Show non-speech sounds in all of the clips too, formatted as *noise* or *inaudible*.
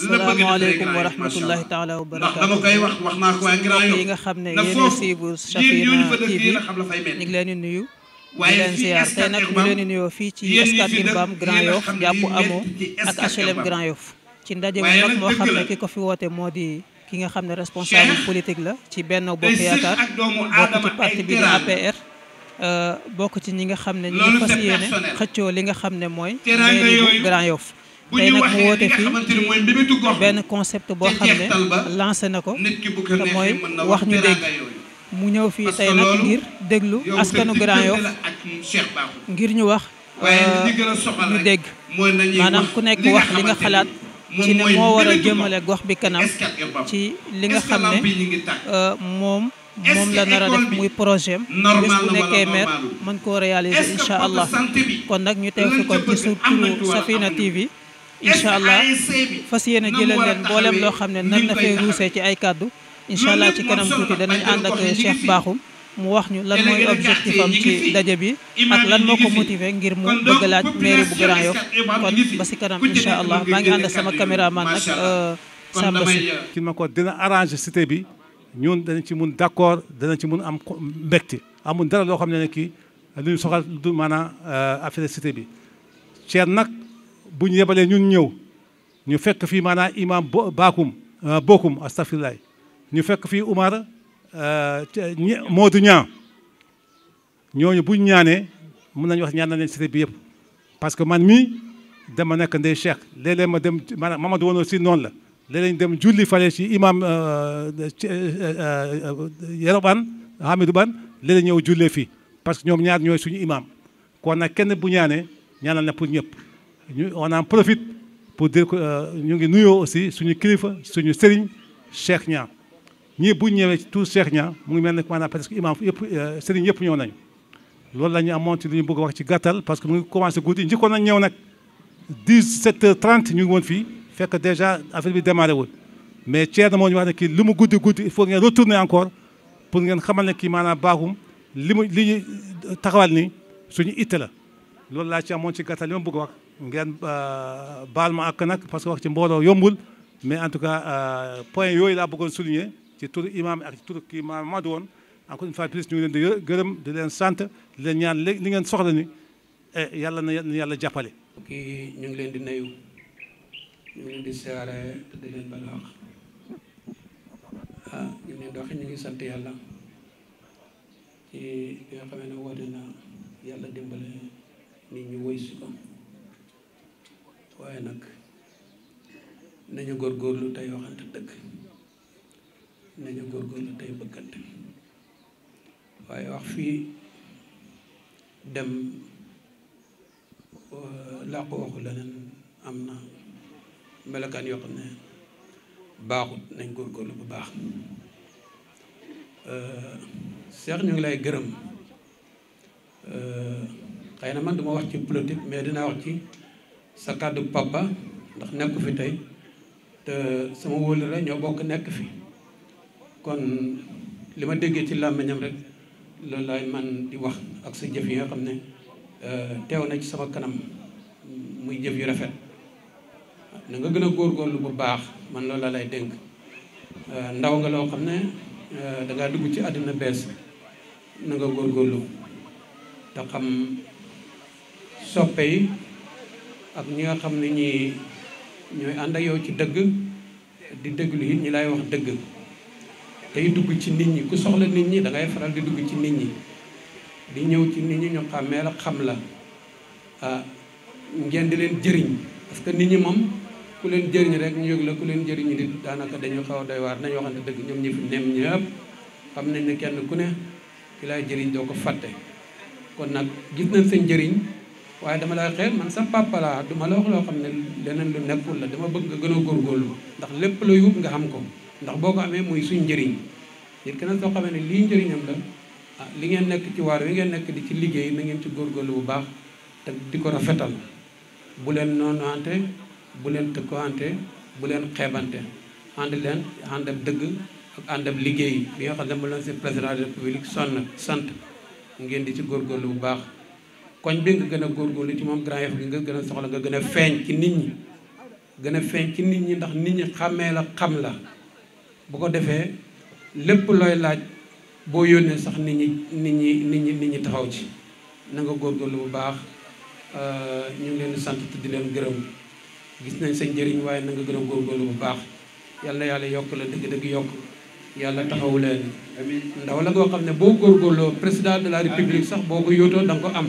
asalaamaaleykum e wa rahmatullahi taala wa barakaatu dama wax wax yi nga xam ne yéen a siibu Safina TV ñu leen di nuyu di leen ziar tey nag ñu leen di nuyoo fii ci Scat Urbam Grand Yoff jàpp amoo ak HLM Grand Yoff ci ndaje bu moo xam ne ki ko fi woote moo di ki nga xam ne responsable politique la ci benn Bokk Yaakaar bokk ci parti bi APR euh, bokk ci ñi nga xam ne ñi fas yéene xëccoo li nga xam ne mooy mairie Grand Yoff tey nag mu woote fi benn concept boo xam ne lancé na ko te mooy wax ñu dégg mu ñëw fii tey nag ngir déglu askanu Grand Yoff ngir ñu wax euh, ñu dégg maanaam ku nekk wax li nga xalaat ci ne moo war a jëmale gox bi kanam ci li nga xam ne euh, moom moom la nar a def muy projet am nekkee maire mën koo réaliser incha allah kon nag ñu teew fi kon ci suuf Safina TV incha allah fas yéene jëlal leen booleem loo xam ne nan na fay ruusee ci ay kàddu incha allah ci kanam tuuti danañ ànd ak Cheikh Bakhoum mu wax ñu lan mooy objectif ci daje bi ak lan moo ko motivé ngir mu bëgg laaj mairie bu Grand Yoff kon ba kanam incha maa ngi ànd ak sama caméraman euh, nag Samba Si. Euh, ki ma ko dina arrangé cité bi ñun danañ ci mun d' accord danañ ci mun am mbégte amul dara loo xam ne na kii lu ñu soxal du maanaam euh, affaire cité bi Thierno bu ñu yebalee ñun ñëw ñu fekk fii maanaam imam baakum euh, bokkum astafirlah ñu fekk fii Umar euh, Moodu ñaa ñooñu buñ ñaanee mun nañu wax ñaan na leen cité bi yëpp parce que man mii dama nekk ndey Cheikh léeg-léeg ma dem maanaam Mamadou woon aussi noon la léeg ñu dem julli fale si imaam euh, Yero Ban Hamidou Ban léeg ñëw jullee fii parce que ñoom ñaar ñooy suñu imam kon nag kenn bu ñaanee ñaanal na pour ñëpp ñu on en profite pour dire que euh, ñu ngi nuyoo aussi suñu kilifa suñu serigne Cheikh Niang ñi bu ñëwee ci tout Cheikh Niang mu ngi mel ne parce que imam yëpp euh, serigne yëpp ñëw nañ loolu lañu ñu ci li ñu bëgg wax ci gattal parce que mu ngi commencé guddi njëkkoon nañ ñëw nak 17 h 30 ñu ngi woon fii fekk déjà affaire bi démarré wul. mais Thierno moo ñu wax ne kii goudi goudi il faut ngeen retourner encore pour ngeen xamal ne kii maanaam baaxum li li ñu taxawal ni suñu itte la loolu la ci amont ci gattal li ma bëgg wax. ngeen euh, baal ma àkk nag parce que wax ci mbooloo yombul mais en tout cas euh, point yooyu laa bëggoon souligner ci tur imaam ak ci tur kii maam Madou woon encore une fois plus ñu ngi leen di gërëm di leen sant leen ñaan léegi li ngeen soxla ni eh, yàlla na yàlla jàppale. kii ñu ngi leen di nuyu ñu ngi leen te di leen balaax ah, ñu ngi sant yàlla ci bi nga xamee ne woote na yàlla dimbale nit ñu woy si ko. waaye nag nañu góor góorgóorlu tey waxante dëgg nañu góorgóorlu tey bëggante waaye wax fii dem euh, làqu waxu leneen am na melokaan yoo xam ne baaxut nañ góorgóorlu bu baax Cheikh ñu ngi lay gërëm euh, xëy na man duma wax ci politique mais dinaa wax ci sa kàddu papa ndax nekku fi tey te sama wóolu la ñoo bokk nekk fi kon li ma déggee ci làmmiñam rek loolu laay man di wax ak sa jëf yi nga xam ne euh, teew na ci sama kanam muy jëf yu rafet na nga gën a góor góorlu bu baax man loolu la lay dénk euh, ndaw nga loo xam ne euh, dangaa dugg ci àddina bees na nga góorgóorlu te xam soppe yi ak ñi nga xam ne ñi ñooy ànd ak yow ci dëgg di déglu it ñi lay wax dëgg tey dugg ci nit ñi ku soxla nit ñi dangay faral di dugg ci nit ñi di ñëw ci nit ñi ñu xàmmee la xam la ah ngeen di leen jëriñ parce nit ñi moom ku leen jëriñ rek ñu yëg la ku leen jëriñ di daanaka dañu xaw a doy waar nañu waxante dëgg ñoom ñi fi nem ñëpp xam nañ ne kenn ku ne ki lay jëriñ doo ko fàtte kon nag gis nañ seen jëriñ waaye dama lay xeer man sa papa laa du la wax loo xam ne leneen lu nekkul la dama bëgg nga gën a góorgóorlu ndax lépp looy wut nga xam ko ndax boo ko amee muy suñ njëriñ nit ki nag soo xamee ne lii njëriñam la ah, li ngeen nekk ci waar wi ngeen nekk di ci liggéey na ngeen ci góorgóorlu bu baax te di ko rafetal bu leen noonuwante bu leen tëkkuwante bu leen xeebante ànd leen ànd dëgg ak ànd ab liggéey bi nga xam ne mu leen si président de la république sonn sant ngeen di ci góorgóorlu bu baax koñ bi nga gën a góor góorgóorlu ci moom Grand Yoff bi nga gën a soxla nga gën a feeñ ci nit ñi gën a feeñ ci nit ñi ndax nit ñi xàmmee la xam la bu ko defee lépp looy laaj boo yónnee sax nit ñi nit ñi nit ñi nit ñi taxaw ci na góor góorgóorlu bu baax euh, ñu ngi leen di sant te di leen gërëm gis nañ sa njëriñ waaye na nga gën a góorgóorlu bu baax yàlla yàlla yokk la dëgg-dëgg yokk yàlla taxawu leen ndaw la nga xam ne boo góorgóorloo président de la république sax boo ko da nga ko am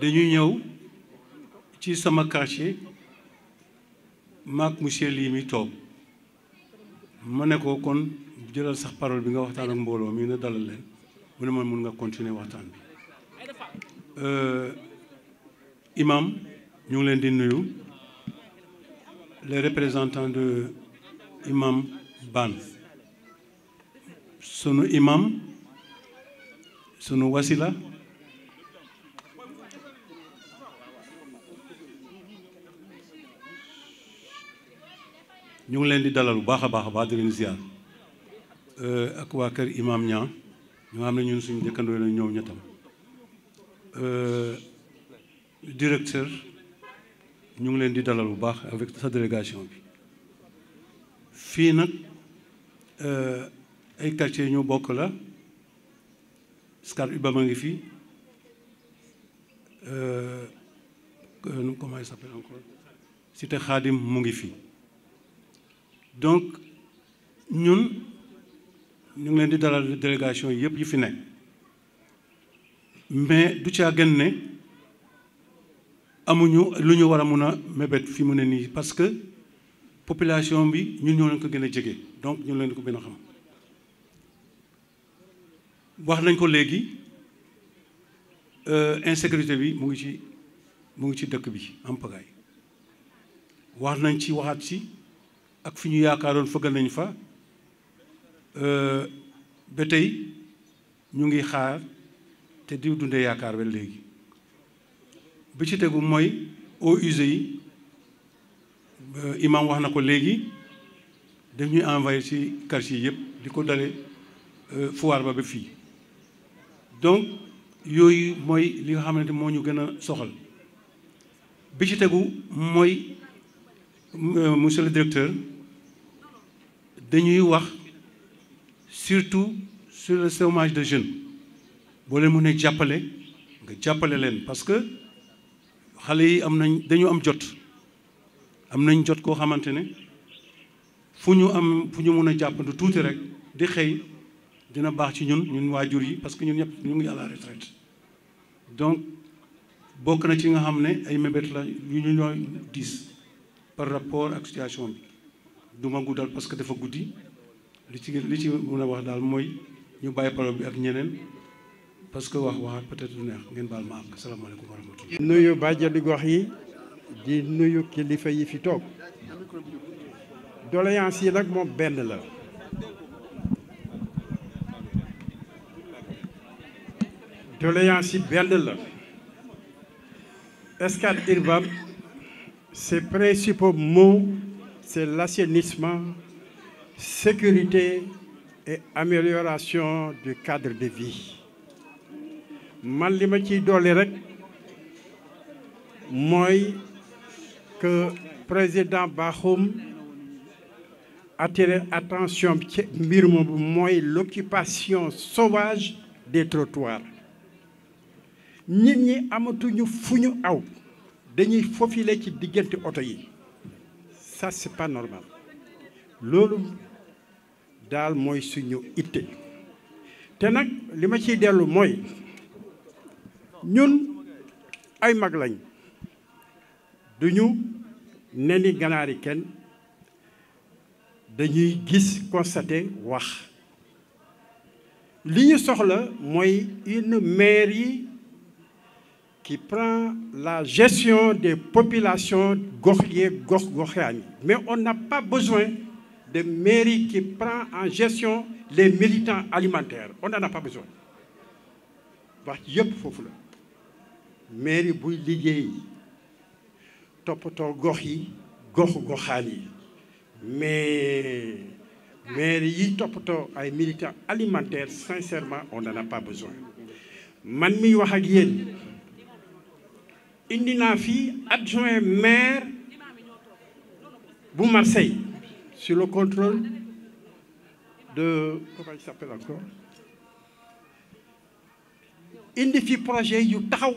dañuy ñëw ci sama quartier maak monsieur lii mi toog ne ko kon sax parole bi nga waxtaan ak mi na dalal imam ñu ngi leen les représentants de imam Ban sunu imam sunu wasila ñu ngi leen di dalal bu baax a baax a baax di leen ziar euh, ak waa kër Imaam ñu xam ne ñun suñu dëkkandoo la ñoom ñettam euh, directeur ñu ngi leen di dalal bu baax avec sa délégation bi fii nag euh, ay quartier ñoo bokk la Scat Urbam a ngi fii comment il s'appelle encore Cité Khadim mu ngi fii donc ñun ñu ngi leen di dalal délégation yëpp yi fi ne mais du caa gën amuñu luñu wara mëna a fi mu ni parce que population bi ñun ñoo leen ko gëna jëgé donc ñu leen ko gën xam wax nañ ko légui euh insécurité bi mu ngi ci mu ngi ci dëkk bi en pagaille wax nañ ci waxat ci ak fi ñu yaakaaroon fëggal nañ fa euh, ba tey ñu ngi xaar te di dundee yaakaar ba léegi bi ci tegu mooy o usées yi euh, imam wax na ko léegi def ñuy envoyé ci quartier yëpp di ko dale euh, Fouar ba ba fii donc yooyu mooy li nga xamante moo ñu gën a soxal bi ci tegu mooy monsieur le directeur dañuy wax surtout sur le chômage de jeunes boo leen mënee jàppale nga jàppale leen parce que xale yi am nañ dañu am jot am nañ jot koo xamante ne fu ñu am fu ñu mën a jàppandu tuuti rek di xëy dina baax ci ñun ñun waajur yi parce que ñun ñëpp ñu ngi à la retraite donc bokk na ci nga xam ne ay mébét la yu ñu ñooy diis par rapport ak situation bi nous parce que dafa guddi li ci li ci mën wax daal mooy ñu bàyyi parole bi ak ñeneen parce que wax wax peut-être neex ngeen baal ma ak salaamaaleykum wa rahmatulah. nuyu di gox yi di nuyu kilifa yi fi toog doléance yi nag moom la. doléance yi la c'est l'assainissement, sécurité et amélioration du cadre de vie. Je suis ma moi que président Bahoum a attention l'attention de l'occupation sauvage des trottoirs Nous avons amatuñu fu ñu aw dañuy faufiler ci de oto yi ça c'est pas normal loolu dal moy suñu ité. té nak lima ci ciy moy ñun ay mag lañ duñu neni ganaari ken dañuy gis constater wax li ñu soxla moy une mairie qui prend la gestion des populations Mais on n'a pas besoin de mairie qui prend en gestion les militants alimentaires. On n'en a pas besoin. la mairie topoto Gorhi mais mairie topoto militants alimentaires sincèrement on n'en a pas besoin man indi naa fii adjoint maire bu Marseille sur le contrôle de comment il s'appelle encore indi fi projet yu taxaw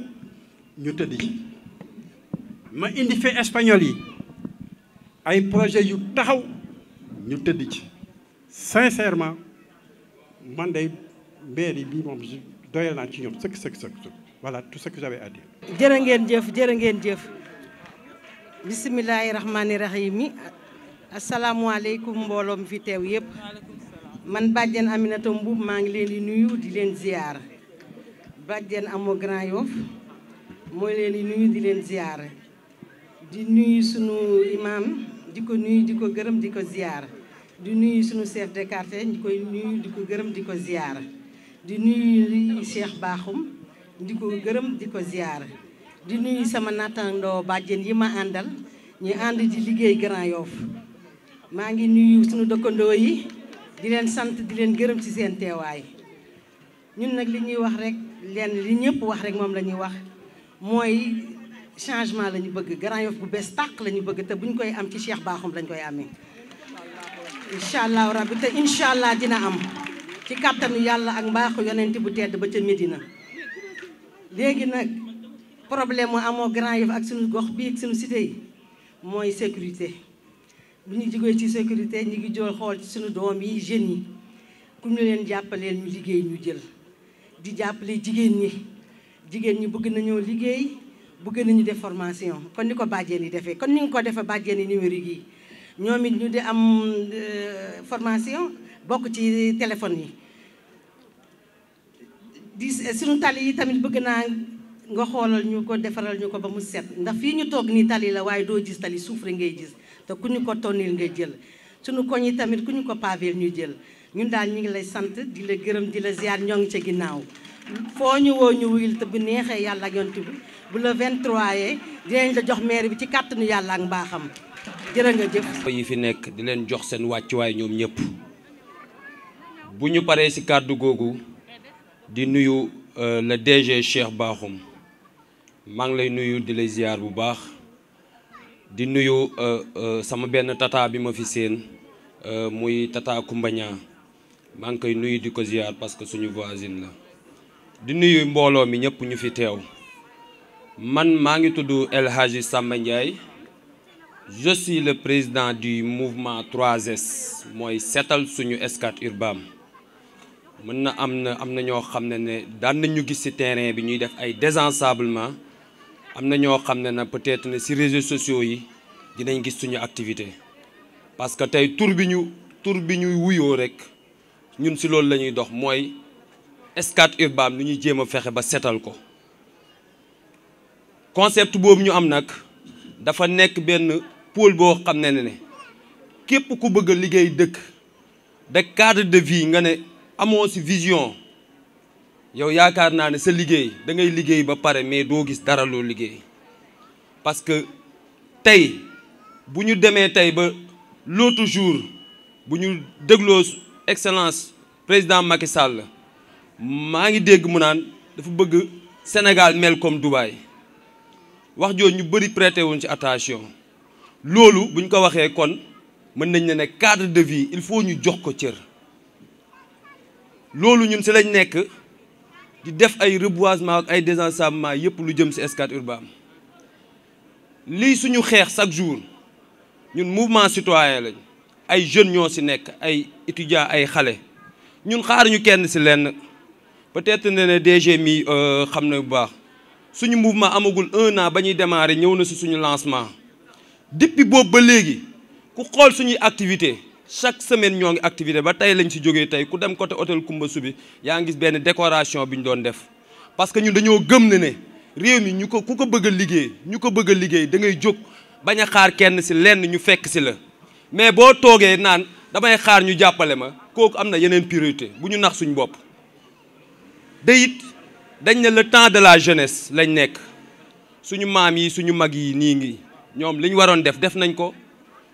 ñu tëdd ma indi fi espagnol yi ay projet yu taxaw ñu tëdd ci sincèrement man day mbéri bi mom doyal na ci ñom sëkk sëkk sëkk voilà tout ce que j'avais à dire. jërë Djef, jëf Djef. ngeen jëf bisimilahi rahmaani rahim yi fi teew yëpp man bàjjen Aminata Mbuub maa ngi leen nuyu di leen ziyaar bàjjen Amo Grand Yoff mooy leen nuyu di leen ziyaar di nuyu sunu imam di ko nuyu di ko gërëm di ko ziyaar di nuyu sunu chef de quartier di koy nuyu di ko gërëm di ko di nuyu Cheikh Bakhoum di ko gërëm di ko di nuyu sama natando badjen yi ma andal ñi and di liggéey Grand yof ma ngi nuyu suñu dëkkandoo yi di len sant di len gërëm ci seen téway ñun nak li ñuy wax rek lenn li ñëpp wax rek mom lañuy wax moy changement lañu bëgg Grand yof bu bees tak lañu bëgg te buñ koy am ci Cheikh baxum lañ koy amé inshallah rabbi te inshallah dina am ci katanu yalla ak mbaxu yonenti bu tedd ba ca Medina. léegi nag problème mu amoo Grand Yoff ak suñu gox bii ak suñu cité yi mooy sécurité bu ñu jógee ci sécurité ñu ngi joo xool ci suñu doom yi jeunes yi ku ñu leen jàppaleel ñu liggéey ñu jël di jàppale jigéen ñi jigéen ñi bëgg nañoo liggéey bëgg nañu def formation kon ni ko bàjjeen yi defee kon ni nga ko defee bàjjeen yi numérique yi ñoom it ñu di am euh, formation bokk ci téléphone yi di eh, suñu tali yi tamit bëgg naa nga xoolal ñu ko defaral ñu ko ba mu set ndax fii ñu toog nii tali la waaye doo gis tali suuf rek ngay gis te ku ñu ko tonnil ngay jël suñu koñ yi tamit ku ñu ko pavel ñu jël ñun daal ñu ngi lay sant di la gërëm di la ziar ñoo ngi ca ginnaaw foo ñu woo ñu wuyul te neexee yàlla ak yonti bi bu la 23 yee dinañ la jox maire bi ci kàttanu yàlla ak mbaaxam jërë nga jëf yi fi nekk di leen jox seen wàccuwaay ñoom ñëpp bu ñu paree si kàddu googu di nuyu euh, le DG Cheikh Bahoum maa ngi lay nuyu di lay ziar bu baax di nuyu euh, euh, sama ben tata bi ma fi seen muy tata Koumbaña maa ngi koy nuyu di ko ziar parce que suñu voisine la di nuyu mbolo mi ñep ñu fi tew man maa ngi tudd El Hadji Samba Ndiaye je suis le président du mouvement 3S moy seetal suñu Scat Urbam mën na am na am na ñoo xam ne ne daan nañu gis ci terrain bi ñuy def ay désensablement am na ñoo xam ne na peut-être ne ci réseaux sociaux yi dinañ gis suñu activité parce que tey tur bi ñu tur bi ñuy wuyoo rek ñun ci loolu la ñuy dox mooy escate urbaine lu ñuy jéem a fexe ba setal ko concept boobu ñu am nag dafa nekk benn pôle boo xam ne ne képp ku bëgg a liggéey dëkk de cadre de vie nga ne amoo vision yow yaakaar naa ne sa liggéey da ngay il ba pare mais doo gis dara loo liggéey parce que tay, bu ñu tay, ba l'autre jour bu ñu excellence président Macky Sall ma ngi dégg mu naan dafa bëgg Sénégal mel comme Dubaï wax jooju ñu bëri prêter wuñ ci attention loolu bu ñu ko waxee kon mën nañ cadre de vie il faut ñu jox ko loolu ñun ci lañ nekk di def ay reboisement ak ay désensablement yépp lu jëm ci Scat urbain lii suñu xeex chaque jour ñun mouvement citoyen lañ ay jeunes ñoo si nekk ay étudiants ay xale ñun xaaruñu kenn si lenn peut-être ne ne DG mi euh, xam na bu baax suñu mouvement amagul un an ba ñuy démarrer ñëw na si suñu lancement depuis boobu ba léegi ku xool suñuy activité chaque semaine ñoo ngi activité ba tay lañ ci joggé ku dem côté hôtel décoration def parce que nous dañoo gëm né réew mi ñuko ku ko bëgg liggéey bëgg da ngay xaar kenn ci ñu fekk ci la mais bo naan damay xaar ñu jappalé ma une priorité nax le temps de la jeunesse lañ nekk suñu mam yi suñu mag def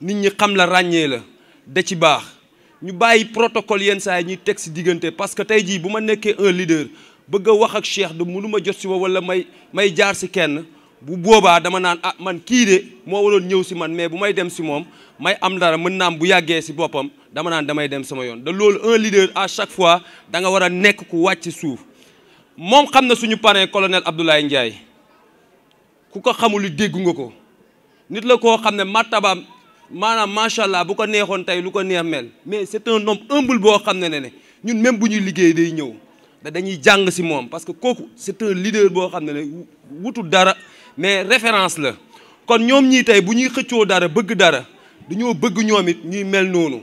nit ñi xam la ràññee la da ci baax ñu bàyyi protocole yenn saa yi ñuy teg si diggante parce que tey jii bu ma nekkee un leader bëgg a wax ak Cheikh de mënu ma jot si woo wala may may jaar si kenn bu boobaa dama naan ah man kii de moo waroon ñëw si man mais bu may dem si moom may am dara mën naam bu yàggee si boppam dama naan damay dem sama yoon. da loolu un leader à chaque fois danga war a nekk ku wàcc suuf moom xam na suñu parrain colonel Abdoulaye Ndiaye ku ko xamul dégg nga ko maanaam macha allah bu ko neexoon tey lu ko neex mel mais c'est un homme humble boo xam ne ne ñun même bu ñuy liggéey day ñëw da dañuy jàng ci moom parce que c'est un leader boo xam ne ne wutul dara mais référence la kon ñoom ñii tay bu ñuy xëccoo dara bëgg dara dañoo bëgg ñoom it mel noonu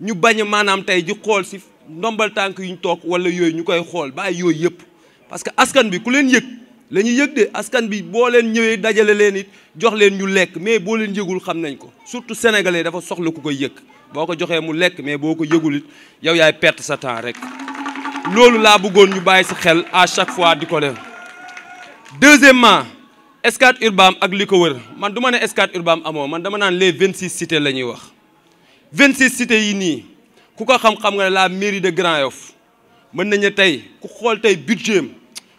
ñu bañ maanaam tey ji xool si ndombal tànk yu ñu toog walla yooyu ñu koy yoy bàyyi yooyu yëpp parce que askan bi ku leen yëg. la ñuy yëg de askan bi boo leen ñëwee dajale leen it jox leen ñu lekk mais boo leen yëgul xam nañ ko surtout sénégalais dafa soxla ku koy yëg boo ko joxee mu lekk mais boo ko yëgul it yow yaay perte sa temps rek loolu laa bëggoon ñu bàyyi si xel à chaque fois di ko def deuxièmement Scat Urbam ak li ko wër man du ma ne Scat Urbam amoo man dama naan les vingt six cité la ñuy wax vingt six cités yi nii ku ko xam-xam nga ne la mairie de Grand Yoff mën nañu tey xool tey budget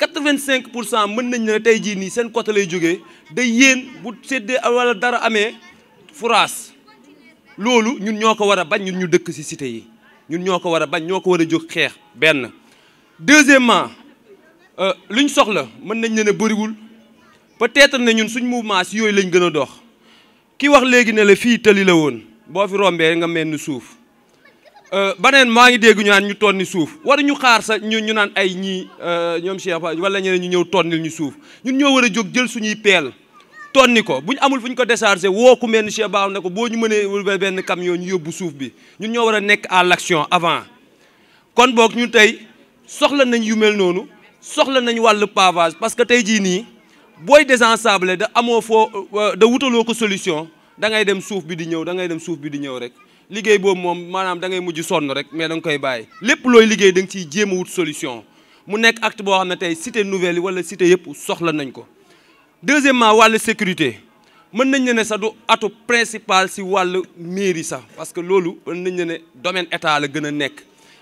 85% vingt mën nañ la tey jii nii seen côté lay jógee de yeen bu sédé wala dara amé foraas lolu ñun ñoo ko war bañ ñun ñu dëkk ci cité yi ñun ñoo ko war bañ ñoo ko war a jóg xeex benn. deuxièmement euh, luñ soxla mën nañ ne ne bëriwul peut-être né ñun suñ mouvement ci yoy lañ gëna dox ki wax légui né la fi tali la woon bo fi rombé nga melni souf euh, banen maa ngi dégg ñu ñu tonni suuf war ñu xaar sa ñu ñu naan ay euh ñom Cheikh wala ñene ñu ñew tonnil ñu suuf ñun ñoo wara jog jël suñuy pel tonni ko buñ amul fuñ ko décharger wo ku mel Cheikh baaw ne ko boo ñu mënee ben camion ñu yobbu suuf bi ñun ñoo wara nek à l'action avant kon bok ñu tay soxla nañ yu mel nonu soxla nañ wal pavage parce que tay ji ni boy désensablé da amo fo euh, da wutaloo ko solution da ngay dem suuf bi di ñew da ngay dem suuf bi di ñew rek liggéey boobu moom maanaam da ngay mujj sonn rek mais da nga koy bàyyi lépp looy liggéey da nga ciy jéem solution mu nekk acte boo xam ne cité nouvelle yi wala cité yëpp soxla nañ ko deuxièmement wàllu sécurité mën nañ ne ne sax du atu principal si wàllu mairie sax parce que loolu mën nañ ne domaine état la gën a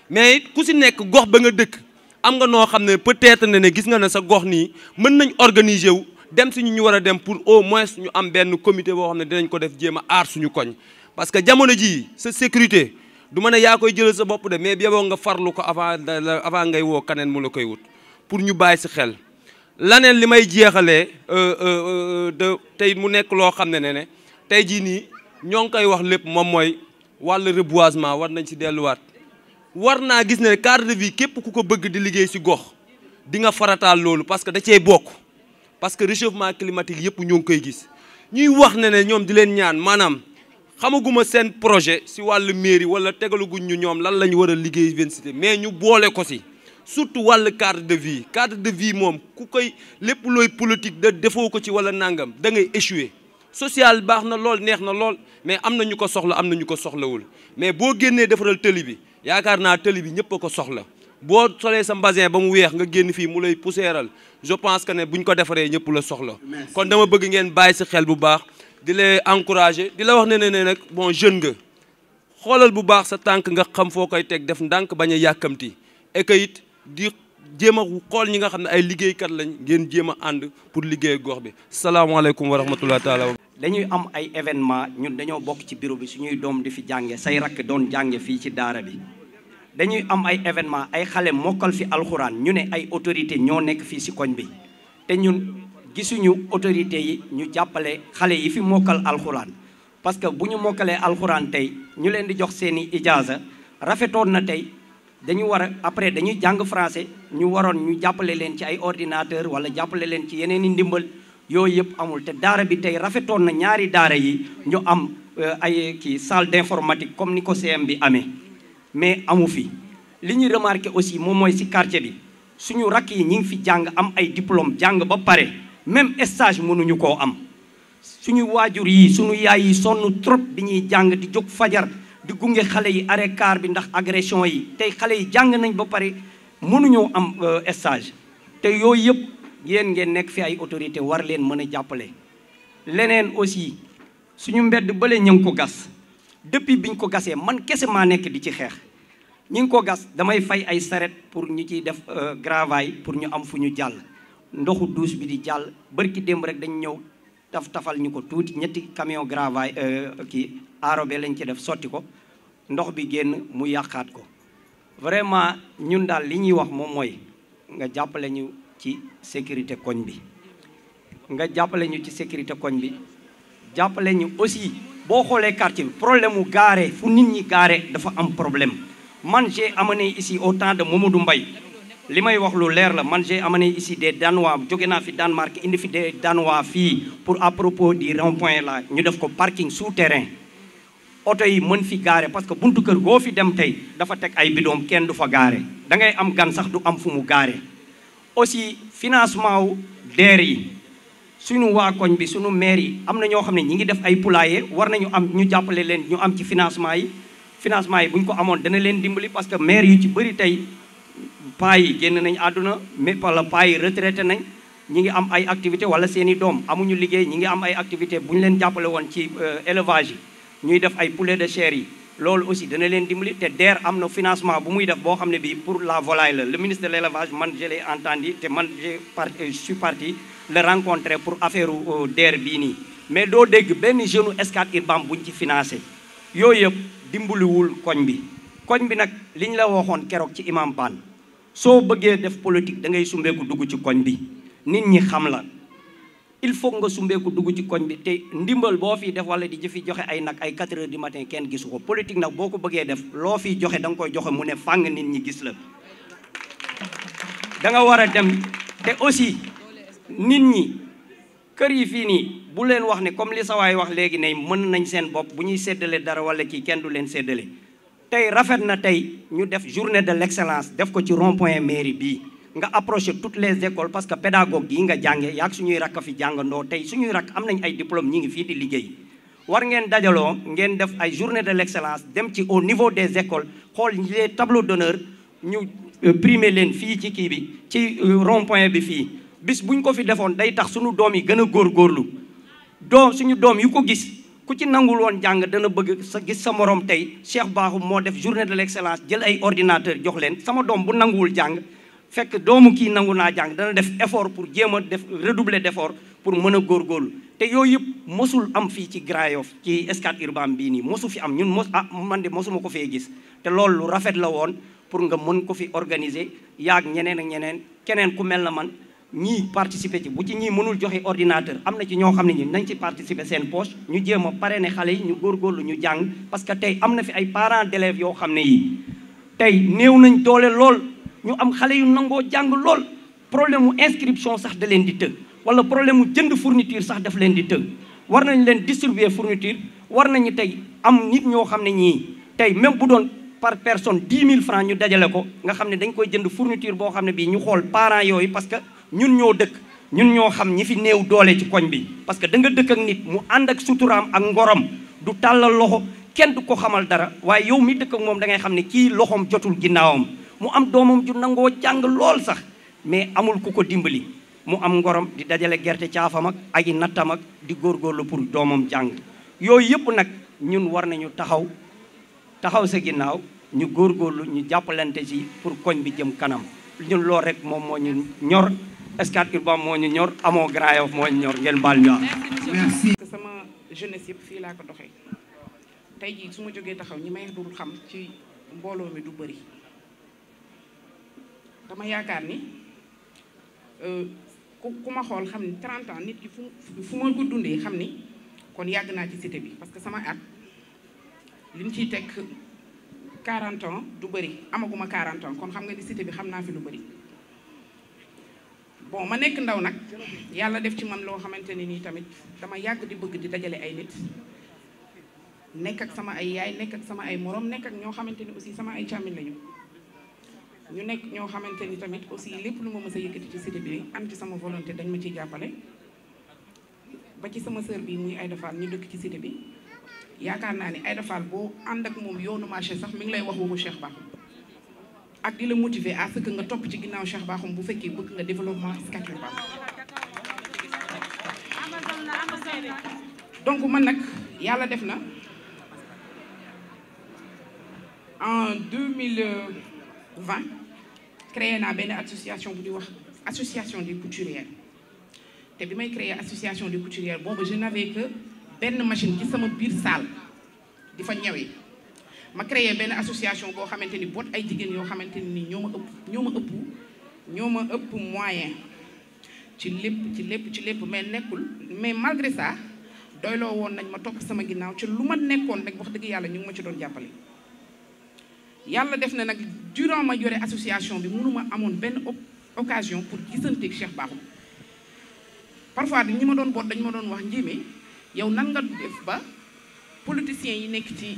mais it ku si nekk gox ba nga dëkk am nga no xamné peut-être ne ne gis nga ne sa gox ni mën nañ organiser wu dem si ñu wara dem pour au moins ñu am ben comité bo xamné dinañ ko def jéem a suñu koñ parce que jamono jii sa sécurité du ma ne yaa koy jëlal sa bopp de mais yeboo nga farlu ko avant avant ngay woo kaneen mu la koy wut pour ñu bàyyi si xel laneen li may jeexalee euh, euh, euh, de tey mu nekk loo xam ne ne ne tey jii nii ñoo ngi koy wax lépp moom mooy wàllu reboisement war nañ si delluwaat war naa gis ne cadre de vie képp ku ko bëgg di liggéey si gox di nga farataal loolu parce que da cee bokk parce que réchauffement climatique yëpp ñoo ngi koy gis ñuy wax ne ne ñoom di leen ñaan maanaam xamaguma sen projet si wàllu mairie wala tegaluguñ ñu ñom lan lañ ñu liggéey benn mais ñu bolé ko ci surtout wàllu cadre de vie cadre de vie mom ku koy lepp loy politique da defoo ko ci wala nangam da ngay échouer social baxna lool neexna lool mais amna ñu ko soxla amna ñu ko soxlawul mais bo génné defaral tëli bi yaakaar naa bi ñëpp ko soxla bo solé sa bazin ba mu weex nga génn fi mu lay poussiéral je pense que né buñ ko défaré ñepp la soxla kon dama bëgg ngeen bay ci xel bu baax di la di la wax ne ne ne nag bon jeune nga xoolal bu baax sa tànk nga xam foo koy teg def ndànk bañ a yàkkamti et que di jéem a xool ñi nga xam ne ay liggéeykat lañ ngeen jéem a ànd pour liggéey gox bi salaamaaleykum wa rahmatulah taala. dañuy am ay événement ñun dañoo bokk ci biro bi su ñuy doom di fi jànge say rakk doon jànge fii ci daara bi dañuy am ay événement ay xale mokkal fi alxuraan ñu ne ay autorité ñoo nekk fii si koñ bi te ñun. gisuñu autorité yi ñu jàppale xale yi fi mokkal alxuraan parce que bu ñu mokkalee alxuraan tey ñu leen di jox seeni ijaaza rafetoon na tey dañu war a après dañuy jàng français ñu waroon ñu jàppale leen ci ay ordinateur wala jàppale leen ci yeneen i ndimbal yooyu yëpp amul te daara bi tey rafetoon na ñaari daara yi ñu am euh, ay kii salle d'informatique comme ni ko CM bi amee mais amu fi li ñuy remarqué aussi moom mooy ci quartier bi suñu rakk yi ñi ngi fi jàng am ay diplôme jàng ba pare même estage mënuñu koo am suñu waajur yi suñu yaay yi sonn trop bi ñuy jàng di jóg fajar di gunge xale yi are car bi ndax agression yi tey xale yi jàng nañ ba pare mënuñoo am euh, stage te yooyu yëpp yéen ngeen nekk fi ay autorité war leen mën a jàppale leneen aussi suñu mbedd bale ñu ngi ko gas depuis biñ ko gasee man kese maa nekk di ci xeex ñu ngi ko gas damay fay ay saret pour ñu ciy def euh, gravaille pour ñu am fu ñu jàll ndoxu douche bi di jàll bërki démb rek dañ ñëw taf tafal ñu ko tuuti ñetti kamiyon camion gravay euh, kii arobe lañ ci def sotti ko ndox bi génn mu yàqaat ko vraiment ñun daal li ñuy wax moom mooy nga jàppale ñu ci sécurité koñ bi nga jàppale ñu ci sécurité koñ bi jàppale ñu aussi boo xoolee quartier bi problème mu gaare fu nit ñi gaare dafa am problème man j'ai amené ici au temps de Mamadou mbay limay wax lu leer la man j'ai amené ici des danois jogé na fi Danemark indi fi des danois fi pour à propos du rond point là ñu def ko parking souterrain auto yi mën fi gaare parce que buntu kër go fi dem tay dafa tek ay bidoom kenn du fa gaare da ngay am gan sax du am fu mu gaare aussi financement DER yi suñu wa koñ bi suñu maire yi am ño ñoo ñi ngi def ay poulailler war nañu am ñu jappalé leen ñu am ci financement yi financement yi buñ ko amone dana leen dimbali parce que maire yu ci bari tay paa yi génn nañ àdduna mais wala paa yi retraité nañ ñi ngi am ay activité wala seen i doom amuñu liggéey ñi ngi am ay activité bu ñu leen jàppale woon ci euh, élevage yi ñuy def ay poulet de chair yi loolu aussi dana leen dimbali te DER am na financement bu muy def boo xam ne bii pour la volaille la le ministre de l' élevage man je l'ai entendu te man j'ai parti euh, je suis parti le rencontrer pour affaire euh, DER bii nii mais doo dégg benn jeune Scat Urbam buñ ci financé yooyu yëpp dimbaliwul koñ bi koñ bi nag li ñu la waxoon keroog ci imam Bane soo bëggee def politique da ngay sumbeeku dugg ci koñ bi nit ñi xam la il faut nga sumbeeku dugg ci koñ bi te ndimbal boo fi def wala di jëfi joxe ay nag ay 4 heures du matin kenn gisu ko politique nag boo ko bëggee def loo fiy joxe danga koy joxe mu ne fàng nit ñi gis la da nga war a dem te aussi nit ñi kër yi fii nii bu leen wax ne comme li sawaay wax léegi ne mën nañ seen bopp bu ñuy séddale dara wala kii kenn du leen séddale tey rafet na tey ñu def journée de l'excellence def ko ci rond point mairie bii nga approché toutes les écoles parce que pédagogue yi nga jànge yaag suñuy rakk a fi jàngandoo tey suñuy rakk am nañ ay diplôme ñi ngi fii di liggéey war ngeen dajaloo ngeen def ay journée de l'excellence dem ci au niveau des écoles xool les tableaux d'honneur ñu euh, primer leen fii ci kii bi ci euh, rond point bi fii bis buñ ko fi defoon day tax suñu doom yi gën a góorgóorlu doom suñu doom yu ko gis ku ci nangul woon jàng dana bëgg sa gis sa moroom tey Cheikh Bakhoum moo def journée de l'excellence jël ay ordinateur jox leen sama doom bu nanguwul jàng fekk doomu kii nangu naa jàng dana def effort pour jéem a def redoubler d'effort pour mën a góorgóorlu te yooyu yëpp mosul am fii ci Grand Yoff ci Scat Urbam bii nii mosu fi am ñun mos ah man di mosuma ko fee gis te loolu lu rafet la woon pour nga mën ko fi organiser yaag ñeneen a ñeneen keneen ku mel na man ñii participer ci bu ci ñii mënul joxe ordinateur am na ci ñoo xam ne ñi nañ ci participer seen poche ñu jéema pare parrainer xale yi ñu góorgóorlu ñu jàng parce que tey am na fi ay parents d'élèves yoo xam ne yii tey néew nañ doole lool ñu am xale yu nangoo jàng lool problème mu inscription sax da leen di të wala problème mu jënd fourniture sax daf leen di të war nañ leen distribuer fourniture war nañu tey am nit ñoo xam ne ñii tey même bu doon par personne 10 000 francs ñu dajale ko nga xam ne dañ koy jënd fourniture boo xam ne bii ñu xool parents yooyu ñun ñoo dëkk ñun ñoo xam ñi fi néew doole ci koñ bi parce que da nga dëkk ak nit mu ànd ak suturaam ak ngorom du tàllal loxo kenn du ko xamal dara waaye yow mi dëkk ak moom da ngay xam ne kii loxoom jotul ginnaawam mu am doomam ju nangoo jàng lool sax mais amul ku ko dimbali mu am ngorom di dajale gerte caafam ak ak i nattam ak di góorgóorlu pour doomam jàng yooyu yëpp nag ñun war nañu taxaw taxaw sa ginnaaw ñu góor góorlu ñu jàppalante si pour koñ bi jëm kanam ñun loolu rek moom moo ñu ñor Scat Urbam moo ñu ñor amoo Grand Yoff moo ñu ñor ngeen baal ñu am. merci. sama jeunesse yëpp fii laa ko doxee tey jii su ma jógee taxaw ñi may dul xam ci mbooloo mi du bëri dama yaakaar ni euh, ku ku ma xool ni 30 ans nit ki fu fu ma ko dundee ni kon yàgg naa ci cité bi parce que sama at li ñu ciy 40 ans du bëri amaguma 40 ans kon xam nga ni cité bi xam fi lu bëri. bon ma nekk ndaw nag yàlla def ci man loo xamante ne nii tamit dama yàgg di bëgg di dajale ay nit nekk ak sama ay yaay nekk ak sama ay moroom nekk ak ñoo xamante ni aussi sama ay càmmiñ lañu ñu nekk ñoo xamante ni tamit aussi lépp lu ma mës a yëkkati ci cité bi an ci sama volonté dañ ma ciy jàppale ba ci sama sœur bii muy Aïda Fall ñu dëkk ci cité bi yaakaar naa ni ay Fall boo ànd ak moom yoonu marché sax mi ngi lay wax bu Cheikh Ba ak di la motiver à ce que nga top ci ginnaw Cheikh Bakhoum bu fekkee bëgg nga développement Scat Urbam donc man nak yalla def na en 2020 créé na ben association bu di wax association des couturières té bi may créé association des couturières bobu je n'avais que ben machine ci sama bir salle di fa ñawee ma créé benn association boo xamante ni boot ay jigéen yoo xamante ni ñoo ma ëpp ñoo ma ëpp ñoo ma ëpp moyen ci lépp ci lépp ci lépp mais nekkul mais malgré ça doyloo woon nañ ma topp sama ginnaaw ci lu ma nekkoon rek wax dëgg yàlla ñu ngi ma ci doon jàppale. yàlla def na nag durant ma yore association bi mënuma amoon benn occasion pour gisanteeg Cheikh Bakhoum parfois ñi ma doon boot dañu ma doon wax njéeme yow nan nga def ba politiciens yi nekk ci.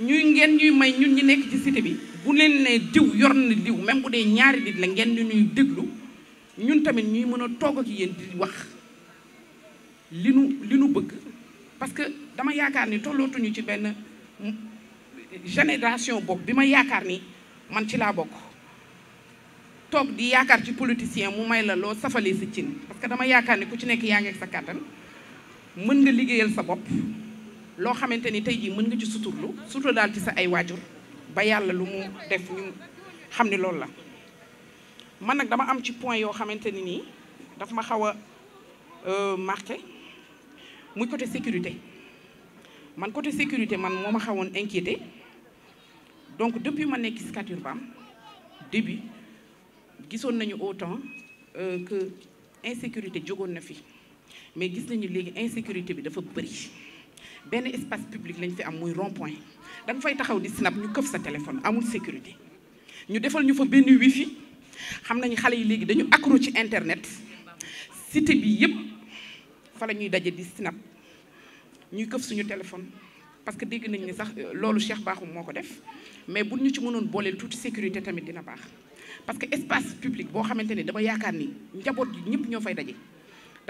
ñuy ngeen ñuy may ñun ñi nekk ci cité bi bu leen ne diw yor na diw même bu dee ñaari nit la ngeen ñu ñuy déglu ñun tamit ñuy mën a toog ak yéen di wax li nu li nu bëgg parce que dama yaakaar ni tollootuñu ci benn génération bokk bi ma yaakaar ni man ci laa bokk toog di yaakaar ci politicien mu may la loo safalee si cin parce que dama yaakaar ni ku ci nekk yaa ngi ak sa kàttan mën nga liggéeyal sa bopp loo xamante ni tey jii mën nga ci suturlu sutur daal ci sa ay waajur ba yàlla lu mu def xam ne loolu la man nag dama am ci point yoo xamante ni nii daf ma xaw a euh, marqué muy côté sécurité man côté sécurité man moo ma xawoon inquiété donc depuis ma nekk Scat Urbam début gisoon nañu autant euh, que insécurité jógoon na fi mais gis nañu léegi insécurité bi dafa bëri ben espace public lañ fi am muy rond point dañ fay taxaw di snap ñu keuf sa téléphone amul sécurité ñu défal ñu fa benn wifi xam nañu xale yi légui dañu accro ci internet cité bi yépp fa lañuy dajé di snap ñuy keuf suñu téléphone parce que dégg nañ ne sax euh, loolu Cheikh Bakhoum moko def mais buñ ñu ci mënon bolé tuuti sécurité tamit dina bax parce que espace public bo xamanteni dama yaakaar ni njabot yi ñëpp ñoo fay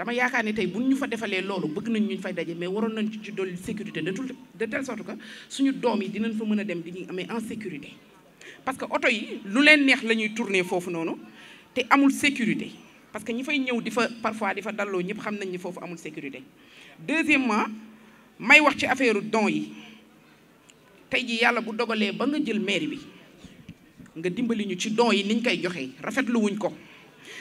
dama yaakaar ne tey bu ñu fa defalee loolu bëgg nañ ñu fay daje mais waroon nañ ci ci dolli sécurité de tout de telle sorte que suñu doom yi dinañ fa mën a dem di ñu amee en sécurité parce que oto yi lu leen neex la ñuy tourner foofu noonu te amul sécurité parce que ñi fay ñëw di fa parfois di fa dalloo ñëpp xam nañ ni foofu amul sécurité deuxièmement may wax ci affaire don yi tey ji yàlla bu dogalee ba nga jël maire bi nga dimbali ñu ci don yi niñ koy joxee rafetlu wuñ ko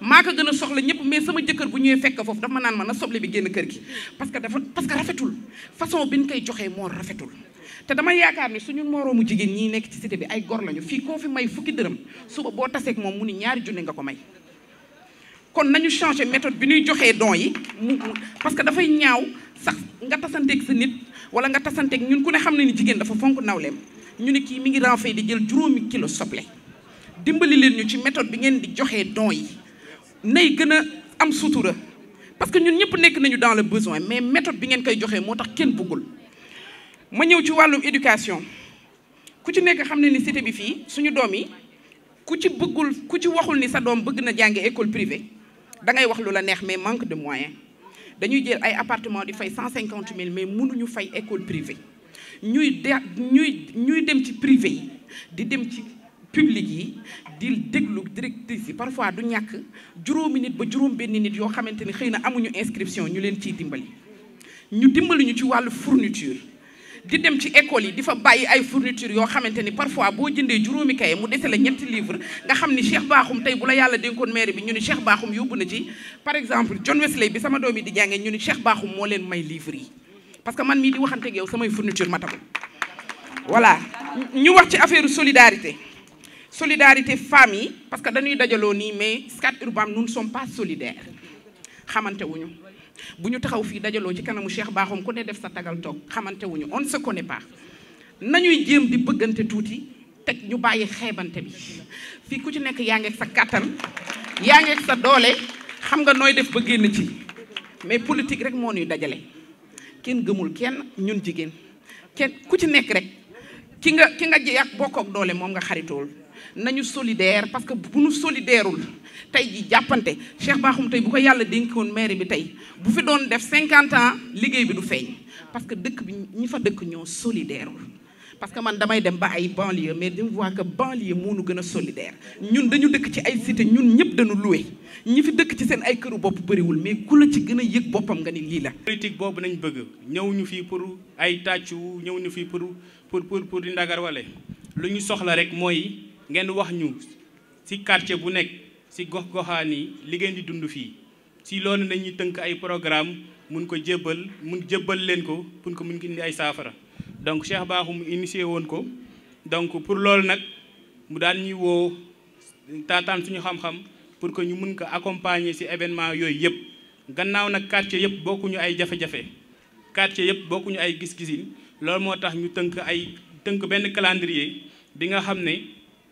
maa ko gën a soxla ñëpp mais sama jëkkër bu ñuy fekk foofu dafa ma naan ma na soble bi génn kër gi parce que dafa parce que rafetul façon bi nu koy joxee moo rafetul te dama yaakaar ni suñu moroomu jigéen ñi nekk ci cité bi ay gor lañu fii koo fi may fukki dërëm suba boo taseeg moom mu ni ñaari junne nga ko may kon nañu changé méthode bi ñuy joxee don yi mu parce que dafay ñaaw sax nga tasanteeg sa nit wala nga tasanteeg ñun ku ne xam na ni jigéen dafa fonk nawleem ñu ne kii mi ngi renfay di jël juróomi kilo soble dimbali leen ñu ci méthode bi ngeen di joxee don yi nay gëna am sutura parce que ñun ñëpp nekk nañu dans le besoin mais méthode bi ngeen koy joxé moo tax kenn bëggul ma ñëw ci walum éducation ku ci nekk xam ne ni cité bi fii suñu doom yi ku ci bëggul ku ci waxul ni sa doom bëgg na jànge école privée da ngay wax lu la neex mais manque de moyens dañuy jël ay appartement di fay cent cinquante mille mais mënuñu fay école privée ñuy de ñuy ñuy dem ci privé yi di dem ci public yi di déglu directrice yi parfois du ñak juróomi nit ba juroom ben nit yo xamanteni xeyna amuñu inscription ñu leen ci dimbali ñu dimbali ñu ci walu fourniture di dem ci école yi difa bayyi ay fourniture yo xamanteni parfois bo jinde juroomi kay mu dese la ñetti livre nga xamni Cheikh baxum tay bu la yàlla dénkoon maire bi ñu ni Cheikh baxum yóbbu na ci par exemple John Wesley bi sama doomi di jangé ñu ni Cheikh baxum mo leen may livre yi parce que man mi di waxante ak yow samay fourniture ma taxul voilà ñu wax ci affaire solidarité solidarité famille parce que dañuy dajalo ni mais Scat Urbam nous ne sommes pas solidaires xamanté wuñu buñu taxaw fi dajalo ci kanamu Cheikh Bakhoum ku ne def sa tagal tok xamanté wuñu on se connaît pas nañuy jëm di bëggante touti tek ñu bayyi xeebante bi fi ku ci nek yaa ngeeg sa katan yaa ngeeg sa doole xam nga noy def ba génn ci mais politique rek moo ñuy dajale kenn gëmul kenn ñun jigéen kenn ku ci nekk rek ki nga ki nga jeex bokk ak doole moom nga xaritool nañu solidaire parce que bu ñu solidairewul tey ji jàppante Cheikh Bakhoum tey bu ko yàlla dénkoon maire bi tey bu fi doon def 50 ans liggéey bi du feeñ parce que dëkk bi ñi fa dëkk ñoo solidairewul parce que man damay dem ba ay banlieue mais je vois que banlieue moo nu gën a solidaire ñun dañu dëkk ci ay cité ñun ñëpp dañu loué ñi fi dëkk ci seen ay këru bopp bariwul mais ku la ci gën a yëg boppam nga ni lii la. politique boobu nañu bëgg ñëw ñu fii pour ay tàccu ñëw ñu fii pour pour pour di ndagar wale lu ñu soxla rek mooy. ngeen wax ñu ci quartier bu nekk ci gox-goxaan yi li ngeen di dund fii ci loolu nañuy tënk ay programme mun ko jébbal mun jébbal leen ko pour que mun ko indi ay saafara donc Cheikh Bakhoum mu initié woon ko donc pour loolu nag mu daan ñuy woo taataan suñu xam-xam pour que ñu mun ko accompagner ci événement yooyu yëpp gannaaw nag quartier yëpp bokkuñu ay jafe-jafe quartier yëpp bokkuñu ay gis-gisin loolu moo tax ñu tënk ay tënk benn calendrier bi nga xam ne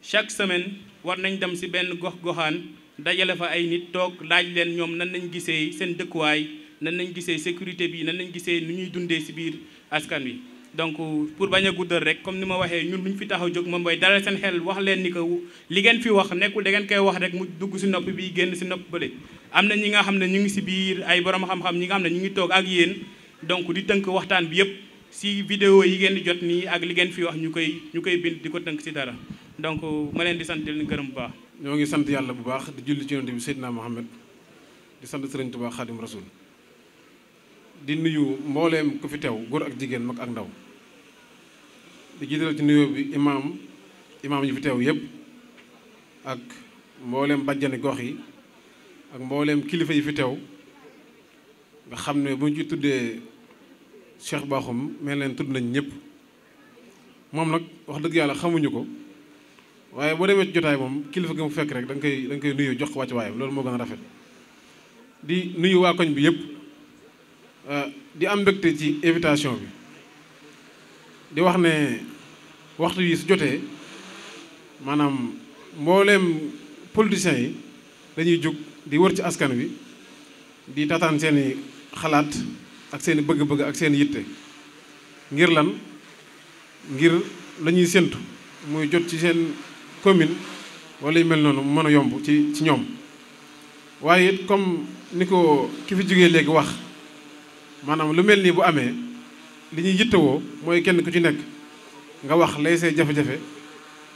chaque semaine war nañ dem ci benn gox-goxaan dajale fa ay nit toog laaj leen ñoom nan lañu gisee seen dëkkuwaay nan nañ gisee sécurité bii nan nañ gisee nu ñuy dundee ci biir askan wi. donc pour bañ a guddal rek comme ni ma waxee ñun lu ñu fi taxaw jóg moom dalal seen xel wax leen ni ko li ngeen fi wax nekkul da ngeen koy wax rek mu dugg ci nopp bi génn ci nopp bële. am na ñi nga xam ne ñu ngi ci biir ay borom xam-xam ñi nga xam ne ñu ngi toog ak yéen donc di tënk waxtaan bi yépp si vidéo yi ngeen di jot nii ak li ngeen fi wax ñu koy ñu koy bind di ko tënk si dara donc ma leen di sant di leen gërëm bu baax. ñoo ngi sant yàlla bu baax di julli ci yonent bi Seydina Mohamed di sant Serigne Touba Khadim rasul di nuyu mbooleem ku fi tew góor ak jigéen mag ak ndaw di jiital ci nuyoo bi imaam imaam yi fi teew yëpp ak mbooleem bàjjani gox yi ak mbooleem kilifa yi fi tew nga xam ne bu ñu ci tuddee. Cheikh Bakhoum mel leen tudd nañ ñëpp moom nag wax dëgg yàlla xamuñu ko waaye boo demee jotaay moom kilifa gi mu fekk rek da koy da koy nuyu jox ko wàcc waayam loolu moo gën a rafet di nuyu waa koñ bi yëpp euh, di am mbégte ci invitation bi di wax ne waxtu yi su jotee maanaam mbooleem politiciens yi dañuy jóg di wër ci askan bi di tataan seeni xalaat ak seen bëgg-bëgg ak seen yitte ngir lan ngir la ñuy séntu muy jot ci seen commune wala yu mel noonu mën a yomb ci ci ñoom waaye it comme ni ko ki fi jógee léegi wax maanaam lu mel nii bu amee li ñuy yittewoo mooy kenn ku ci nekk nga wax lay say jafe-jafe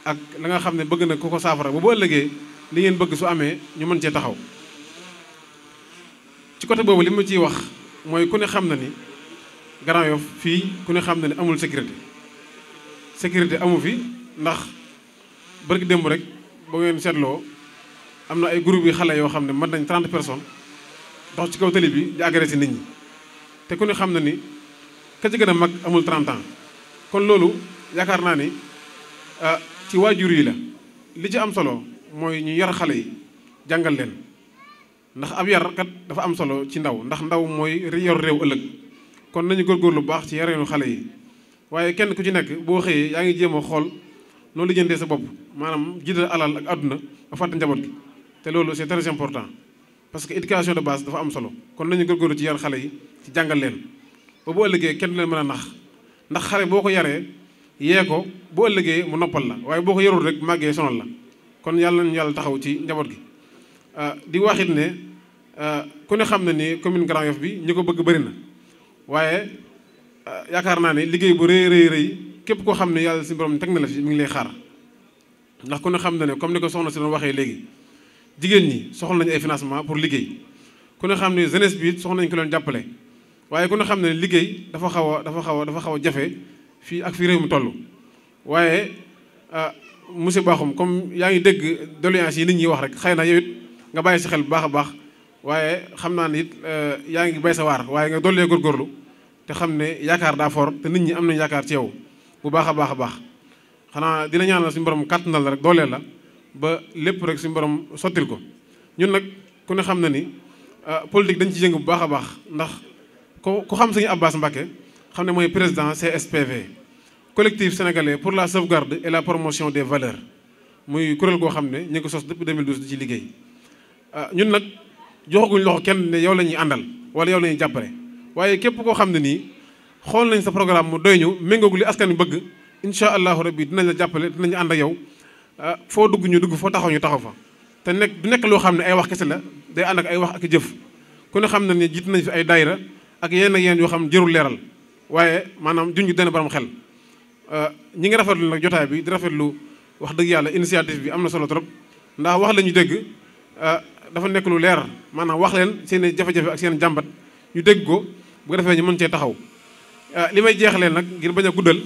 ak la nga xam ne bëgg na ku ko saafara bu bu ëllëgee li ngeen bëgg su amee ñu mën cee taxaw ci côté boobu li mu ciy wax mooy ku ne xam na ni Grand Yoff fii ku ne xam na ni amul sécurité sécurité amu fi ndax bërki démb rek ba ngeen seetloo am na ay groupe yi xale yoo xam ne mën nañ 30 personnes dox ci kaw tali bi di agressé nit ñi te ku ne xam na ni ka ci gën mag amul 30 ans kon loolu yaakaar naa ni ah, ci waajur yi la li ci am solo mooy ñu yar xale yi jàngal leen ndax ab yar kat dafa am solo ci ndaw ndax ndaw mooy yor réew ëllëg kon nañu góor lu baax ci yareenu xale yi waaye kenn ku ci nekk boo xëyee yaa ngi jéem a xool noo lijjantee sa bopp maanaam jiital alal ak àdduna ba fàtte njaboot gi te loolu c'est très important parce que éducation de base dafa am solo kon nañu góorgóorlu ci yar xale yi ci jàngal leen ba bu ëllëgee kenn du leen mën a nax ndax xale boo ko yaree yee ko bu ëllëgee mu noppal la waaye boo ko yarul rek màggee sonal la kon yàlla nañu yàlla taxaw ci njaboot gi di waxit ne euh, ku ne xam na ni commune Grand Yoff bi ñi ko bëgg bëri na waaye euh, yaakaar naa ne liggéey bu rëy rëy rëy képp koo xam ne yàlla si borom teg na la fi mi ngi lay xaar ndax ku ne xam na ne comme ni ko soxna si doon waxee léegi jigéen ñi soxla nañu ay financement pour liggéey ku ne xam ne jeunesse bi it soxla nañu ko leen jàppale waaye ku ne xam ne liggéey dafa xaw a dafa xaw a dafa xaw a jafe fii ak fii réew mi toll waaye euh, monsieur Bakhoum comme yaa ngi dégg doléance yi nit ñi wax rek xëy na yow nga bàyyi si xel bu baax a baax waaye xam naa ne it euh, yaa ngi bay sa waar waaye nga dollee góorgóorlu te xam ne yaakaar daa for te nit ñi am nañ yaakaar ci yow bu baax a baax a baax xanaa dina ñaanal suñu borom kàttanal rek dooleel la ba lépp rek suñu borom sottil ko ñun nag ku ne xam na ni euh, politique dañ ci yëngu bu baax a baax ndax ko ku xam sëñ Abbas Mbacké xam ne mooy président CSPV collectif sénégalais pour la sauvegarde et la promotion des valeurs muy kuréel goo xam ne ñu ngi ko sos depuis 2012 ci liggéey Ah, ñun nag joxaguñ loxo kenn ne yow la ñuy àndal wala yow lañuy jàppale waaye képp koo xam ne nii xool nañ sa programme mu doy ñu méngoogu li askan wi bëgg incha allahu rabbi dinañ la jàppale dinañ ànd ak yow ah, foo dugg ñu dugg foo taxaw ñu taxaw fa te nekk du nekk loo xam ne ay wax kese la day ànd ak ay wax ak jëf ku ne xam ne ni jiit nañ fi ay daayira ak yenn ak yenn yoo xam ne jërul leeral waaye maanaam junj dana borom xel ah, ñi ngi rafet lu nag jotaay bi rafetlu wax dëgg yàlla initiative bi am na solo trop ndax wax la dégg dafa nekk lu leer maanaam wax leen seen jafe-jafe ak seen jàmbat ñu dégg ko bu defee ñu mën cee taxaw euh, li may jeexalee nag ngir bañ a guddal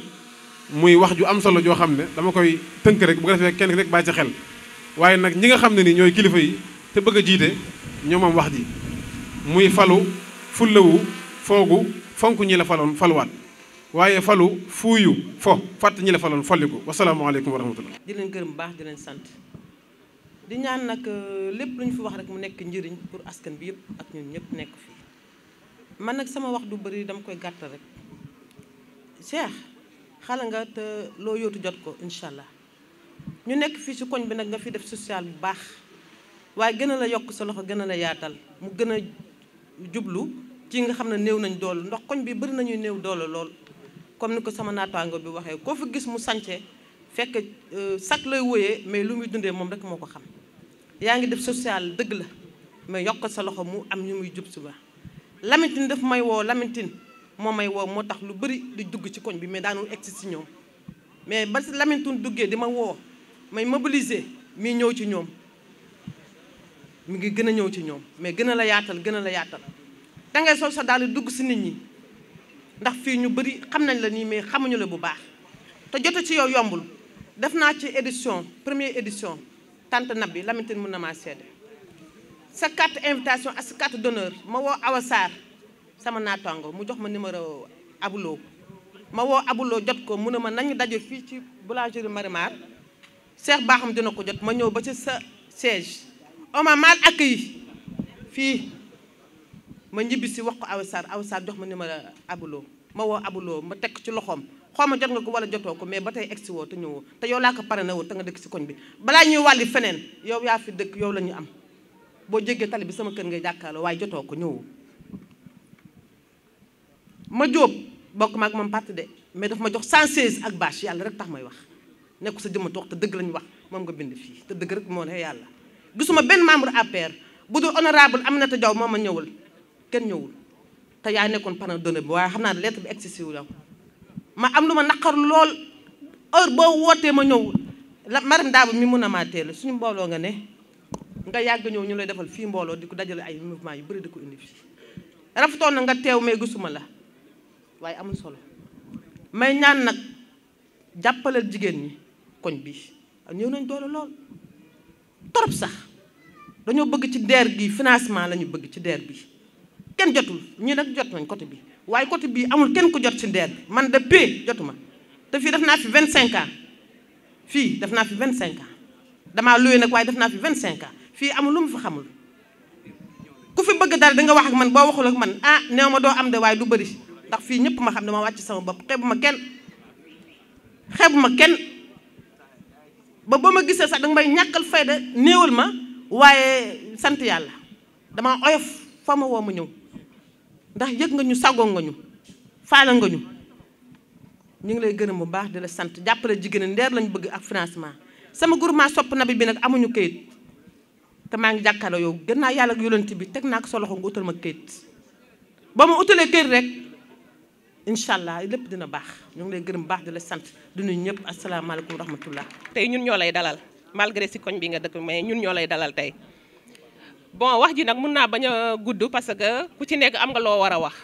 muy wax ju am solo joo xam ne dama koy tënk rek bu defee kenn rek bàyyi ci xel waaye nag ñi nga xam ne ni ñooy kilifa yi te bëgg a jiite ñoo moom wax ji muy falu fullawu foogu fonk ñi la faloon faluwaat waaye falu fuuyu fo fàtt ñi la faloon folliku wasalaamaaleykum wa rahmatullah di leen gërëm baax di leen sant di ñaan nag euh, lépp lu ñu fi wax rek mu nekk njëriñ pour askan bi yëpp ak ñun ñëpp nekk fii man nag sama wax du bëri dama koy gàttal rek Cheikh xala nga te loo yootu jot ko incha allah ñu nekk fii si koñ bi nag nga fi def sociale bu baax waaye gën a la yokk sa loxo gën a la yaatal mu gën a jublu ci nga xam ne néew nañ dool ndox koñ bi bëri nañuy néew doole lool comme ni ko sama naataango bi waxee koo fi gis mu sance fekk euh, sax lay wooyee mais lu muy dundee moom rek moo ko xam yaa ngi def social dëgg la mais yokk sa loxo mu am ñu muy jub suba lamintine daf may woo lamintine moo may woo moo tax lu bëri di dugg ci koñ bi mais daanul egsi si ñoom mais ba lamintine duggee di ma woo may mobiliser mi ñëw ci ñoom mu ngi gën a ñëw ci ñoom mais gën a la yaatal gën a la yaatal dangay sol sa daal dugg si nit ñi ndax fii ñu bëri xam nañ la nii mais xamuñu la bu baax te jote ci yow yombul def naa ci édition première édition tante bi Lamine mun na maa seede sa carte invitation ak sa carte d'honneur ma woo Awa sama naataango mu jox ma numéro abuloo ma woo abuloo jot ko mu ne ma nañu daje fii ci boulangerie Marimar Cheikh Bakhoum dina ko jot ma ñëw ba ci sa siège on m'a mal accueilli fii ma ñibbi si wax ko Awa Sarr Awa Sarr jox ma numéro abuloo ma woo abuloo ma teg ci loxoom xaw ma jot nga ko wala jotoo ko mais ba tey egsi woo te ñëwoo te yow laa ko pare na woo te nga dëkk si koñ bi balaa ñuy wàlli feneen yow yaa fi dëkk yow la ñu am boo jéggee tali bi sama kër ngay jàkkaarloo waaye jotoo ko ñëwoo ma jóob bokk maag moom parti de mais daf ma jox 116 ak bâche yàlla rek tax may wax nekku sa jëmm toog te dëgg lañu wax moom nga bind fii te dëgg rek moo ne yàlla gisuma benn membre APR bu dul honorable Aminata Diaw moo ma ñëwul kenn ñëwul te yaa nekkoon panneau donné bi waaye xam naa ne lettre bi egsi si wu ma am lu ma naqar lool heure boo wootee ma ñëw la maram daabu mi mun a maa teel suñu mbooloo nga ne nga yàgg ñëw ñu lay defal fii mbooloo di ko dajale ay mouvement yu bëri di ko indi fii rafetoon na nga teew mais gisuma la waaye amul solo may ñaan nag jàppaleel jigéen ñi koñ bi ak ñëw nañ doole lool torop sax dañoo bëgg ci DER gi financement la ñu bëgg ci DER bi kenn jotul ñii nag jot nañ côté bi waaye côté bii amul kenn ko jot si ndeer bi man de pe jotuma te fii def naa fi vingt cinq ans fii def naa fi vingt cinq ans damaa luye nag waaye def naa fi vingt cinq ans fii amul lu mu fi xamul ku fi bëgg dara danga wax ak man boo waxul ak man ah néew ma doo am de waaye du bëri ndax fii ñëpp ma xam dama wàcc sama bopp xeebu ma kenn xeebu ma kenn ba ba ma gisee sax danga may ñàkkal fayda néewal ma waaye sant yàlla dama oyof foo ma woo ma ñëw ndax yeg nga ñu sago nga ñu faala nga ñu ñu ngi lay gërëm bu baax di la sant jàppale jigéen ndeer lañ bëgg ak financement sama groupement sopp nabi bi nak amuñu kayit te ma ngi jakkalo yow gëna yalla ak yolante bi teg naa ko sa loxo nga utal ma kayit ba ma utalee kayit rek inshallah lepp dina baax ñu ngi lay gëreum baax di la sant di nuyu ñëpp asalaamaaleykum wa rahmatullah ñun ñolay dalal malgré ci koñ bi nga dëkk mais ñun ñolay dalal tay bon wax ji nag mun naa bañ a gudd parce que ku ci nekk am nga loo war a wax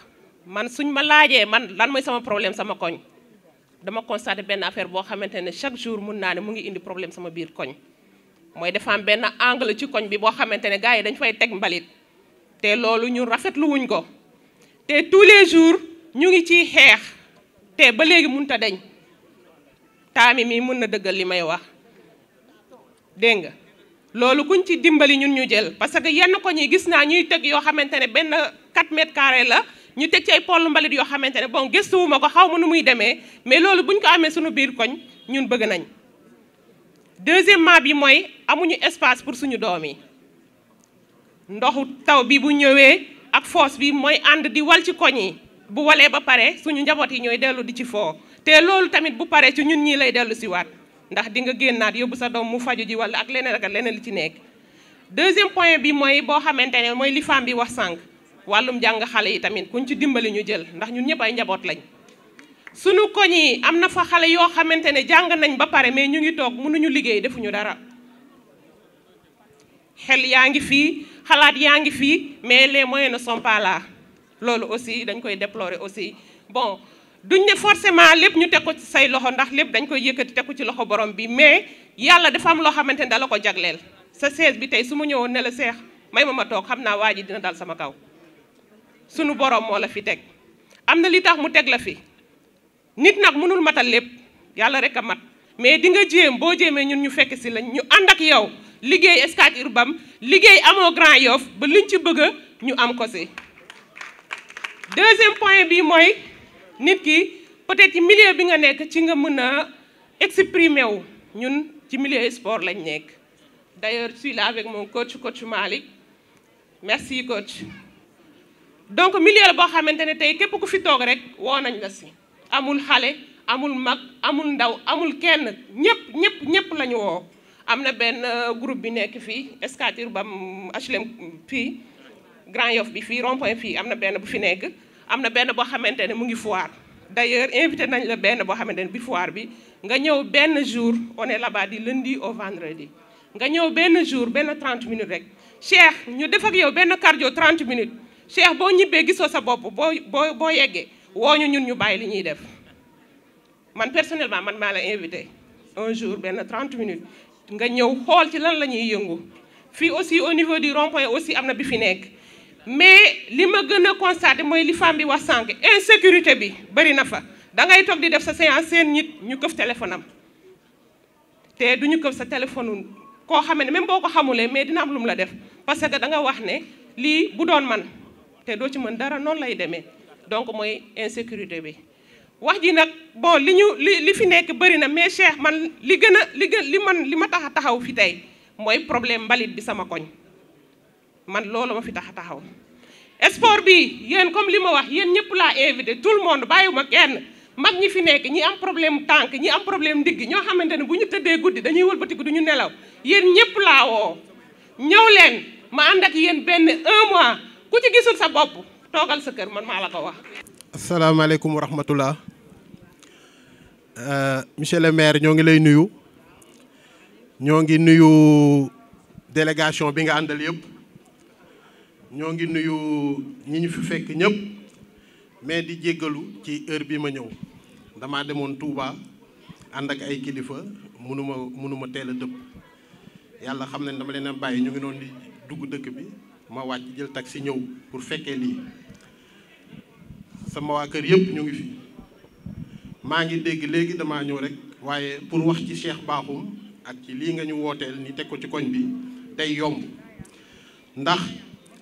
man suñ ma laajee man lan mooy sama problème sama koñ dama constaté benn affaire boo xamante ne chaque jour mun naa ne mu ngi indi problème sama biir koñ mooy dafa am benn angle ci koñ bi boo xamante ne gars yi dañ fay teg mbalit te loolu ñu rafetlu wuñ ko te tous les jours ñu ngi ciy xeex te ba léegi mënut a deñ taami mi mën na dëggal li may wax dégg nga loolu kuñ ci dimbali ñun ñu jël parce que yenn ko ñi gis naa ñuy teg yoo xamante ne benn 4 mètres carrés la ñu teg ci ay pollu mbalit yoo xamante ne bon gëstuwuma ko xaw ma nu muy demee mais loolu buñ ko amee suñu biir koñ ñun bëgg nañ deuxièmement bi mooy amuñu espace pour suñu doom yi ndoxu taw bi bu ñëwee ak foos bi mooy ànd di wal ci koñ yi bu walee ba pare suñu njaboot yi ñooy dellu di ci foo te loolu tamit bu paree ci ñun ñii lay dellu si waat ndax di nga génnaat yóbbu sa doom mu faju ji wala ak leneen ak leneen li ci nekk deuxième point bi mooy boo xamante ne mooy li femme bi wax sànq wàllum jàng xale yi tamit kuñ ci dimbali ñu jël ndax ñun ñëpp ay njaboot lañ sunu koñ yi am na fa xale yoo xamante ne jàng nañ ba pare mais ñu ngi toog mënuñu liggéey defuñu dara xel yaa ngi fii xalaat yaa ngi fii mais les moyens ne sont pas là loolu aussi dañ koy déplorer aussi bon duñ ne forcément lépp ñu teg ko ci say loxo ndax lépp dañ koy yëkkati teg ko ci loxo borom bi mais yàlla dafa am loo xamante ne dala ko jagleel sa sees bi tey su ma ñëwoon ne la seex may ma ma toog xam naa waa ji dina dal sama kaw sunu borom moo la fi teg am na li tax mu teg la fi nit nag mënul matal lépp yàlla rek a mat mais di nga jéem boo jéemee ñun ñu fekk si lañ ñu ànd ak yow liggéey Scat bam liggéey amoo Grand Yoff ba liñ ci bëgg ñu am ko si deuxième point bi mooy nit ki peut-être ci milieu bi nga nekk ci nga mën a exprimer wu ñun ci millier sport lañ nekk d'ailleurs je suis avec moom coach coach Malick merci coach donc milieu boo xamante ne tey képp ku fi toog rek woo nañ la si amul xale amul mag amul ndaw amul kenn ñëpp ñëpp ñëpp lañu ñu woo am na benn euh, groupe bi nekk fii Escatire bam HLM fii Grand Yoff bi fii rond fii am na benn bu fi nekk am na benn boo xamante ne mu ngi foire d'ailleurs invité nañ la benn boo xamante ne bi foire bi nga ñëw benn jour on est là-bas di lundi au vendredi nga ñëw benn jour benn 30 minutes rek ñu def ak yow benn cardio 30 minutes Cheikh boo ñibbee gisoo sa bopp boo boo boo woo ñu ñun ñu bàyyi li ñuy def man personnellement man maa la invité un jour benn trent minutes nga ñëw xool ci lan la ñuy yëngu fii aussi au niveau du rond aussi am na bi fi nekk mais li ma gën a constaté mooy li femme bi wax sànq insécurité bi bëri na fa da ngay toog di def sa séance seen nit ñu këf téléphone te du ñu këf sa téléphone koo xamee ne même boo ko xamulee mais dina am lu mu la def parce que danga wax ne lii bu doon man te doo ci mën dara noonu lay demee donc mooy insécurité bi. wax ji nag bon li ñu li li fi nekk bëri na mais Cheikh man li gën a li gën li man li ma tax a taxaw fi tey mooy problème mbalit bi sama koñ. man lolo ma fi tax taxaw sport bi yeen comme lima wax yeen ñepp la éviter tout le monde bàyyiwuma kenn mag ñi fi nek ñi am problème tank, ñi am problème digg ño xamantene ne bu ñu dañuy wëlbatiku du nelaw yeen ñepp la wo ñew leen ma anda ak yeen ben 1 mois ku ci gisul sa bop togal sa kër man maa la ko wax. asalaamaaleykum wa rahmatullah euh, monsieur le maire ñongi lay nuyu ñongi nuyu délégation bi nga andal yépp ñoo ngi nuyu ñi ñu fi fekk ñëpp mais di jéggalu ci heure bii ma ñëw damaa demoon Touba ànd ak ay kilifa mënuma mënuma teel a dëpp yàlla xam ne dama leen a bàyyi ñu ngi noonu di dugg dëkk bi ma wàcc jël taxi ñëw pour fekkee lii sama waa kër yëpp ñu ngi fi maa ngi dégg léegi damaa ñëw rek waaye pour wax ci Cheikh Bakhoum ak ci lii nga ñu wooteel ni teg ko ci koñ bi tey yomb ndax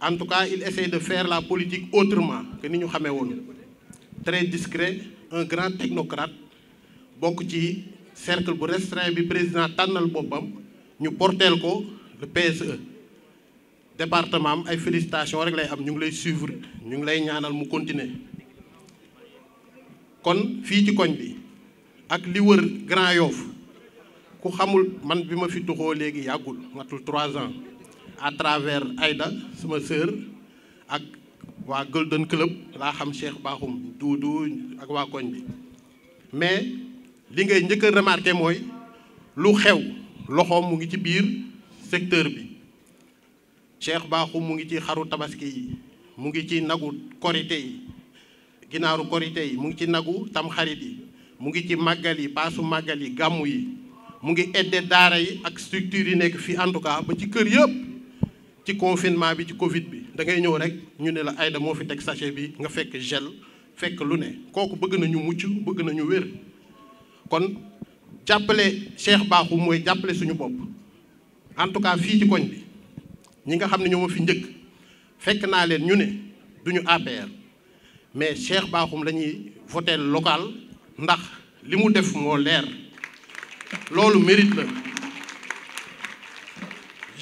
En tout cas, il essaie de faire la politique autrement que nous savons. Très discret, un grand technocrate, beaucoup de cercle restreint du président Tanal Bobam, nous portons le PSE. département am félicitations rek lay am ñu lay suivre ñu les lay ñaanal mu continuer kon fii ci koñ bi ak li wër Grand Yoff ku xamul man bi ma fi il léegi yàggul trois ans à travers Aïda sama sœur ak Golden Club Raham xam Cheikh Bakhoum Doudou ak waa koñ bi mais li ngay njëkk a remarqué lu xew mu ngi ci biir secteur bi Cheikh Bahum mu ngi ci xaru tabaski yi mu ngi ci nagu korité yi ginaaru korité yi mu ngi ci nagu tamxarit yi mu ngi ci magali yi paasu màggal yi gàmmu yi mu ngi daara yi ak structure yi nekk en tout cas ba ci kër yëpp ci confinement bi ci Covid bi dangay ngay ñëw rek ñu ne la Aïda moo fi teg sachet bi nga fekk gel fekk lu ne kooku bëgg nañu mucc bëgg nañu wér kon jàppale Cheikh Bakhoum mooy jàppale suñu bopp en tout cas fii ci koñ bi ñi nga xam ne ñoo ma fi njëkk fekk naa leen ñu ne duñu APR mais Cheikh baaxum lañuy ñuy local ndax li mu def moo leer loolu mérite la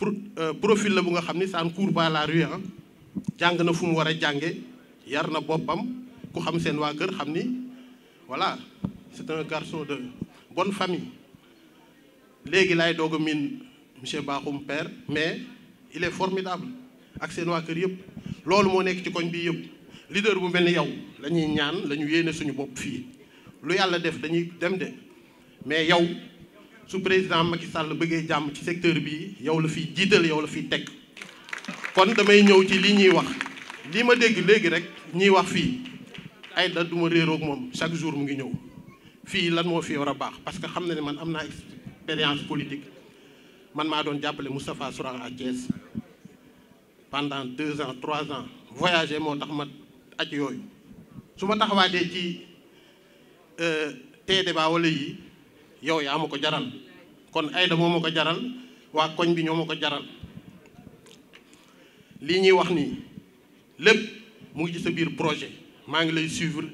pour euh, profil la bu nga xamni ni ça ne court pas la rue hein jang na fu mu war a jànge yar na boppam ku xam sen wa keur xamni voilà c'est un garçon de bonne famille légui lay doog min monsieur Bakhoum père mais il est formidable ak sen wa keur yëpp lolou mo nek ci koñ bi yëpp leader bu melni yow lañuy ñaan la ñu yéene suñu bop fi lu yalla def dañuy dem de mais yow su président Macky Sall bëggee jàmm ci secteur bi yow la fiy jiital yow la fiy teg kon damay ñëw ci li ñuy wax li ma dégg léegi rek ñuy wax fii Aïda du ma réerook moom chaque jour mu ngi ñëw fii lan moo fi war a baax parce que xam na ne man am naa expérience politique man maa doon jàppale Moustapha Souran à Thiès pendant deux ans trois ans voyagé moo tax ma aj yooyu su ma taxawaatee ci euh, tee débat wala yi yow ya ma ko jaral kon Aïda moo ma ko jaral wa koñ bi ñoo ma ko jaral li ñi wax ni lepp mu ngi ci sa bir projet ma ngi lay suivre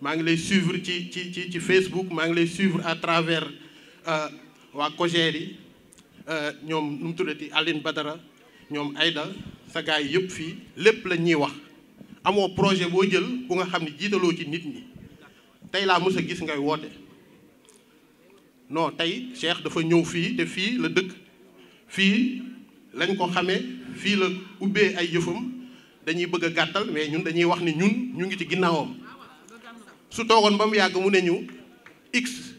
ma ngi lay suivre ci ci ci ci Facebook ma ngi lay suivre à travers euh, waa COJER yi euh ñom mu Aline Badara ñom aida sa gaay yi yëpp fii lépp la ñi wax amo projet bo jël ku nga xamni jitalo ci nit ñi tay la mës gis ngay wote non tey Cheikh dafa ñëw fii te fii la dëkk fii lañ ko xamee fii la ubbee ay yëfam dañuy bëgg a gàttal mais ñun dañuy wax ni ñun ñu ngi ci ginnaawam su toogoon ba mu yàgg mu ne ñu x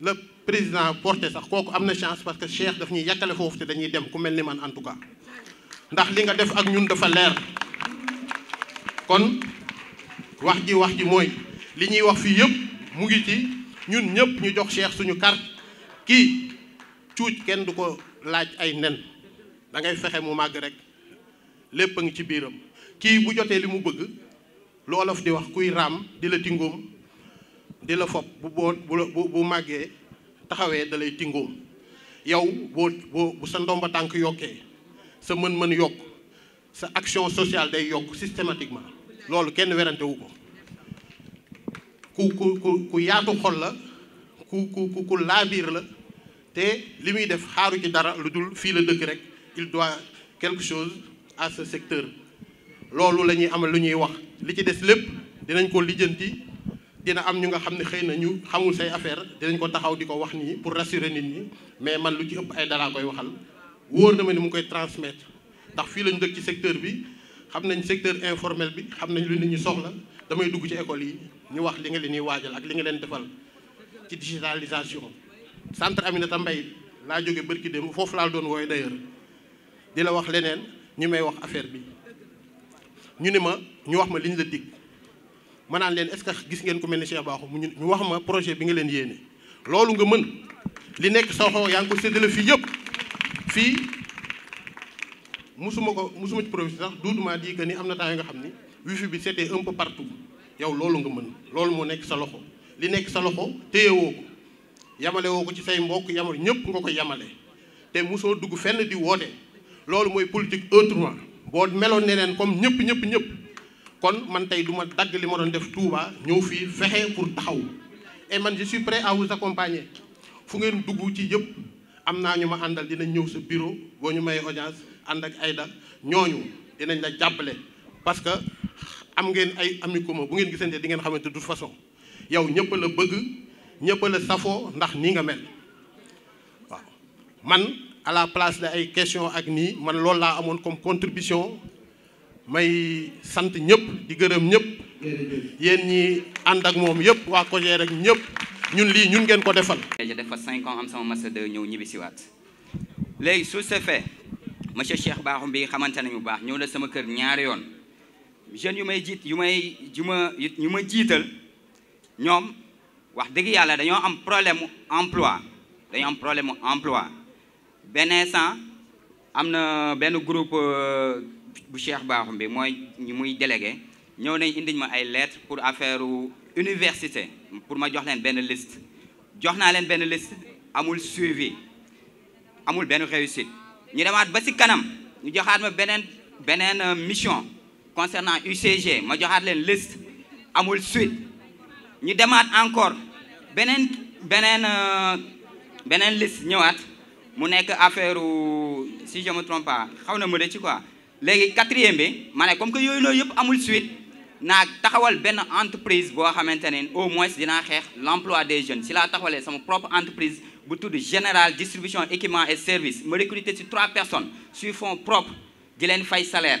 la président porte sax kooku am na chance parce que Cheikh daf ñuy yàkkale foofu te dañuy dem ku mel ni man en tout cas ndax li nga def ak ñun dafa leer kon wax ji wax ji mooy li ñuy wax fii yëpp mu ngi ci ñun ñëpp ñu jox Cheikh suñu carte kii cuuj kenn du ko laaj ay nen da ngay fexe mu màgg rek lépp a ngi ci biiram kii bu jotee li mu bëgg lu olof di wax kuy raam di la tingoom di la fob bu boo bu màggee taxawee da lay tingoom yow boo boo bu sa ndomba tànk yokkee sa mën-mën yokk sa action sociale day yokk systématiquement loolu kenn werante wu ko ku ku ku ku yaatu xol la ku ku ku laabiir la te li muy def xaaru ci dara lu dul fii la dëkk rek il doit quelque chose à ce secteur loolu la ñuy amal lu ñuy wax li ci des lépp dinañ ko lijjanti dina am ñu nga xam ne xëy na ñu xamul say affaire dinañ ko taxaw di ko wax nii pour rassurer nit ñi mais man lu ci ëpp ay dalaa koy waxal wóor na ma ni mu koy transmettre ndax fii lañu dëkk ci secteur bi xam nañ secteur informel bi xam nañ lu nit ñi soxla damay dugg ci école yi ñu wax li nga leen di waajal ak li nga leen defal ci digitalisation centre Aminata mbay la joggé barki dem fofu la doon woy d'ailleurs di wax leneen ñu may wax affaire bi ñu ne ma ñu wax ma liñ la dig ma naan leen est-ce que gis ngeen ku melni Cheikh baxu ñu wax ma projet bi nga leen yéene loolu nga mën li nekk soxoo yaa ngi ko séddale fii yëpp fii musuma ko musuma ci projet sax duudumaa di que ni am na temps yi nga xam ni wifi bi c'était un peu partout yow loolu nga mën loolu moo nekk sa loxo li nekk sa loxo téye ko yamale woo ko ci say mbokk yamale ñëpp nga ko yamale te mosoo dugg fenn di woote loolu mooy politique autrement boo meloon ne neneen comme ñëpp ñëpp ñëpp kon man tey du ma dagg li ma doon def Touba ñëw fii fexe pour taxaw et man je suis prêt fu ngeen dugg ci yëpp am naa ñu ma àndal dinañ ñëw sa bureau boo ñu may audience ànd ak Aïda ñooñu dinañ la jàppale parce am ngeen ay amicoma bu ngeen gisante di ngeen xamante du façon yow ñëpp la bëgg ñëpp la safo ndax ni nga mel waaw man à la place de ay question ak ni man loolu laa amoon comme contribution may sant ñëpp di gërëm ñëpp yéen ñi ànd ak moom yëpp waa Cogé rek ñëpp ñun lii ñun ngeen ko defal. je def fa ans am sama masse de ñëw ñibbi si waat léegi sur ce fait monsieur Cheikh Bakhoum bi xamante nañu bu baax ñëw na sama kër ñaari yoon jeunes yu may jitt yu may juma ñu yu ma jiital ñoom wax deug yalla dañu am problème emploi dañu am problème emploi benn sant am na groupe euh, bu Cheikh Bakhoum bi moy ñu muy délégué ñew nañ indiñ ma ay lettre pour affaire université pour ma jox leen benn liste jox na leen benn liste amul suivi amul benn réussite ñu demaat ba ci kanam ñu joxat ma beneen beneen euh, mission concernant UCG ma joxaat une liste amul suite Nous demandons encore benen, benen, euh, benen liste ñëwaat mu nekk affaire si je me trompe pas xaw na ci quoi léegi quatrième comme que yooyu loolu yëpp amul suite naa taxawal ben entreprise bo xamante au moins dina xeex l'emploi des jeunes si laa taxawalee sama propre entreprise bu tudd général distribution équipement et service me recruter ci trois personnes sur fonds propres di len fay salaire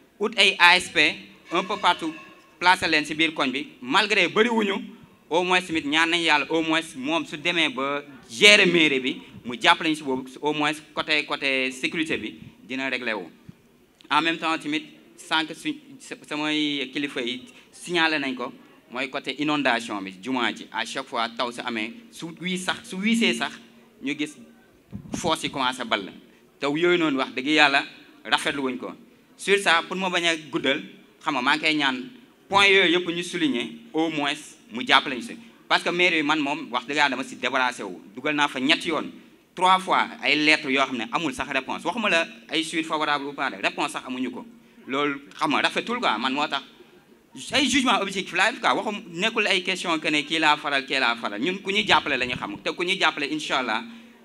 ut ay ASP un peu partout place leen biir koñ bi malgré au moins tamit ñaan nañ au moins mom su ba gérer mairie bi au moins côté côté sécurité bi dina wu. en même temps tamit que kilifa yi côté inondation bi à chaque fois taw su amé su sax su sax ñu taw wax sur ça pour ma bañ a guddal xam nga maa ngi koy ñaan point yooyu yëpp ñu souligner au moins mu jàppale ñu si parce que maire yi man moom wax dëgg yàlla dama si débarrassé wu dugal naa fa ñetti yoon trois fois ay lettres yoo xam ne amul sax réponse waxuma la ay suite favorable ou pas réponse sax amuñu ko loolu xam nga rafetul quoi man moo tax ay jugement objectif laa quoi waxum nekkul ay question que ne kii laa faral kii laa faral ñun ku ñu jàppale la ñu xam te ku ñu jàppale incha allah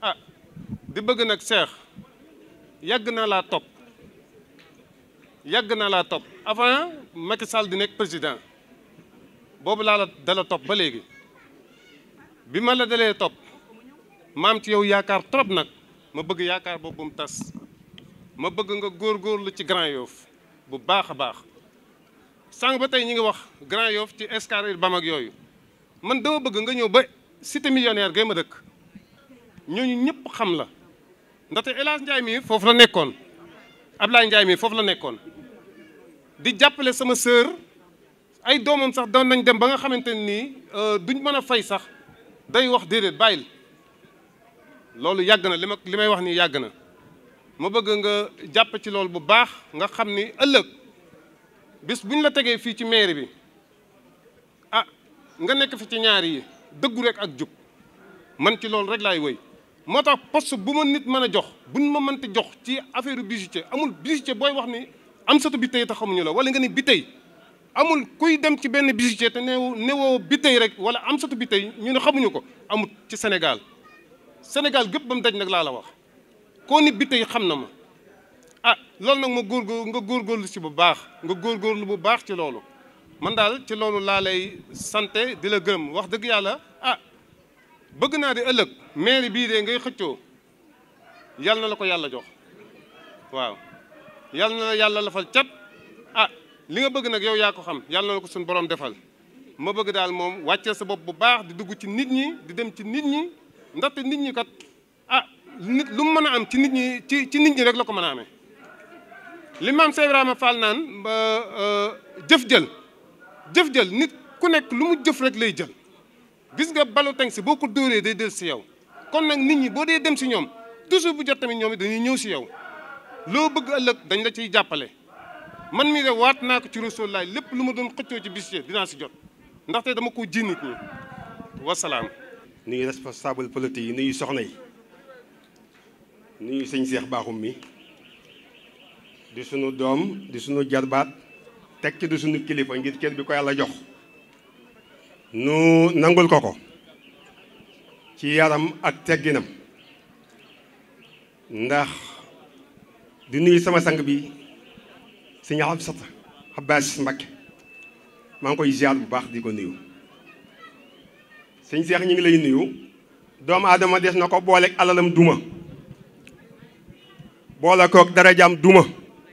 ah di bëgg nak seex yag na la top yag na la top avant Macky Sall di nek président bobu la la dala top ba légui bima la dalé top mam ci yow yaakar trop nak ma bëgg yaakar bobu mu tas ma bëgg nga lu ci Grand Yoff bu baax baax sang ba tey ñi ngi wax Grand Yoff ci escarre bam ak yoyu man do bëgg nga ñëw ba cité millionnaire gay ma dëkk ñooñu ñëpp xam la ndaxte El Hadj mii foofu la nekkoon Ablaye Ndiaye mii foofu la nekkoon di jàppale sama sœur ay doomam sax doon nañ dem ba nga xamante nii euh, duñ mën a fay sax day wax déedéet bàyyil loolu yàgg na li ma li may wax nii yàgg na ma bëgg nga jàpp ci lool bu baax nga xam ni ëllëg bis buñ la tegee fii ci mairie bi ah nga nekk fi ci ñaari yi dëggu rekk ak jub man ci loolu rek laay woy moo tax poste bu ma nit mën a jox buñ ma mënti jox ci affaire bijoutier amul bijoutier booy wax ni am satu bi tey te xamuñu la wala nga ni bi amul kuy dem ci benn bijoutier te neew newoo bi tey rek wala am satu bi tey ñu ne xamuñu ko amut ci Sénégal Sénégal gépp ba mu daj nag laa la wax koo ni bi tey xam na ma ah loolu nag ma góor góor nga góor góorlu si bu baax nga góor góorlu bu baax ci loolu man daal ci loolu laa lay sante di la gërëm wax dëgg yàlla bëgg naa di ëllëg mairie bii de ngay xëccoo yal na la ko yàlla jox waaw yal na la yàlla lafal cat ah li nga bëgg nag yow yaa ko xam yal na la ko suñu borom defal ma bëgg daal moom wàccee sa bopp bu baax di dugg ci nit ñi di dem ci nit ñi ndaxte nit ñi kat ah nit lu mu mën a am ci nit ñi ci ci nit ñi rek la ko mën a ame li maam Cheikh Ibrahima Fall naan euh, jëf jël jëf jël nit ku nekk lu mu jëf rek lay jël gis nga Balotelli si boo ko dóoree day del si yow kon nag nit ñi boo dee dem si ñoom toujours bu jot tamit ñoom it dañuy ñëw si yow loo bëgg ëllëg dañ la ciy jàppale man mii de waat naa ko ci Rasulullah lépp lu ma doon xëccoo ci bis dinaa si jot ndaxte dama ko ji nit ñi wasalaam. nuyu responsable politique yi nuyu soxna yi nuyu sëñ Cheikh baaxum mi di sunu doom di suñu jarbaat teg ci di sunu kilifa ngir cër bi ko yàlla jox. nu nangul ko ko ci yaram ak tegginam ndax di nuyu sama sang bi sëñ Absat Abbas Mbakke maa ngi koy ziar bu baax di ko nuyu sëñ Seex ñu ngi lay nuyu doomu aadama des na ko booleek alalam duma boole koog darajaam duma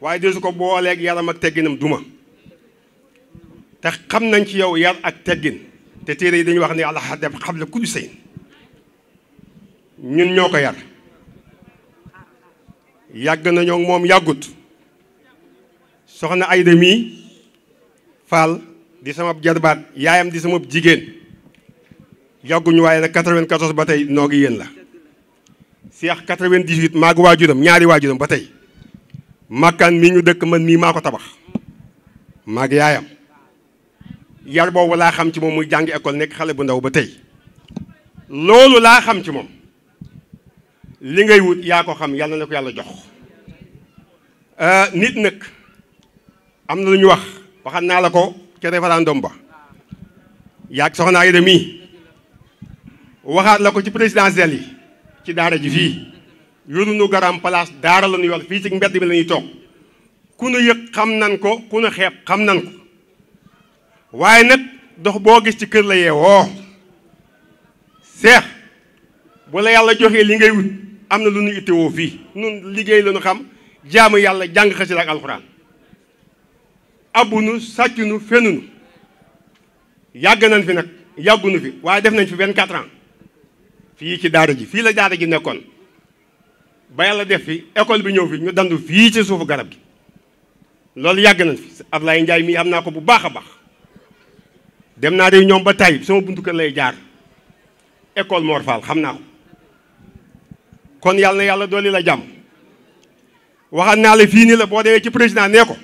waaye desu ko booleeg yaram ak tegginam duma te xam nañ ci yow yar ak teggin te téere yi dañuy wax ne allah dem xam la kulli sey ñun ñoo ko yar yàgg nañoo moom yàggut soxna Ayda mii Fall di sama jarbaat yaayam di sama jigéen yàgguñu waaye nag 94 ba tey noo ngi yéen la. seex 98 maa ngi waajuram ñaari waajuram ba tey makkaan mii ñu dëkk man mii maa ko tabax maa yaayam. yar boobu laa xam ci moom muy jàng école nekk xale bu ndaw ba tey loolu laa xam ci moom li ngay wut yaa ko xam yàlla na ko yàlla jox euh, nit nag am na lu ñu wax waxal naa la ko ca référendum ba yaag soxna Aïda mii waxaat la ko ci présidentielle yi ci daara ji fii yorunu garam place daara la ñu yor fii ci mbedd bi la ñuy toog ku nu yëg xam nan ko ku nu xeeb xam nan ko waaye nag dox boo gis ci kër la yeewoo seex bu la yàlla joxee li ngay wut am na lu ñu ittewoo fii nun liggéey la ñu xam jaamu yàlla jàng xasida ak alxuraan abunu sàccunu fenunu yàgg nañ fi nag nu fi waaye def nañ fi vingt-quatre ans fii ci daara ji fii la daara ji nekkoon ba yàlla def fi école bi ñëw fi ñu dandu fii ci suufu garab gi loolu yàgg nañ fi Ablaye Ndiaye mii am naa ko bu baax a baax dem naa de ñoom ba tey sama buntu kër lay jaar école Mor Fall xam naa ko kon yàlla na yàlla dooli la jàmm waxal naa la fii nii la boo demee ci président nee ko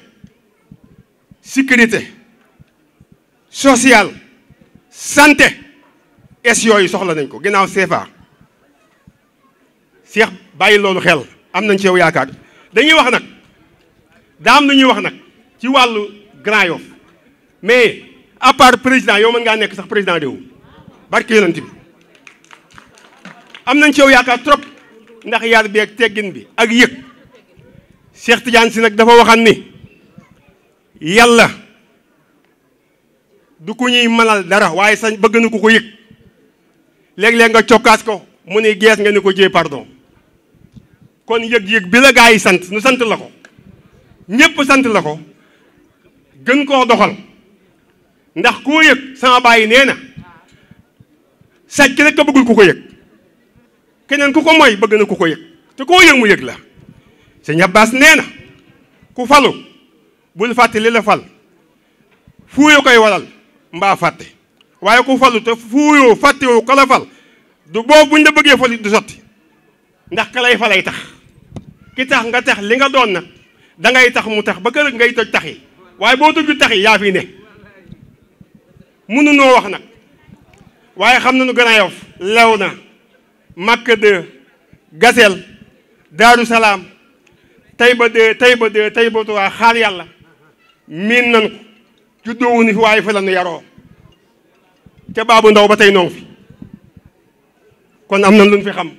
sécurité sociale santé es yooyu soxla nañ ko ginnaaw CFA Cheikh bàyyi loolu xel am nañ ci yow yaakaar dañuy wax nag daam lu wax nag ci wàllu Grand Yoff mais à part président yow mën ngaa nekk sax président réew barke yonent bi am nañ ci yow yaakaar trop ndax yar bi ak teggin bi ak yëg Cheikh Tidiane si nag dafa waxan ni yàlla du ku ñuy manal dara waaye sañ bëgg na ko yëg léeg-léeg nga cokkaas ko Il y gees nga ni ko jee pardon kon yëg-yëg bi la gaa yi sant nu sant la ko ñëpp sant la ko doxal ndax koo yëg sama bàyyi nee na sàcc rek a bëggul ku ko yëg keneen ku ko moy bëgg na ku ko yëg te koo yëg mu yëg la sëñ Abbas nee na ku falu bul fàtte li la fal fuuyoo koy walal mbaa fàtte waaye ku falu te fuuyoo fàttewoo ko fal du boobu buñ la bëggee fali du sotti ndax ka falay tax ki tax nga tax li nga doon nag dangay tax mu tax ba kër ngay toj tax waaye boo tojul tax yaa fi ne mënunoo wax nak waye xam nañu Grand Yoff lew Makka de Gasel daru salam Tayba de Tayba de Tayba to xal yàlla min nañ ko juddoowuñu fi waye fa lañu yaro ca babu ndaw batay tey fi kon amna luñ fi xam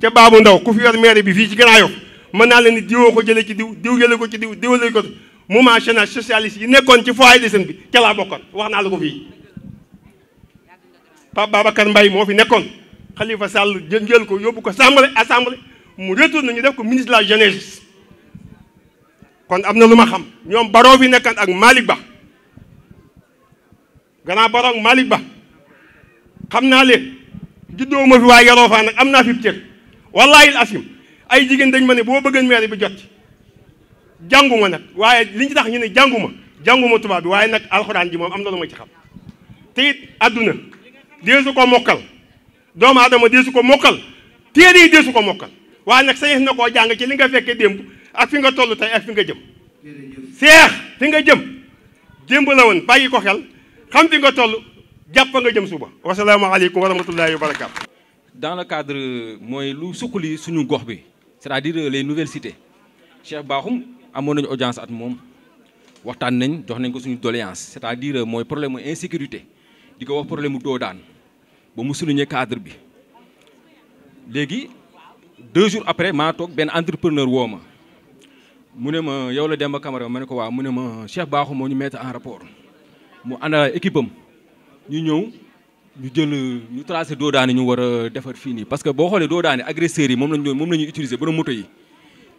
ca babu ndaw ku fi yor maire bi fi ci gëna yof man na leen di diwoo ko jëlé ci diw diw jëlee ko ci diw diw jëlee ko mouvement jeunesse socialiste yi nekkoon ci foyer des jeunes bi ca laa bokkoon wax naa la ko fii Pape Babacar Mbaye moo fi nekkoon Khalifa Sall jël ko yóbbu ko assemblée assemblée mu retourné ñu def ko ministre la jeunesse kon am na lu ma xam ñoom baroo fi nekkoon ak Malick Ba gannaaw baroo ak Malick Ba xam naa leen juddoo ma fi waaye yaroo faa nag am naa fi cër wallaahi asim ay jigéen dañ ma ne boo bëggeen maire bi jot janguma nak waye liñ tax ñu ne janguma janguma tuba bi waye nak alxuraan ji mom am na ci xam te aduna àdduna ko mokkal doom aadama deesu ko mokkal téere yi ko mokkal waaye nak sañes nako jang ci li nga fekke demb ak fi nga tollu tay ak fi nga jëm cheikh fi nga jëm démb la woon bàyyi ko xel xam fi nga tollu japp nga jëm suba alaykum wa rahmatullahi wa barakatuh dans le cadre moy lu sukuli suñu gox bi c'est-à-dire les nouvelles cités Cheikh Bakhoum amoon audience at mom waxtan nañ jox nañ ko suñu doléance c'est-à-dire euh, moy problème insécurité diko wax problème do doodaan ba mu souligner cadre bi légui deux jours après ma tok ben entrepreneur woma ma ma yow la Demba Camara ma ne ko wa mu ne ma Cheikh Bakhoum moo ñu mettre en rapport mu àndal équipe am ñu ñëw ñu jël ñu tracer do doodaani ñu wara défer fini parce que bo xolé do doodaani agresseur yi mom lañ mom lañ ñuy utiliser bu moto yi.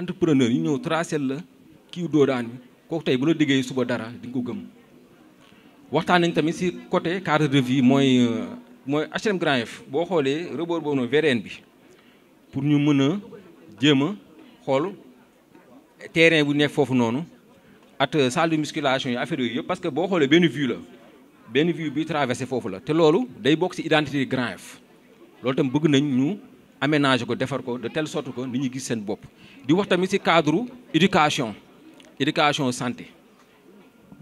entrepreneur yi ñëw tracé la kii doo daan kooku tey bu la diggee suba dara di nga ko gëm waxtaan nañ tamit si côté cadre de vie mooy euh, mooy HLM Grand Yoff boo xoolee rebord boobu noonu VDN bi pour ñu mën a jéem a xool terrain bu nekk foofu noonu at euh, salle de musculation yi affaire yooyu yëpp parce que boo xoolee benn vue la benn vue bi traversé foofu la te loolu day bokk si identité Grand Yoff loolu tam bëgg nañ ñu aménager ko defar ko de telle sorte que nit ñi gis seen bopp di wax tamit ci cadre éducation éducation santé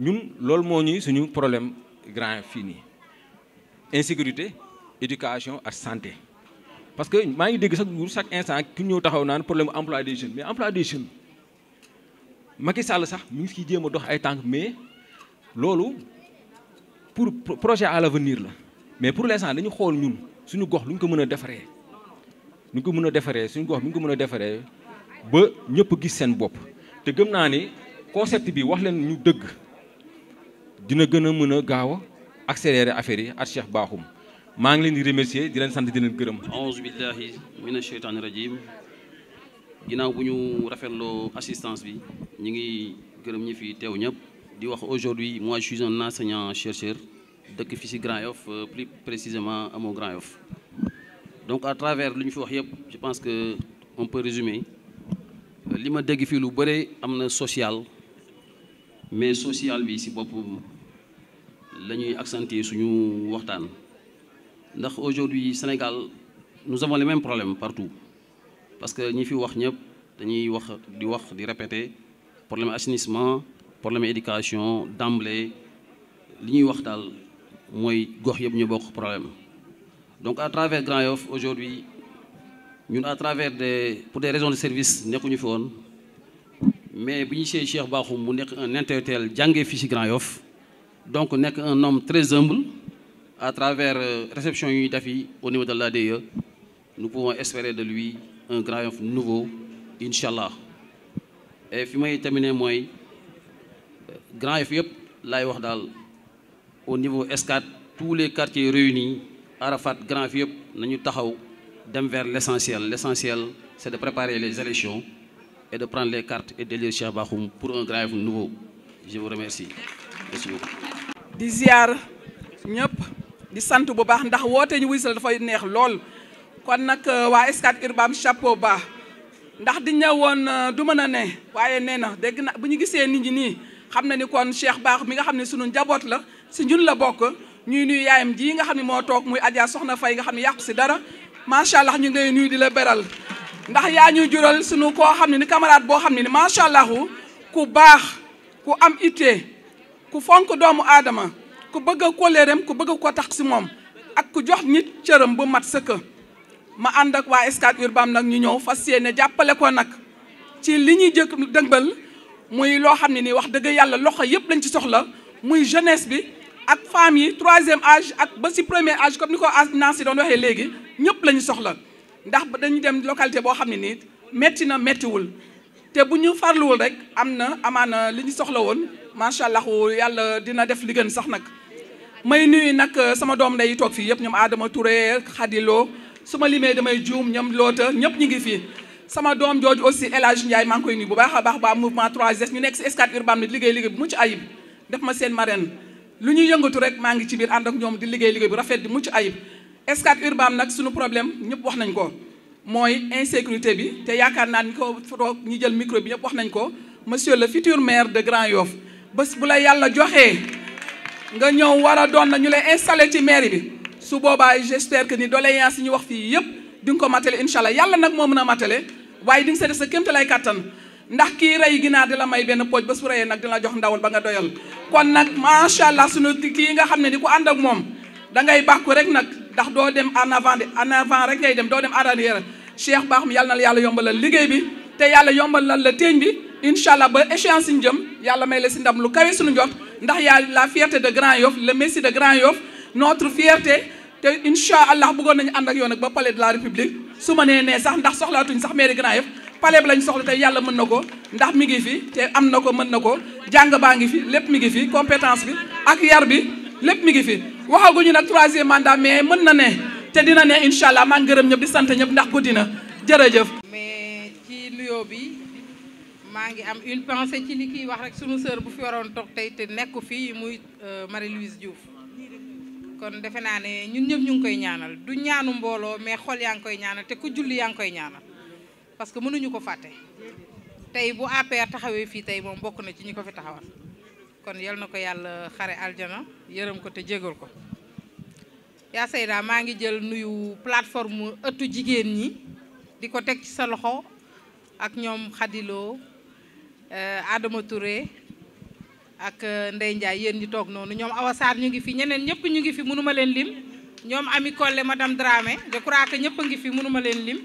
ñun loolu c'est ñuy suñu problème grand fini. insécurité éducation à santé parce que maa ngi dégg chaque jour chaque instant ki ñëw taxaw naan problème emploi des jeunes mais emploi des jeunes Macky Sall sax mi ngi ciy jéem a dox ay tànk mais lolo pour projet à l'avenir la mais pour l'instant dañu xool ñun suñu gox lu ñu ko mën a defaree lu ñu ko mën a suñu gox lu ko ba ñëpp gis seen bopp te gëm naa ni concept bi wax leen ñu dëgg dina gën a mën a gaaw a accélérer affaire yi ak Cheikh Bakhoum maa ngi leen di remercier di leen sant di leen gërëm aouzu billahi mina sheytaani rajim ginnaaw bu ñu rafetloo assistance bi ñu ngi gërëm ñi fi teew ñëpp di wax aujourd'hui moi je suis un enseignant chercheur dëkk fi si Grand Yoff euh, plus précisément amoo Grand Yoff donc à travers lu ñu fi wax yëpp je pense que on peut résumer social mais social bi si aujourd'hui Sénégal nous avons les mêmes problèmes partout parce que ñi fi wax ñëpp dañuy wax di wax di répéter problème assainissement problème éducation d'emblée Ce wax gox ñu donc à travers Grand Yoff aujourd'hui nous, à travers des pour des raisons de service nekkuñu fi woon mais nous ñu Cheikh Bakhoum mu un intellectuel de fi ci Grand Yoff donc nekk un homme très humble à travers euh, réception de ñuy au niveau de l'ADE, nous pouvons espérer de lui un Grand Yoff nouveau inshallah. et fi may terminer mooy euh, Grand Yoff yëpp lay wax daal au niveau S4, tous les quartiers réunis Arafat Grand Yoff yëpp nañu taxaw dem vers l'essentiel. L'essentiel, c'est de préparer les élections et de prendre les cartes et d'élire Cheikh Bahoum pour un grave nouveau. Je vous remercie. Merci beaucoup. di ziar ñëpp di sant bu baax ndax wote ñu wuysal dafay neex lool kon nak euh, wa Scat Urbam chapeau bas ndax di ñëwoon euh, du mën ne waaye nee na na gisee nit ñi ni xamna ni kon Cheikh Bakh mi nga xam suñu sunu la si ñun la bok ñuy nuyu yaayam ji nga xam mo tok muy Adja Soxna Fay nga xam ne ci dara macha allah ñu ngay lay nuyu di la beral ndax yaa ñu jural sunu koo xam ne ni camarade boo xam ne ni macha allah ku baax ku am ittee ku fonk doomu aadama ku bëgg a kóllëreem ku bëgg ko tax si moom ak ku jox nit cëram bu mat sëkk ma ànd ak waa Scat Urbam nag ñu ñëw fas yéene jàppale ko nag ci li ñuy jëkk dëngbal muy loo xam ne nii wax dëgg yàlla loxo yëpp lañ ci soxla muy jeunesse bi ak femmes yi troisième âge ak ba si premier âge comme ni ko naa si doon waxee léegi ñëpp la ñu soxla ndax dañu dem localité boo xam ne nii métti na méttiwul te bu ñu farluwul rek am na amaana li ñu soxla woon macha allah yàlla dina def li gën sax nag. may nuyu nag uh, sama doom day toog fii yëpp ñoom Adama Touré Khadilo su ma limee damay juum ñoom loota ñëpp ñu ngi fii. sama doom jooju aussi El Hadj Ndiaye maa ngi koy nuyu bu baax a baax nekk si Scat Urbam nit liggéey liggéey bu mucc ayib def ma seen marraine. lu ñuy yëngatu rek maa ngi ci biir ànd ak ñoom di liggéey liggéey bu rafet di mucc ayib Scat Urbam nag suñu problème ñëpp wax nañ ko mooy insécurité bi te yaakaar naa ni ko toog ñi jël micro bi ñëpp wax nañ ko monsieur le futur maire de Grand Yoff bés bu la yàlla joxee nga ñëw war doon na ñu lay installé ci maire bi su boobaa j'espère que ni doléance yi ñu wax fii yëpp di nga ko matale incha allah yàlla nag moo mën a matale waaye di nga sa def sa ndax kii rey ginaar di la may benn pooj ba su reyee nag dina jox ndawal ba nga doyal kon nag macha allah sunu kii nga xam ne ni ku ànd ak moom dangay bàkku rek nag ndax doo dem en avant de en avant rek ngay dem doo dem en arrière Cheikh baax mi yàlla na yàlla yombalal liggéey bi te yàlla yombalal la teeñ bi incha allah ba échéance ñu jëm yàlla may la si ndam lu kawe suñu njot ndax yaa la fierté de Grand Yoff le Messi de Grand Yoff notre fierté te incha allah bëggoon nañu ànd ak yow nag ba palais de la république su ma nee ndax soxlaatuñ sax mairie Grand palais bi lañ soxla tey yàlla mën na ko ndax mi ngi fi te am na ko mën na ko jàng baa ngi fi lépp mi ngi fi compétence bi ak yar bi lépp mi ngi fi waxaguñu nag troisième mandat mais mën na ne te dina ne incha allah maa ngi gërëm ñëpp di sant ñëpp ndax guddi na jërëjëf. mais ci nuyoo bi maa ngi am une pensée ci li kiy wax rek sunu sœur bu fi waroon toog tey te nekku fii muy euh, Marie-Louise Diouf kon defe naa ne ñun ñëpp ñu ngi koy ñaanal du ñaanu mbooloo mais xol yaa ngi ñaanal te ku julli yaa ngi koy ñaanal. parce que mënuñu ko fàtte tey bu APR taxawee fii tey moom bokk na ci ñi ko fi taxawal kon yelno na ko aljana yërëm ko te jégal ko yaa Seyda maa ngi jël nuyu plateforme ëttu ñi di ko ci sa loxo ak ñoom Khadilo euh, Adama Touré ak euh, Ndey Ndiaye yéen ñi toog noonu ñoom Awa Sarr ñu ngi fi ñeneen ñëpp ñu ngi fi mënuma leen lim ñoom Ami Collé madame Dramé je crois que ngi fi mënuma lim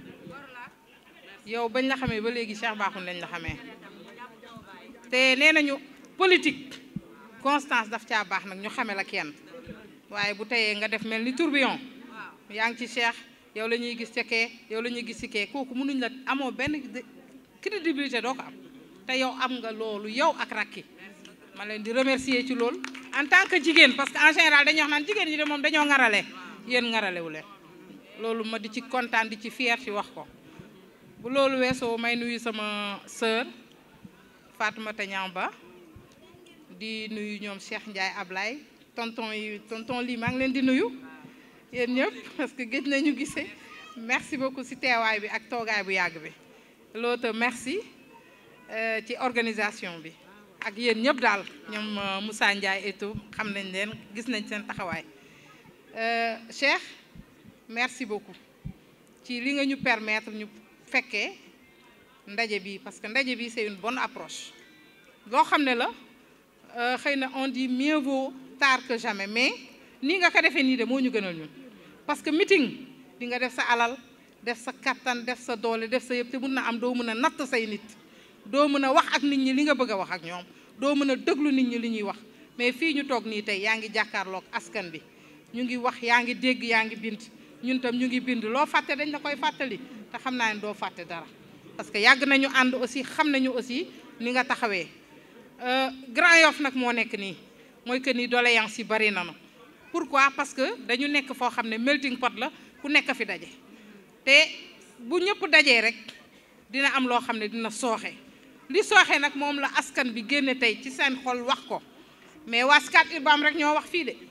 yow bañ la xamee ba léegi Cheikh Bakhoum lañ la xamee te nee nañu politique constance daf caa baax nag ñu xame la kenn waaye bu teyee nga def mel ni tourbillon yaa ngi ci Cheikh yow la ñuy gis ca yow la ñuy gis ci kee kooku mënuñ la amoo benn crédibilité doo ko am te yow am nga loolu yow ak rakki ma leen di remercier ci loolu en tant que jigéen parce que en général dañuy wax naan jigéen ñi de moom dañoo ngarale yéen ngaralewu leen loolu ma di ci kontaan di ci fier ci wax ko bu loolu may sama sœur Fatoumata di Cheikh Ndiaye Ablay, tonton tonton ngi leen parce que merci beaucoup ci bi ak merci euh, ci organisation bi ak nous euh, Moussa et xam nañ leen gis nañ euh, Cheikh merci beaucoup Qui li nga ñu permettre fekkee ndaje bi parce que ndaje bi c'est une bonne approche loo xamné la euh xeyna on dit mieux vaut tard que jamais mais ni nga ko défé ni de mo ñu gënal ñun parce que meeting di nga def sa alal def sa kattan def sa doole def sa yëpp te mëna am do mëna nat natt say nit doo wax ak nit ñi li nga bëgg wax ak ñom do mëna a nit ñi li ñuy wax mais fi ñu toog nii tey yaa ngi jàkkaarloog askan bi ñu ngi wax yaa dégg yaa ngi bind ñun tam ñu ngi bind lo faté dañ la koy fatali té xamna ñu do faté dara parce que yag nañu and aussi xamnañu aussi ni nga euh Grand yof nak mo nek ni moy que ni doléance ci bari nañu pourquoi parce que dañu nek fo xamné ne melting pot la ku nek fi dajé te bu ñëpp dajé rek dina am lo xamné ne dina soxé li soxé nak mom la askan bi génné tay ci seen xol wax ko mais waskat ibam rek ño wax fi de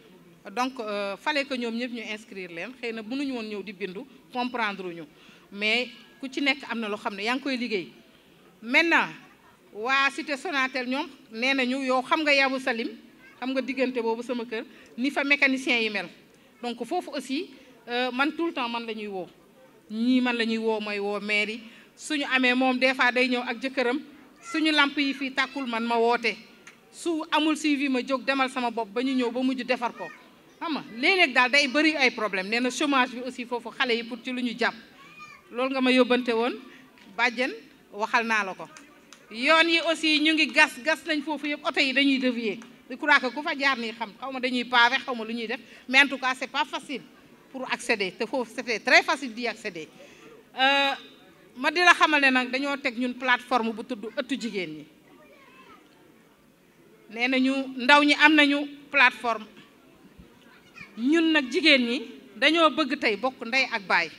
donc euh, fallait que ñoom ñëpp ñu inscrire leen xëy na mënuñu woon ñëw di bindu comprendre ñu mais ku ci nekk am na loo xam ne yaa ngi koy liggéey maintenant waa cité Sonatel ñoom nee ñu yow xam nga sa Salim xam nga diggante boobu sama kër ni fa mécanicien yi mel donc foofu aussi euh, man tout le temps man la ñuy woo ñii man la ñuy woo mooy woo maire yi suñu amee moom des fois day ñëw ak jëkkëram suñu làmp yi fii tàkkul man ma woote su amul suivi ma jóg demal sama bopp ba ñu ñëw ba mujj defar ko xam nga léeg-léeg daal day bëri ay problème néna chômage bi aussi fofu xalé yi pour ci luñu japp lool nga ma yobante won badjen waxal na la ko yoon yi aussi ñu ngi gas gas nañ fofu yëpp auto yi dañuy devier di crois que ku fa jaar ni xam xawma dañuy pavé xawma luñuy def mais en tout cas c'est pas facile pour accéder te fofu c' très facile d'y accéder euh ma di la xamal né nak dañoo tek ñun plateforme bu tuddu eutu jigen ni néna ñu ndaw ñi am nañu plateforme ñun nag jigéen ñi dañoo bëgg tey bokk ndey ak baay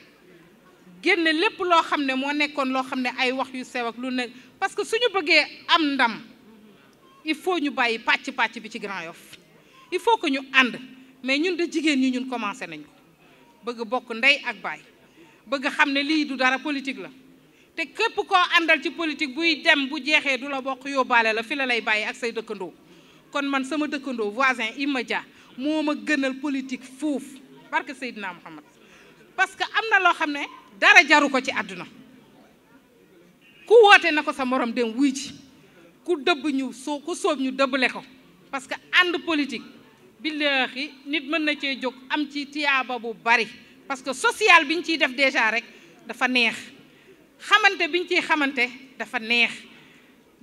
génne lépp loo xam ne moo nekkoon loo xam ne ay wax yu sew ak lu nekk parce que suñu bëggee am ndam il faut ñu bàyyi pàcc pàcc bi ci Grand Yoff il faut que ñu ànd mais ñun de jigéen ñi ñun commencé nañ ko bëgg bokk ndey ak baay bëgg xam ne lii du dara politique la te képp koo àndal ci politique buy dem bu jeexee du la bokk yóbbaale la fi la lay bàyyi ak say dëkkandoo kon man sama dëkkandoo voisin immédiat moo ma gënal politique fuuf barke Seydina Muhammad parce que am na loo xam ne dara jaru ko ci àdduna ku woote na ko sa morom dem wuy ji ku dëbb ñu soo ku sóob ñu dëbbale ko parce que ànd politique billaahi nit mën na cee jóg am ci tiyaaba bu bari parce que social bi ñu ciy def déjà rek dafa neex xamante bi ñu ciy xamante dafa neex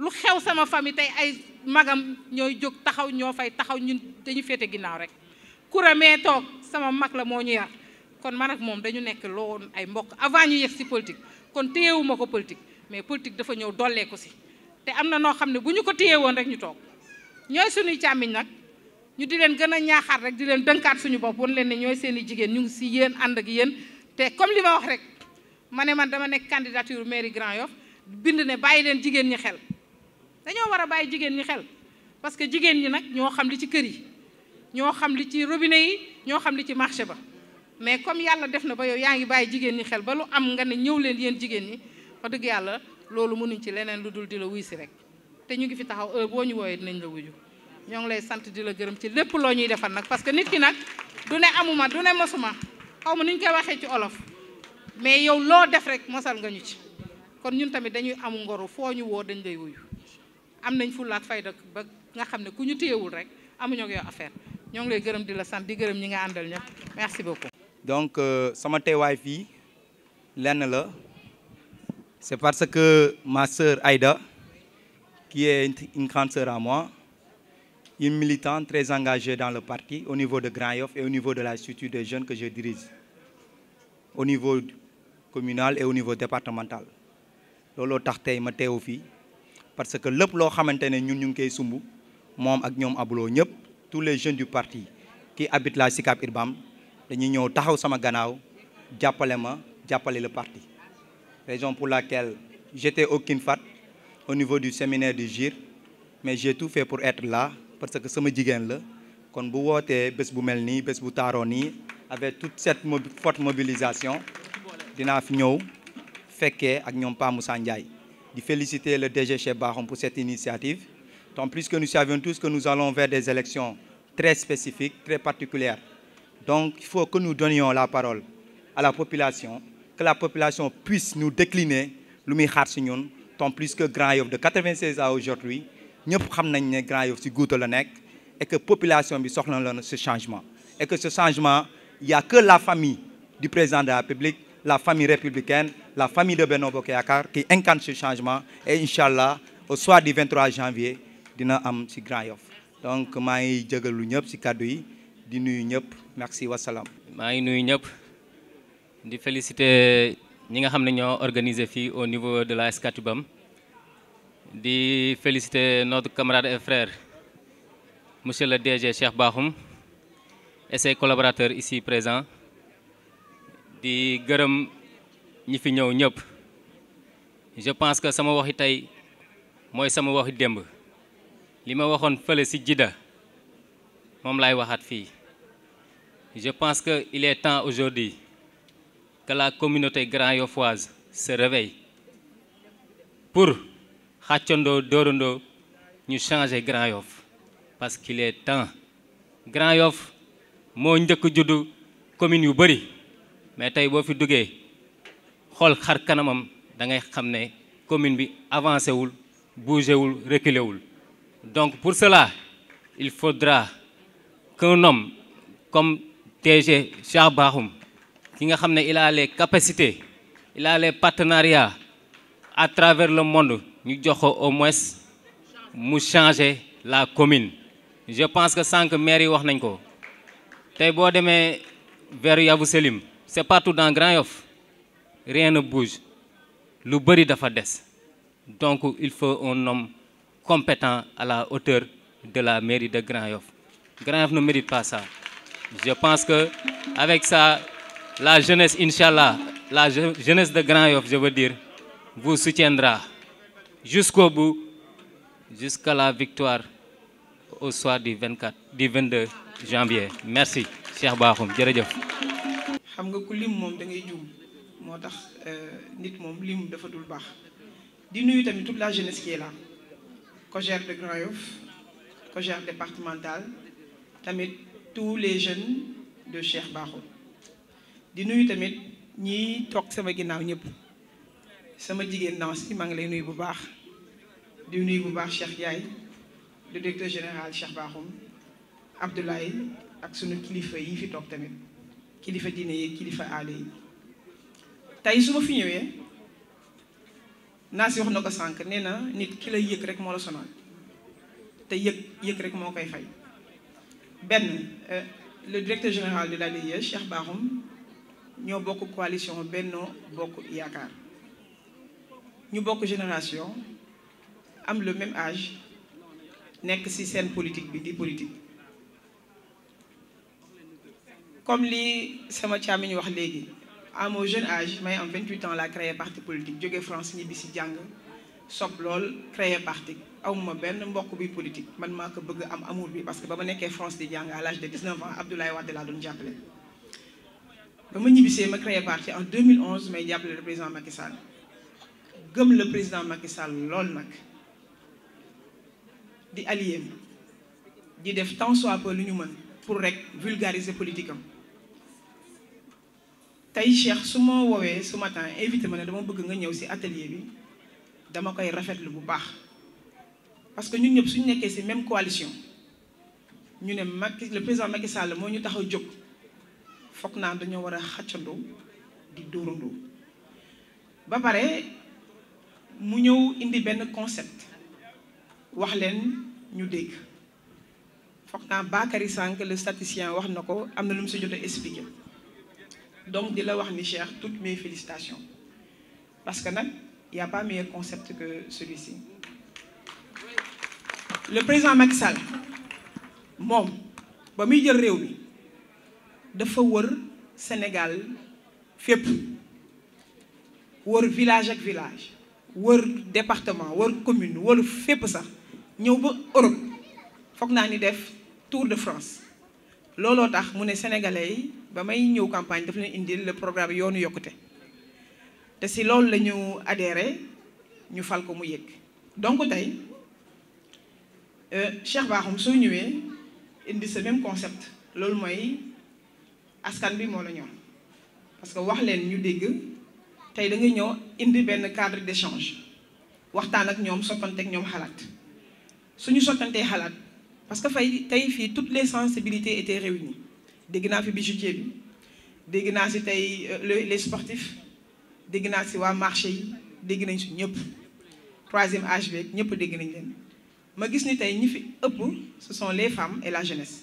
lu xew sama famille tey ay magam ñooy jóg taxaw ñoo fay taxaw ñun dañu féete ginnaaw rek kura toog sama mag la moo ñu yar kon man ak moom dañu nekk loon ay mbokk avant ñu yegg ci politique kon téyewuma ko politique mais politique dafa ñëw dolleeku si te am na noo xam ne bu ñu ko téye woon rek ñu toog ñooy suñuy càmmiñ nag ñu di leen gën a ñaaxaat rek di leen dënkaat suñu bopp wan leen ne ñooy seen jigéen ñu ngi si yéen ànd ak yéen te comme li ma wax rek ma ne man dama nekk candidature mairie Grand Yoff bind ne bàyyi leen jigéen ñi xel dañoo war a bàyyi jigéen ñi xel parce que jigéen ñi nag ñoo xam li ci kër yi ñoo xam li ci robine yi ñoo xam li ci marché ba mais comme yàlla def na ba yow yaa ngi bàyyi jigéen ñi xel ba lu am nga ne ñëw leen yéen jigéen ñi wax dëgg yàlla loolu mënuñ ci leneen lu dul di la wuysi rek te ñu ngi fi taxaw boo ñu wooyee dinañ la wuyu ñoo ngi lay sant di la gërëm ci lépp loo ñuy defal nag parce que nit ki nag du ne amuma du ne mosuma xaw ma ni ñu koy waxee ci olof mais yow loo def rek mosal nga ñu ci kon ñun tamit dañuy amu ngoru foo ñu woo dañ lay wuyu am fulat fulaak fayda ba nga xam ne ku ñu téyewul rek amuñu ak yow affaire ñong lay merci beaucoup. donc euh, sama téway fi lenn la c'est parce que ma sœur Aïda qui est une grande sœur à moi une militante très engagée dans le parti au niveau de Grand Yoff et au niveau de l'institut des jeunes que je dirige au niveau communal et au niveau départemental lolo tax je ma parce que lepp lo xamantene ñun ñu ngi koy sumb moom ak ñom abulo ñëpp tous les jeunes du parti qui habitent la sikap irbam dañuy ñëw taxaw sama ganaw jappalé ma jappalé le parti raison pour laquelle j'étais au Kinfat au niveau du séminaire de GIR mais j'ai tout fait pour être là parce que sama jigen la kon bu woté bés bu melni nii bu avec toute cette forte mobilisation dina fi ñëw féké ak ñom Pa Moussa de féliciter le DG chez Baron pour cette initiative, tant plus que nous savions tous que nous allons vers des élections très spécifiques, très particulières. Donc il faut que nous donnions la parole à la population, que la population puisse nous décliner le tant plus que Grand de 96 à aujourd'hui nous xam nañ Grand la et que population bi ce changement et que ce changement il n'y a que la famille du président de la République la famille républicaine, la famille de Benoît Bokeyakar qui incarne ce changement. Et Inch'Allah, au soir du 23 janvier, dina am ci Grand Yoff donc je vous remercie ñëpp ci yi merci wassalam. je félicite nuyu De féliciter les nga au niveau de la skatubam je félicite féliciter notre camarade et frère M. le DG Cheikh Bahoum et ses collaborateurs ici présents di gërëm ñi fi ñëw ñëpp je pense que sama waxi tey mooy sama waxi démb li ma waxoon fële ci jida moom laay waxaat fii je pense que il est temps aujourd'hui que la communauté grand yoffoise se réveille pour xàccandoo dóorandoo ñu changer grand yoff parce qu'il est temps grand yoff moo njëkk judd commune yu bëri mais tay bo fi duggee xol xar kanamam da ngay xamné commune bi avancé wul bougé wul reculé wul donc pour cela il faudra qu'un homme comme TG Cheikh Bahoum ki nga xamné il a les capacités il a les partenariats à travers le monde ñu joxo au moins mu changer la commune je pense que sànq maire yi wax nañ ko tay bo démé vers Yavou Selim c'est partout dans Grand Yoff rien ne bouge Le bëri de donc il faut un homme compétent à la hauteur de la mairie de Grand Yoff Grand Yoff ne mérite pas ça je pense que avec ça la jeunesse Inch'Allah la jeunesse de Grand Yoff je veux dire vous soutiendra jusqu'au bout jusqu'à la victoire au soir du 24 22 janvier merci cher Bahoum xam nga ku lim moom da ngay juum moo tax euh, nit moom lim dafa dul baax di nuyu tamit toute la jeunesse qui est là COJER de Grand Yoff COJER départemental tamit tous les jeunes de Cheikh Bakhoum di nuyu tamit ñiy toog sama ginnaaw ñëpp sama jigéen Nancy si maa ngi lay nuyu bu baax di nuyu bu baax Cheikh yaay le directeur général Cheikh Bakhoum Abdoulaye ak sunu kilifa yi fi toog tamit kilifa diine yi kilifa aada yi tey su ma fi ñëwee naa si wax na ko sànq nee na nit ki la yëg rek moo la sonal te yëg yëg rek moo koy fay benn euh, le directeur général de l'ADIE Cheikh Bakhoum ñoo bokk coalition Benno Bokk Yaakaar ñu bokk génération am le même âge nekk ci seen politique bi di politique comme li sama chamiñ wax légui à mon jeune âge may am 28 ans la créé parti politique jóge France ñibbi si jàng sob lool créé parti awuma benn mbokk bi politique man maa ko bëgg am amour bi parce que bama ma France di jàng à l'âge de 19 ans Abdoulaye Wade l'a doon jàppale. ba ma ma créé parti en 2011 may jàppale le président Macky Sall gëm le président Macky Sall lool nak di allié di def tant soit peu lu ñu mën pour rek vulgariser politique tay Cheikh suma wowe woowee su matin invité ma dama bëgg nga ñëw ci atelier bi dama koy rafetlu bu baax parce que ñun ñëpp suñu nekké ci même coalition ñu ne Macky le président Macky Sall mo ñu taxaw jóg fokk na dañu wara a di dóorandoo ba paré mu ñëw indi ben concept wax leen ñu dégg fokk na Bakary Sànq le statisticien wax nako amna lu mu si jot expliquer donc de la wax ni toutes mes félicitations parce que il y a pas meilleur concept que celui-ci le président Macky Sall mon, ba muy jël réew de dafa Sénégal FEP, wër village avec village wër département wër commune wër fépp sax ça. ba Europe foog naa ni tour de France looloo tax mu ne sénégalais yi ba may ñëw campagne daf leen indil le programme yoonu yokkute te si loolu la ñu adhéré ñu fal ko mu yëg donc tey euh, Cheikh Bakhoum soo ñëwee indi ce même concept loolu mooy askan bi moo la ñor parce que wax leen ñu dégg tey da ñëw indi benn cadre d'échange waxtaan ak ñoom sottanteeg ñoom xalaat suñu sottantee xalaat. parce que fay toutes les sensibilités étaient réunies Des naa fi bijoutier bi dégg si euh, les sportifs des naa si waa marché des dégg nañ troisième âge beeg ñëpp dégg nañ leen ma gis ni tey ñi fi ëpp ce sont les femmes et la jeunesse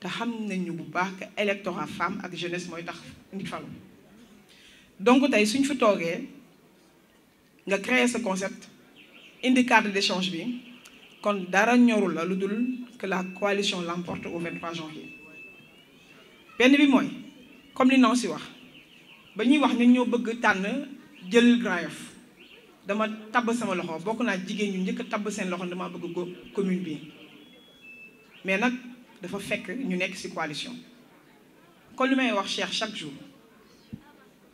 te xam nañu bu baax que électorat femme ak jeunesse mooy tax nit donc tey suñ fi toogee nga créer ce concept des cadre d'échange bi kon dara ñorul la que la coalition l'emporte au 23 janvier Bien bi comme li non si wax ba wax bëgg jël seen loxo dama bëgg commune mais dafa fekk coalition Quand lu may wax chaque jour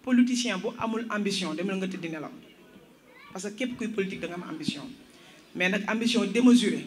politicien bu amul ambition dem parce que képp kuy politique da nga ambition mais ambition démesurée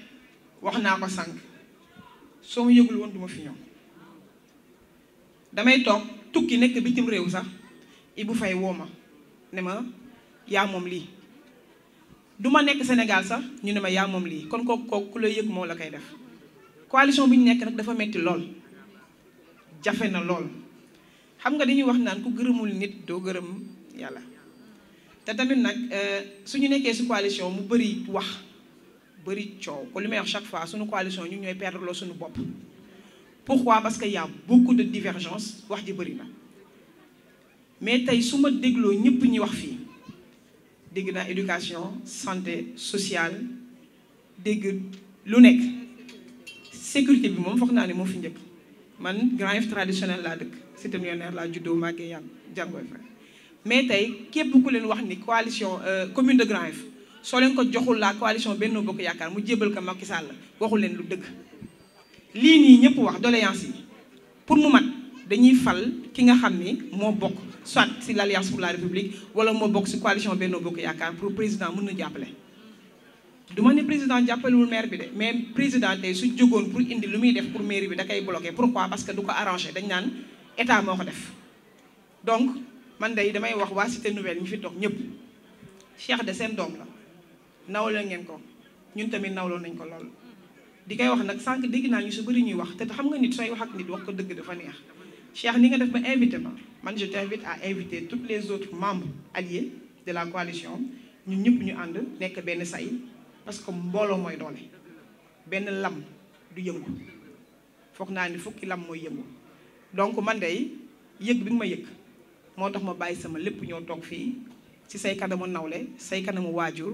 wax naa ko sànq soo yëgul woon duma fi ñëw damay toog tukki nekk bitim réew sax bu Faye woo ma ne ma yaa moom lii duma nekk Sénégal sax ñu ne ma yaa moom lii kon kooku kooku ku lay yëg moo la koy def coalition bi ñu nekk nag dafa metti lool jafe na lool xam nga dañuy wax naan ku gërëmul nit doo gërëm yàlla te tamit nag euh, suñu nekkee si coalition mu bari wax bëri ciow ko limay wax chaque fois suñu coalition ñun ñoy perdre lo suñu bop pourquoi parce que y a beaucoup de divergence wax ji bëri na mais tay suma ma dégloo ñëpp ñi wax fi dégg na éducation santé sociale dégg lu nekk sécurité bi moom foog na ne mo fi ñëpp man Grand Yoff traditionnel la dëkk cité millionnaire la juddoo màggee yàgg jàngooy fa mais tay képp ku leen wax ni coalition euh, commune de Grand soo ko joxul la coalition Benno Bokk Yaakaar mu jébal ko Macky Sall waxu leen lu dëgg lii nii ñëpp wax doléance yi pour mu mat dañuy fal ki nga xam ni moo bokk soit si l'alliance pour la république wala moo bokk si coalition Benno Bokk Yaakaar pour président mën na jàppale du ma ne président jàppalewul maire bi de mais président tey su jógoon pour indi lu muy def pour maire bi da koy bloqué pourquoi parce que du ko arrangé dañ naan état moo ko def donc man day damay wax waa cité nouvelle ñu fi toog ñëpp Cheikh de seen doom la nawloo ngeen ko ñun tamit nawloo nañ ko lool. di koy wax nag sànq dégg naa ñu su bëri ñuy wax te xam nga nit sooy wax ak nit wax ko dëgg dafa neex Cheikh ni nga def ba invité ma man je t'invite à inviter les autres membres alliés de la coalition ñun ñëpp ñu ànd nekk benn say parce que mbooloo mooy doole benn lam du yëngu foog naa ni fukki lam mooy yëngu donc man day yëg bi nga ma yëg moo tax ma bàyyi sama lépp ñoo toog fii ci say kanamu nawle say kanamu waajur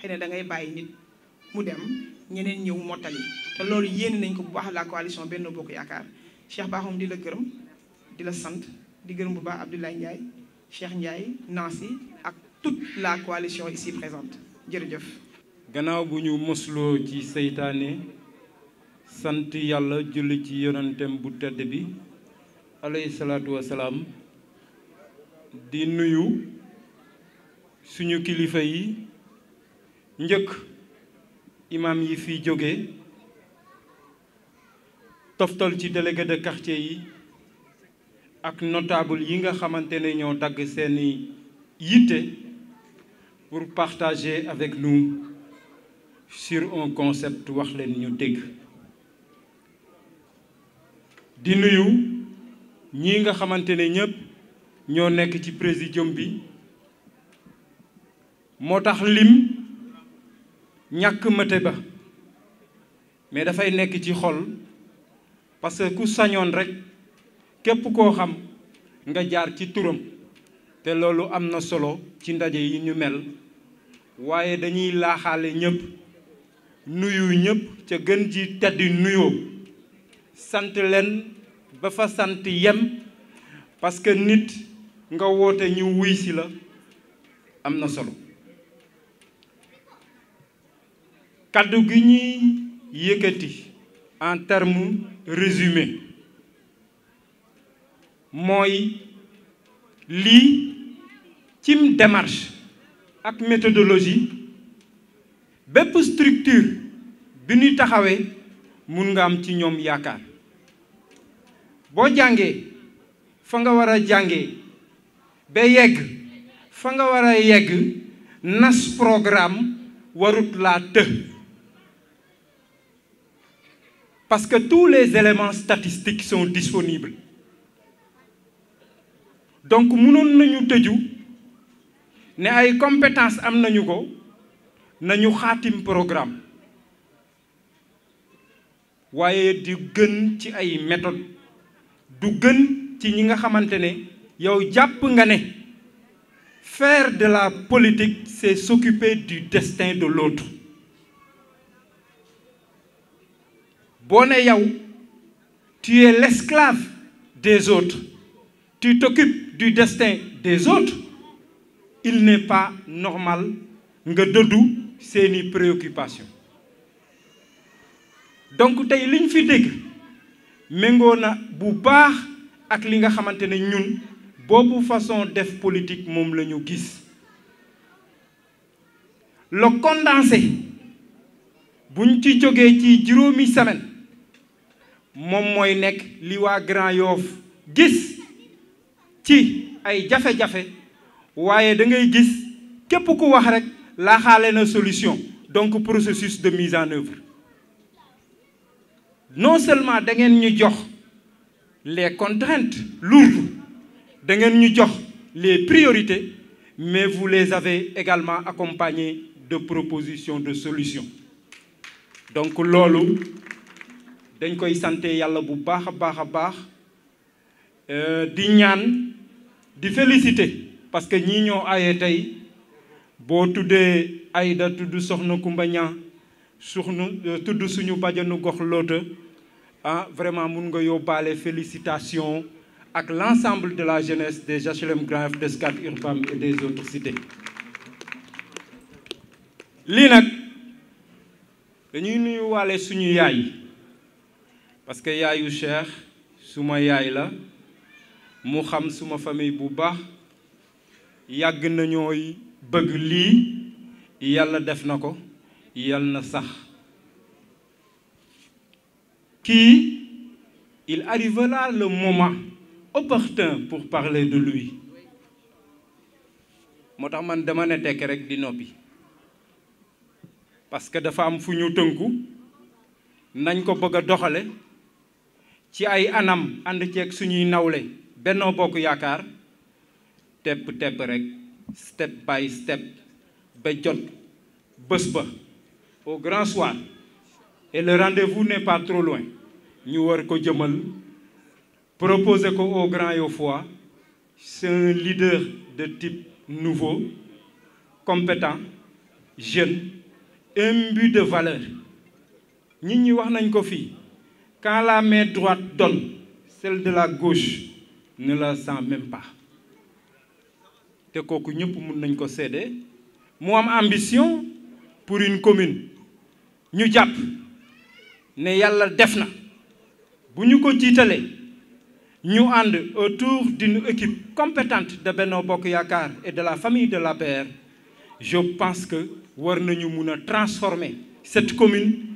xëy na da ngay bàyyi nit mu dem ñeneen ñëw motali te loolu yéene nañ ko bu baax la coalition benn Bokk Yaakaar Cheikh Bakhoum di la gërëm di la sant di gërëm bu baax Abdoulaye Ndiaye Cheikh Ndiaye Nancy ak toute la coalition ici présente jërëjëf. gannaaw bu ñu mosloo ci seytaane sant yàlla julli ci yonantem bu tedd bi alayhi salaatu wa di nuyu suñu kilifa yi. njëkk imam yi fi jóge toftal ci délégué de quartier yi ak notable yi nga xamante ne ñoo dagg seeni yitte pour partager avec nous sur un concept wax leen ñu dégg di nuyu ñi nga xamante ne ñëpp ñoo nekk ci présidium bi moo tax lim ñàkk mëte ba mais dafay nekk ci xol parce que ku sañoon rek képp koo xam nga jaar ci turam te loolu am na solo ci ndaje yi ñu mel waaye dañuy laaxaale ñëpp nuyu ñëpp ca gën ji teddi nuyoo sant leen ba fa sant yem parce que nit nga woote ñu wuy si la am na solo kaddu gi ñuy yëkkati en terme résumé mooy lii cim démarche ak méthodologie bépp structure bi ñuy taxawee mun nga am ci ñoom yaakaar boo jàngee fa nga war a jàngee ba yegg fa nga war a yegg nas programme warut laa të Parce que tous les éléments statistiques sont disponibles. donc nous avons des compétences, nous compétences un nous ko nañu un programme Nous du gën ci ay méthode du gën ci ñi nga faire de la politique c'est s'occuper du destin de l'autre Bonne tu es l'esclave des autres tu t'occupes du destin des autres il n'est pas normal nga c'est ni préoccupation donc tu liñ fi dégg méngoo na bu baax ak li nga xamante ne ñun façon def politique moom le condensé buñ ci jógee ci semaine mon moy nek li Grand Yoff gis ci ay jafé. jafe da ngay gis képp ku wax rek na solution donc processus de mise en œuvre non seulement da ngeen les contraintes lourdes da les priorités mais vous les avez également accompagnées de propositions de solutions donc lolu dañ koy santé yàlla bu baax a baax a baax euh, di ñaan di félicité parce que ñii ñoo aye tey boo tuddee Aïda tudd soxna Kumba Ñaa suxnu euh, tudd suñu bajanu gox loota ah vraiment mun nga yóbbaale félicitation ak l'ensemble de la jeunesse des HLM Grand Yoff Scat Urbam et des autres cités lii nag dañuy nuyuwaale suñu yaay parce que yaayu Cheikh suma yaay la mu xam suma famille bu baax yàgg nañooy bëgg lii yàlla def na sax il arrivera le moment opportun pour parler de lui moo tax man dama ne tekk rek di noppi parce que dafa am fu ñu tënku nañ ko bëgg a doxale ci ay anam ci ak suñuy nawle benno bokk yaakaar rek step by step ba jot bés ba au grand soir et le rendez-vous n'est pas trop loin ñu wër ko jëmal proposer ko au grand fois c'est un leader de type nouveau compétent jeune imbu de valeur nit ñi wax nañ ko fii quand la main droite donne, celle de la gauche ne la sent même pas. te kooku ñep mun nañ ko cédé. am ambition pour une commune ñu japp né Yalla defna. Buñu ko ñu and autour d'une équipe compétente de Benno Bokk et de la famille de la l'APR je pense que war nañu mëna transformer cette commune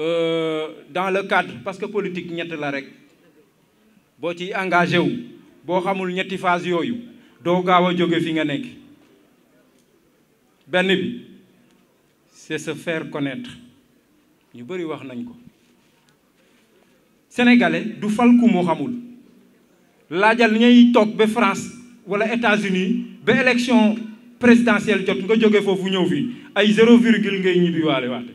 Euh, dans le cadre parce que politique ñett la rek boo ciy engagé wu boo xamul ñetti phase yooyu doo gaaw a jóge fi nga nekk benn bi c'est se faire connaître ñu bëri wax nañ ko sénégalais du fal ku mu xamul laajal ñay toog Be France wala États-Unis Be élection présidentielle jot nga jóge foofu ñëw fii ay zéro virgule ngay ñibbi waale waate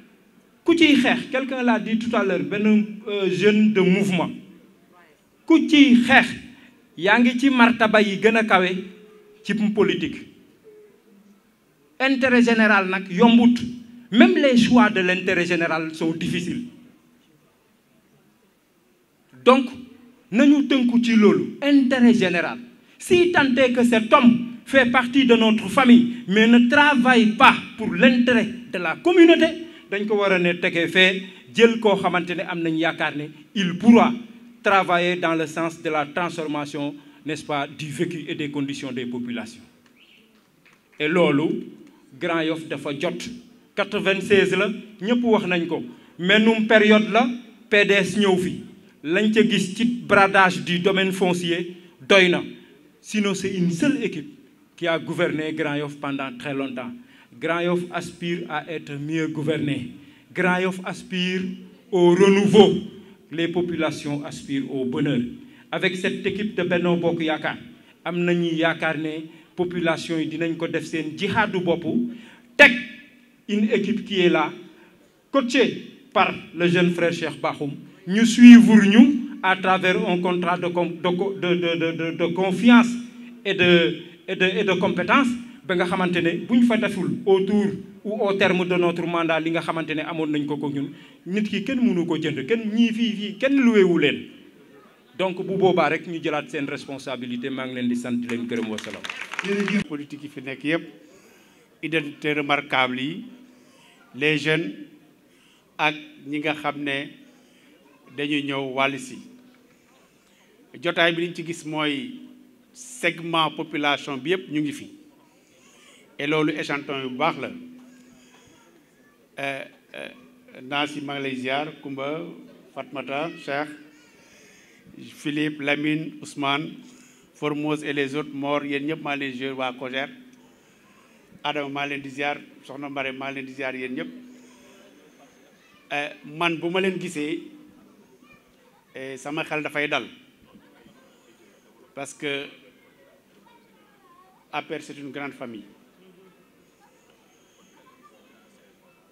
quelqu'un l'a dit tout à l'heure un euh, jeune de mouvement ku ciy xeex ci martaba yi politique intérêt général nak yombut même les choix de l'intérêt général sont difficiles donc nous avons ci intérêt général si tant est que cet homme fait partie de notre famille mais ne travaille pas pour l'intérêt de la communauté dañ ko war a ne tegee fee jël koo xamante ne il pourra travailler dans le sens de la transformation n'est-ce pas du vécu et des conditions des populations et loolu Grand Yoff dafa jot 96 la ñëpp wax nañ ko menum période la PDS ñëw fi lañ ca gis ci bradage du domaine foncier sinon c'est une seule équipe qui a gouverné Grand Yoff pendant très longtemps Grand aspire à être mieux gouverné. Grand aspire au renouveau. Les populations aspirent au bonheur. Avec cette équipe de Benno Bokiyaka, Amnani Yakarné, population yi Kodefsen, Djihadou Bopou, TEC, une équipe qui est là coachée par le jeune frère Cheikh Bakhoum nous suivons à travers un contrat de confiance et de et et de compétence. ba nga xamante ne bu ñu fa deful autour ou au terme de notre mandat li nga xamante ne amoon nañ ko ko ñun nit ki kenn mënu ko jënd kenn ñii fii fii kenn luweewu leen donc bu boobaa rek ñu jëlaat seen responsabilité maa ngi leen di sant leen gërëm wa politique yi fi nekk yëpp identité remarquable yi les jeunes ak ñi nga xam ne dañu ñëw wàll si jotaay bi liñ ci gis mooy segment population bi yëpp ñu ngi fi. et loolu échantillon bu baax la euh, euh, naa si maa lay ziar Kumba Fatmata Cheikh Philippe Lamine Ousmane Formose et les autres morts, yéen ñëpp maa leen joué waa Cogère Adama maa leen di ziar Soxna Mbare maa leen di ziar yéen ñëpp euh, man bu ma leen gisee sama xel dafay dal parce que APR c'est une grande famille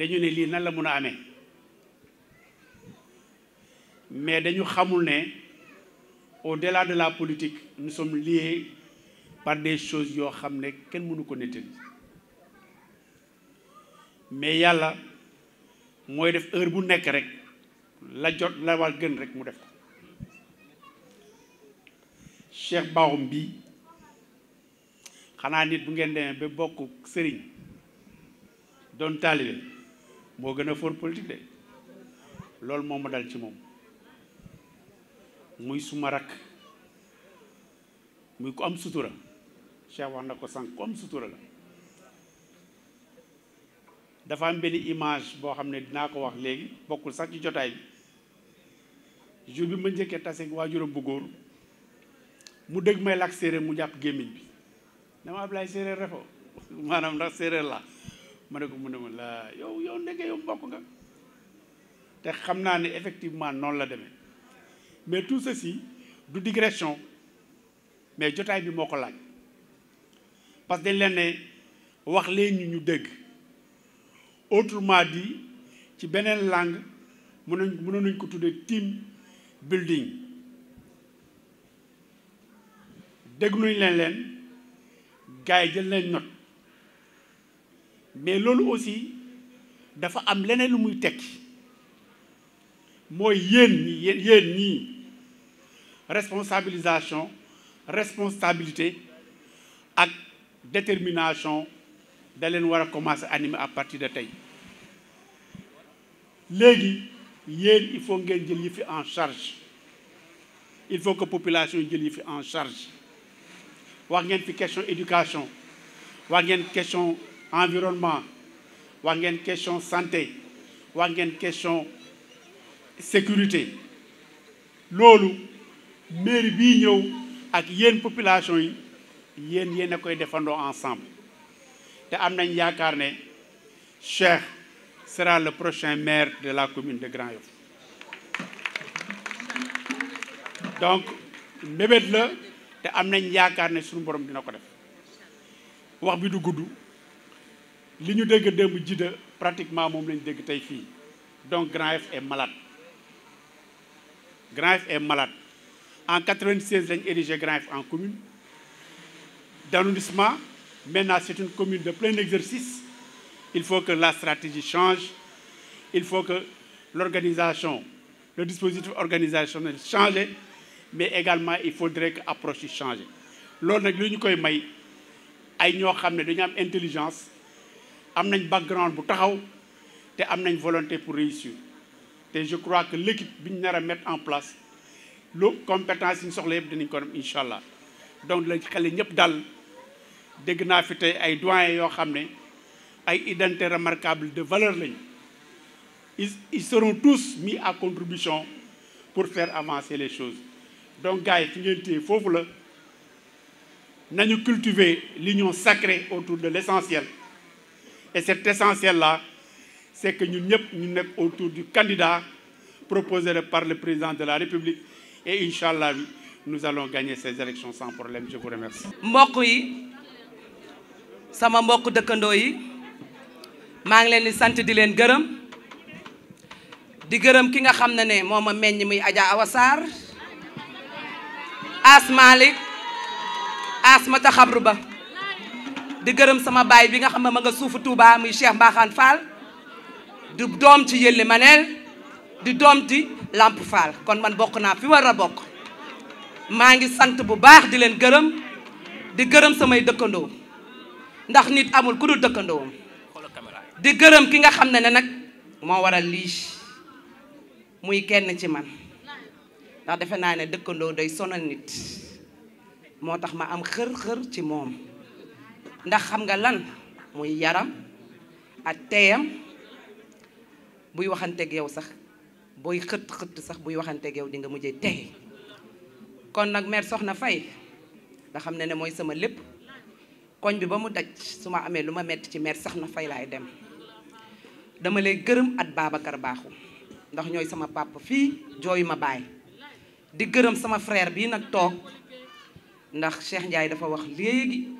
dañu ne lii nan la mun a amee mais dañu xamul ne au-delà de la politique nous lii liés par des choses yoo xam ne kenn mënu ko nettali mais yàlla mooy def heure bu nekk rek la jot la war gën rek mu def ko Cheikh Bakhoum bi xanaa nit bu ngeen demee ba bokk sëriñ doon taalibe moo gën a fort politique de loolu moo ma dal ci moom muy suma rakk muy ku am sutura Cheikh wax na ko sànq ku am sutura la dafa am benn image boo xam ne dinaa ko wax léegi bokkul sax ci jotaay bi jour bi ma njëkkee tase ak waajuram bu góor mu dëgg may làkk séeréer mu jàpp gémmiñ bi dama lay séeréer refo *laughs* maanaam ndax séeréer la ma ne ko mu ne ma laa yow yow ndeke yow mbokk nga te xam naa ne effectivement noonu la deme mais tout ce ceci du digression mais jotaay bi moo ko laaj parce que dañ leen ne wax leen ñu ñu dégg autrement dit ci beneen langue mun mënoon nuñ ko tuddee team building dégg nuñ leen leen gars yi jël leen note mais lolu aussi dafa am leneen lu muy tekki mooy yéen ni yéen ñii responsabilisation responsabilité ak détermination da leen war a commencer animer à partir de tey léegi yéen il faut ngeen jël yi en charge il faut que population jël yi en charge wax ngeen fi question éducation wax ngeen question environnement ou question santé ou question sécurité Lolo, mairie avec les population yi ensemble Nous avons sera le prochain maire de la commune de grand donc la nous Nous nous pratiquement donc Grand est malade Grand est malade en nous avons érigé Grand en commune d'arrondissement maintenant c'est une commune de plein exercice il faut que la stratégie change il faut que l'organisation le dispositif organisationnel change mais également il faudrait que l'approche change Lorsque nous avons dit que nous ay intelligence amener un background bu taxaw et une volonté pour réussir Et je crois que l'équipe bi mettre en place les compétences qui sont soxla yëpp donc les gens qui dal des naa fi ay identité remarquable de valeur ils seront tous mis à contribution pour faire avancer les choses donc gars yi faut que nous l'union sacrée autour de l'essentiel et cet essentiel-là, c'est que nous sommes autour du candidat proposé par le président de la République. Et Inch'Allah, nous allons gagner ces élections sans problème. Je vous remercie. di gërëm sama baay bi nga xam ne ma nga suufu Touba muy Cheikh Mbaxane Fall di doom ci Yëlle Manel di doom ci Lamp Fall kon man bokk naa fi war a bokk maa ngi sant bu baax di leen gërëm di gërëm samay dëkkandoo ndax nit amul ku dul dëkkandoom di gërëm ki nga xam ne ne nag moo waral lii muy kenn ci man ndax defe naa ne dëkkandoo day sonal nit moo tax ma am xër-xër ci moom ndax xam nga lan muy yaram ak teyam buy waxanteeg yow sax booy xëtt xët sax buy waxanteeg yow di nga mujjee tey kon nag mère Soxna Faye nga xam ne ne mooy sama lépp koñ bi ba mu daj su ma amee lu ma metti ci mère Soxna Faye laay dem dama lay gërëm at Babacar Baaxu ndax ñooy sama papa fii jooyu ma baay di gërëm sama frère bii nag toog ndax Cheikh Ndiaye dafa wax léegi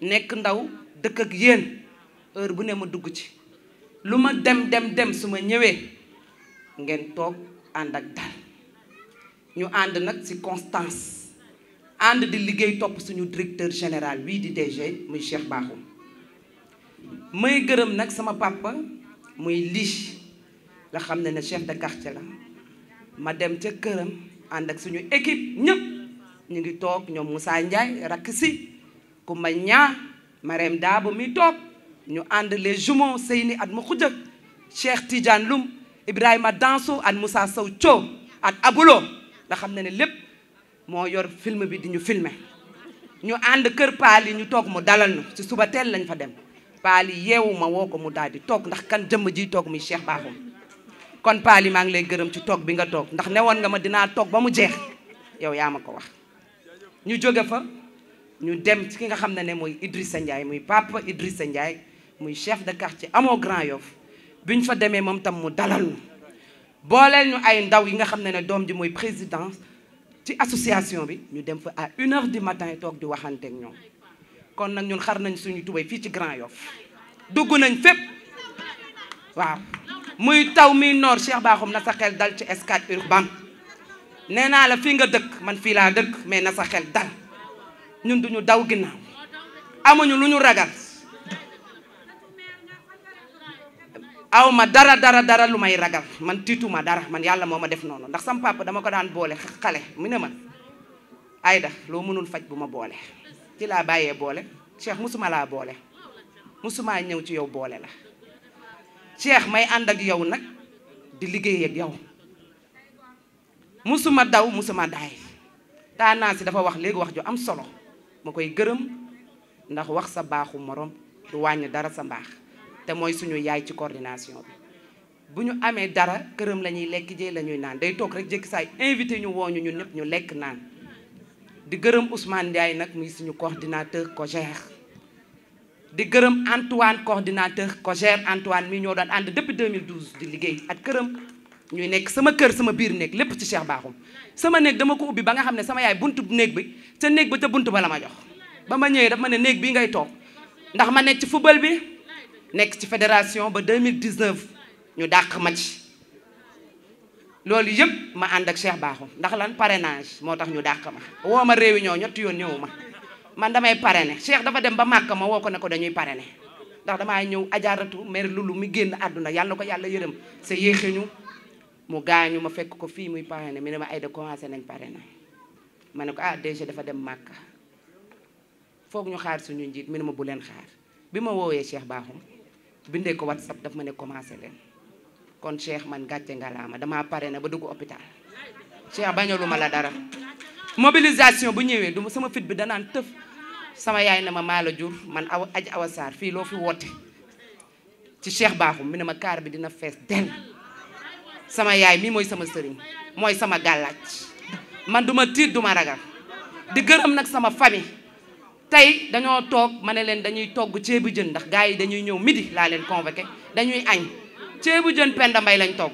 nekk ndaw dëkk ak yéen heure bu ne ma dugg ci lu ma dem dem dem su ma ñëwee ngeen toog ànd ak dal ñu ànd nag ci constance ànd di liggéey topp suñu directeur général wii di DG muy Cheikh Bakhoum may gërëm nag sama papa muy lii nga xam ne ne chef de quartier la ma dem ca këram ànd ak suñu équipe ñëpp ñu ngi toog ñoom Moussa Ndiaye rakk si Kumba ñaa Marème Daabo muy toog ñu ànd les jumeaux Seyni at ma xujëk Cheikh Tidiane Loum Ibrahima Danso at Moussa Sow Thio at Abulo nga xam ne ne lépp moo yor film bi di ñu filme ñu ànd kër paal yi ñu toog mu dalal ñu ci suba teel lañ fa dem paal yi yeewu woo ko mu daal di toog ndax kan jëmm ji toog muy Cheikh Bakhoum kon paal yi maa ngi lay gërëm ci toog bi nga toog ndax newoon nga ma dinaa toog ba mu jeex yow yaa ma ko wax ñu jóge fa Nous dem ci ki nga Ndiaye papa Idrissa Ndiaye moy chef de quartier amo Grand Yoff biñ fa démé tam mu dalal nous nous ñu ay ndaw yi nga xamné né dom ji président ci association bi ñu à une heure du matin tok di waxanté ak ñom kon Nous ñun xar nañ suñu nous ci Grand Yoff nous nañ fep waaw Cheikh na sa xel dal ci urbain, la nga dëkk mais na ñun duñu daw ginnaw amuñu luñu ragal awma dara dara dara lu may ragal man tituma dara man yalla moma ma def noonu ndax sam papa dama ko daan boole xalé mune ne ma ayda lo mënul fajj buma boole ci laa bàyyee boole Cheikh musuma la boole musuma ñew ci yow boole la Cheikh may and ak yow nak di liggéey ak yow musuma daw musuma day, taanaasi dafa wax léegi wax ju am solo ma koy gërëm ndax wax sa baaxu morom du wàññi dara sa mbaax te mooy suñu yaay ci cordination bi bu ñu amee dara këram la ñuy lekk jee la ñuy naan day toog rek jékki saay invité ñu wooñu ñu ñëpp ñu lekk naan di gërëm Ousmane Ndiaye nag muy suñu coordinateur COGER di gërëm Antoine coordinateur COGER Antoine mi ñoo doon ànd depuis 2012 di liggéey ak këram ñuy nekk sama kër sama biir néeg lépp ci Cheikh Bakhoum sama néeg dama ko ubbi ba nga xam ne sama yaay buntu néeg bi ca néeg ba ca bunt ba la ma jox ba ma ñëwee daf ma ne néeg bi ngay toog ndax ma nekk ci football bi nekk ci fédération ba 2019 ñu dàq ma ci loolu yëpp ma ànd ak Cheikh Bakhoum ndax lan parrainage moo tax ñu dàq ma woo ma réunion ñetti yoon ñëwu ma man damay ne Cheikh dafa dem ba màkk ma woo ko ne ko dañuy parrainé ndax damaa ñëw ajaaratu mère Loulou mi génn àdduna yàlla ko yàlla yërëm mu gaañu ma fekk ko fii muy parrainé mi ne ma ay de commencé nañ parrainé ma ne ko ah DG dafa dem Màkka foog ñu xaar suñu njiit mi ne ma bu leen xaar bi ma woowee Cheikh Bakhoum bindee ko WhatsApp daf ma ne commencé leen kon Cheikh man gàcce dama pare na ba dugg hôpital Cheikh bañaluma la dara mobilisation bu ñëwee du sama fit bi danaan tëf sama yaay ne ma maa jur man aw aj awasaar fii loo fi woote ci Cheikh Bakhoum mi ne ma kaar bi dina fees dell sama yaay mi mooy sama sëriñ mooy sama gàllaaj man duma tiit duma ragal di gërëm nag sama famille tey dañoo toog ma ne leen dañuy togg ceebu jën ndax gars yi dañuy ñëw midi laa leen convoqué dañuy añ ceebu jën Penda Mbaye lañ togg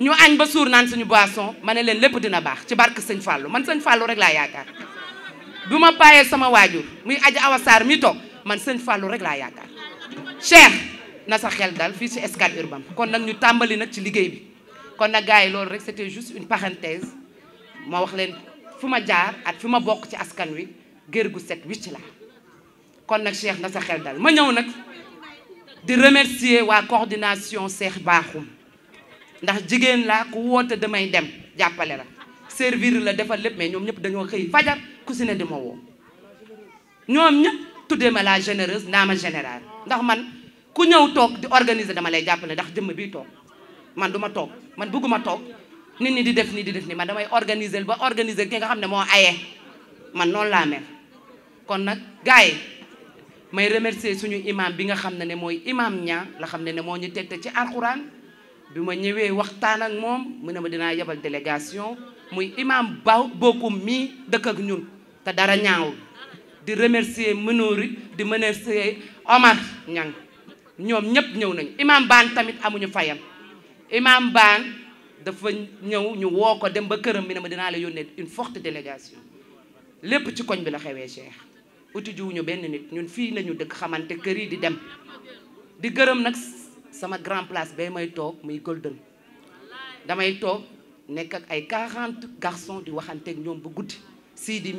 ñu añ ba suur naan suñu boisson ma ne leen lépp dina baax ci bark sëñ Fallou man sëñ Fallou rek laa yaakaar du ma bàyyee sama waajur muy aj awasaar mi toog man sëñ Fallou rek laa yaakaar Cheikh na sa xel dal fi ci Scat Urbam kon nak ñu tambali nak ci liggéey bi kon nak gaay yi loolu rek c'était juste une parenthèse ma wax leen fuma jaar at fuma bok ci askan wi gér gu set wicc la kon nak Cheikh na sa xel dal ma ñew nak di remercier wa coordination Cheikh baxum ndax jigen la ku wote damay dem jàppale la servir la defal lepp mais ñom ñep dañoo xey fajar ku si ne di ma woo ñoom ñëpp tuddee ma la généreuse nama générale ndax man ku ñëw toog di organiser dama lay jàppale ndax jëmm bi toog man du ma toog man bëgguma toog nit ñi di def nii di def nii man damay organiser ba organiser ki nga xam ne moo aye man noonu laa mel kon nag gars yi may remercier suñu imam bi nga xam ne ne mooy imam ñaa la xam ne ne moo ñu tette ci alxuraan bi ma ñëwee waxtaan ak moom mu ne ma dinaa yebal délégation muy imam ba bokkum mii dëkk ak ñun te dara ñaawul di remercier mënoori di remercier Omar Ñang ñom ñep ñew nañ imam Ban, tamit amuñu imam ban dafa ñu dem ba kërëm une forte délégation lepp ci koñ bi la xewé Cheikh uti ben nit ñun fi lañu dëkk kër yi dem di gërëm sama grand place bay may tok muy golden damay tok nek ak ay 40 garçons di ak ñom bu gudd Sidi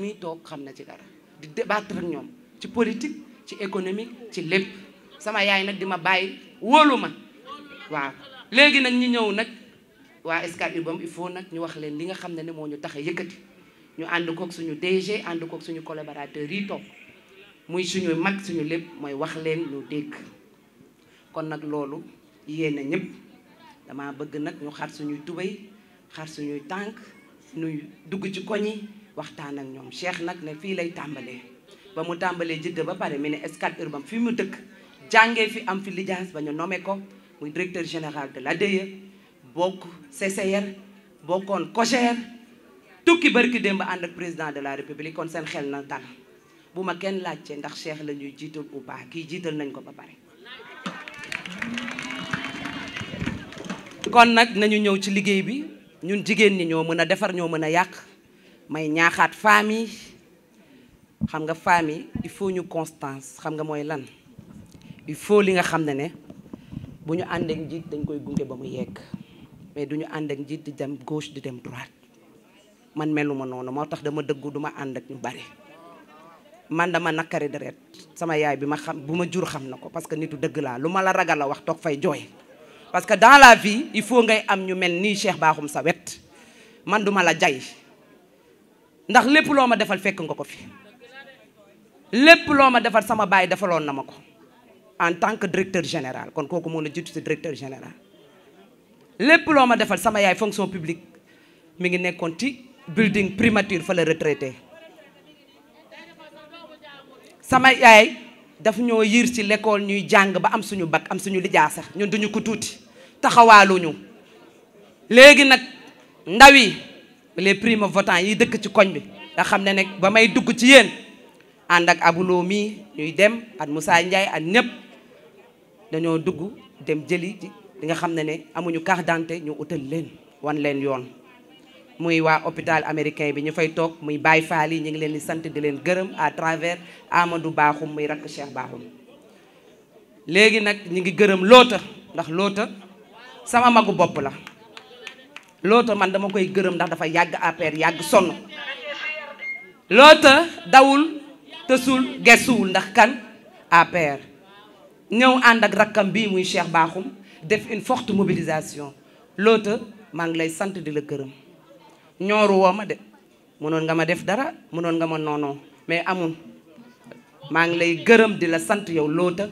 ci dara di débattre ak ñom ci politique ci économique ci sama yaay nag di ma bàyyi wóolu ma waaw léegi nag ñu ñëw nag waa Scat Urbam il faut nag ñu wax leen li nga xam ne ne moo ñu tax a yëkkati ñu ànd kook suñu DG ànd kook suñu collaborateurs yi toog muy suñu mag suñu lépp mooy wax leen ñu dégg kon nag loolu yéen a ñëpp dama bëgg nag ñu xar suñuy tubéy xar suñuy tànk nuy dugg ci koñ yi waxtaan ak ñoom Cheikh nag ne fii lay tàmbalee ba mu tàmbalee jëdd ba pare mi ne Scat Urbam fii mu dëkk jànge fi am fi licence ba ñu nommé ko muy directeur général de l'ADIE bokk CCR bokkoon COJER tukki barki démb ànd président de la république kon seen xel na dal bu ma kenn laajte ndax Cheikh la ñuy jiital ou pas kii jiital nañ ko ba pare. kon nag nañu ñëw ci liggéey bi ñun jigéen ñi ñoo mën a defar ñoo mën a yàq may ñaaxaat famille xam nga famille il faut ñu constance xam nga mooy lan. il faut li nga xamné né buñu bu ñu ak njiit dañ koy gungé ba mu yegg mais duñu ñu di dem gauche di dem droite man meluma nonu ma tax dama deggu duma and ak ñu bari man dama nakari deret sama yaay bi ma xam buma jur xam nako parce que nitu deug la luma la ragal la wax tok fay joy parce que dans la vie il faut ngay am ñu mel ni Cheikh Bakhoum sa wet man duma la jay ndax lepp ma defal fekk nga ko fi lepp ma defal sama baye defalon namako en tant que directeur général kon kooku moo la jiitu si directeur général lépp loo ma defal sama yaay fonction publique mi ngi nekkoon ci building primature fa la retraité sama yaay daf ñoo yiir ci lekkool ñuy jàng ba am suñu bac am suñu lijaa sax ñun duñu ko tuuti taxawaaluñu léegi nag ndaw yi les votant yi dëkk ci koñ bi nga xam ne nag ba may dugg ci yéen ànd ak abuloo mii ñuy dem ak Moussa Ndiaye ak ñëpp dañoo dugg dem jëli di nga xam ne ne amuñu carte d'identité ñu utal leen wan leen yoon muy waa hôpital américain bi ñu fay toog muy Baye Fall yi ñu ngi leen di sant di leen gërëm à travers Amadou Bakhoum muy rakk Cheikh Bakhoum léegi nag ñu ngi gërëm loota ndax loota sama magu bopp la loota man dama koy gërëm ndax dafa yàgg APR yàgg sonn loota dawul tësul gesuwul ndax kan APR ñëw and ak rakam bi muy Cheikh Bakhoum def une forte mobilisation L'autre, maa ngi lay sante di la gërëm ñooru woma de mënoon nga ma def dara mënoon nga ma nono mais amun maa ngi lay gërëm di la sante yow l'autre,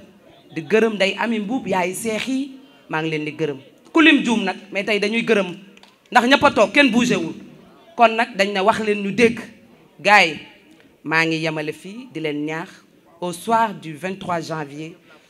di gërëm d'ay ami mbub yaay cheikh yi maa ngi leen di gërëm kulim lim nak mais tay dañuy gërëm ndax ñëpp tok ken bougé wul kon nak dañ na wax leen ñu dégg gars yi maa ngi di leen ñaax au soir du 23 janvier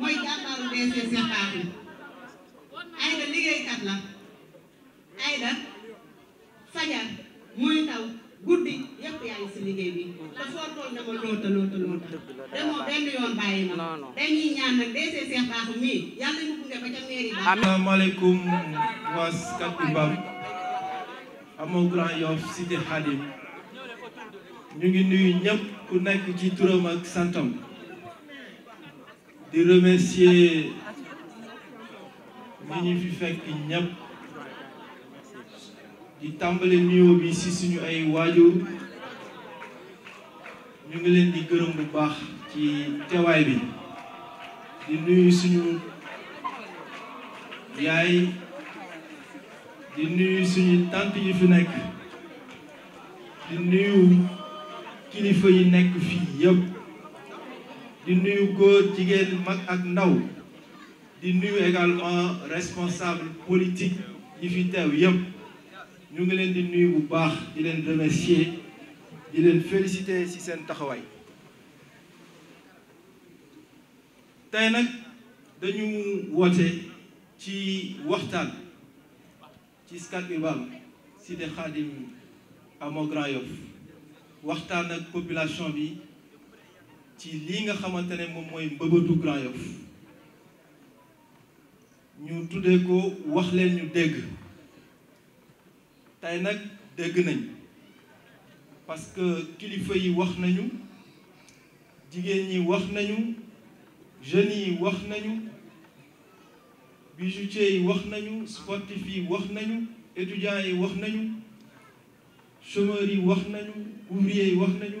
mooy jàmbaaru DG Cheikh Bakhoum Aïda liggéeykat la Aïda fajar muy taw guddi yëpp yaa ngi si liggéey bi te foo toll na ma loota loota loota demoo benn yoon bàyyi ma dañuy ñaan nag DG Cheikh Bakhoum mii yàlla ñu ku nekk ci turam ak santam di remercier ñi ñu fi fekk ñëpp di tàmbale nuyoo bi ci suñu ay waajur ñu ngi leen di gërëm bu baax ci teewaay bi di nuyu suñu yaay di nuyu suñu tànt yi fi nekk di nuyu kilifa yi nekk fii yëpp di nuyu góor jigéen mag ak ndaw di nuyu également responsable politique yi fi teew yëpp ñu ngi leen di nuyu bu baax di leen remercier di leen féliciter si seen taxawaay tey nag dañu woote ci waxtaan ci Scat Urbam de Khadim Amo Grand Yoff waxtaan ak population bi ci lii nga xamante ne moom mooy mbëbëtu Grand Yoff ñu tuddee ko wax leen ñu dégg tey nag dégg nañ parce que kilifa yi wax nañu jigéen ñi wax nañu jeunes yi wax nañu bijoutier yi wax nañu sportif yi wax nañu étudiants yi wax nañu chômeurs yi wax nañu ouvrier yi wax nañu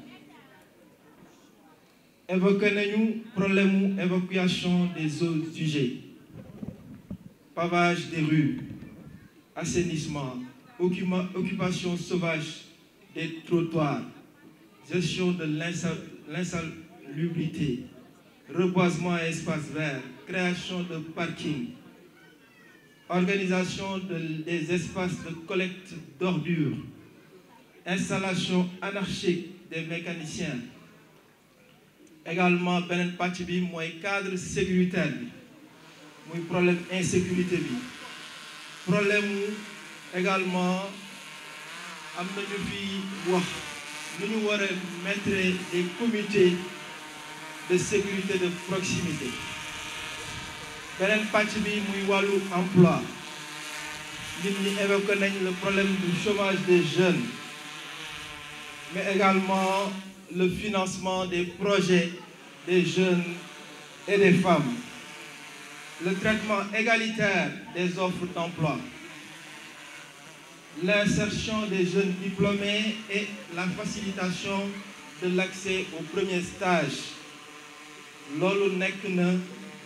Évoquons-nous problème d'évacuation évacuation des eaux sujets. pavage des rues assainissement occupation sauvage des trottoirs gestion de l'insalubrité reboisement à espaces verts création de parkings organisation des espaces de collecte d'ordures installation anarchique des mécaniciens également benen pàcc bi cadre sécuritaire bi problème insécurité bi problème également am na fi wax ñu mettre des comités de sécurité de proximité benen pàcc bi moy emploi nit ñi le problème du chômage des jeunes mais également le financement des projets des jeunes et des femmes, le traitement égalitaire des offres d'emploi, l'insertion des jeunes diplômés et la facilitation de l'accès au premier stage L'Olou Nekne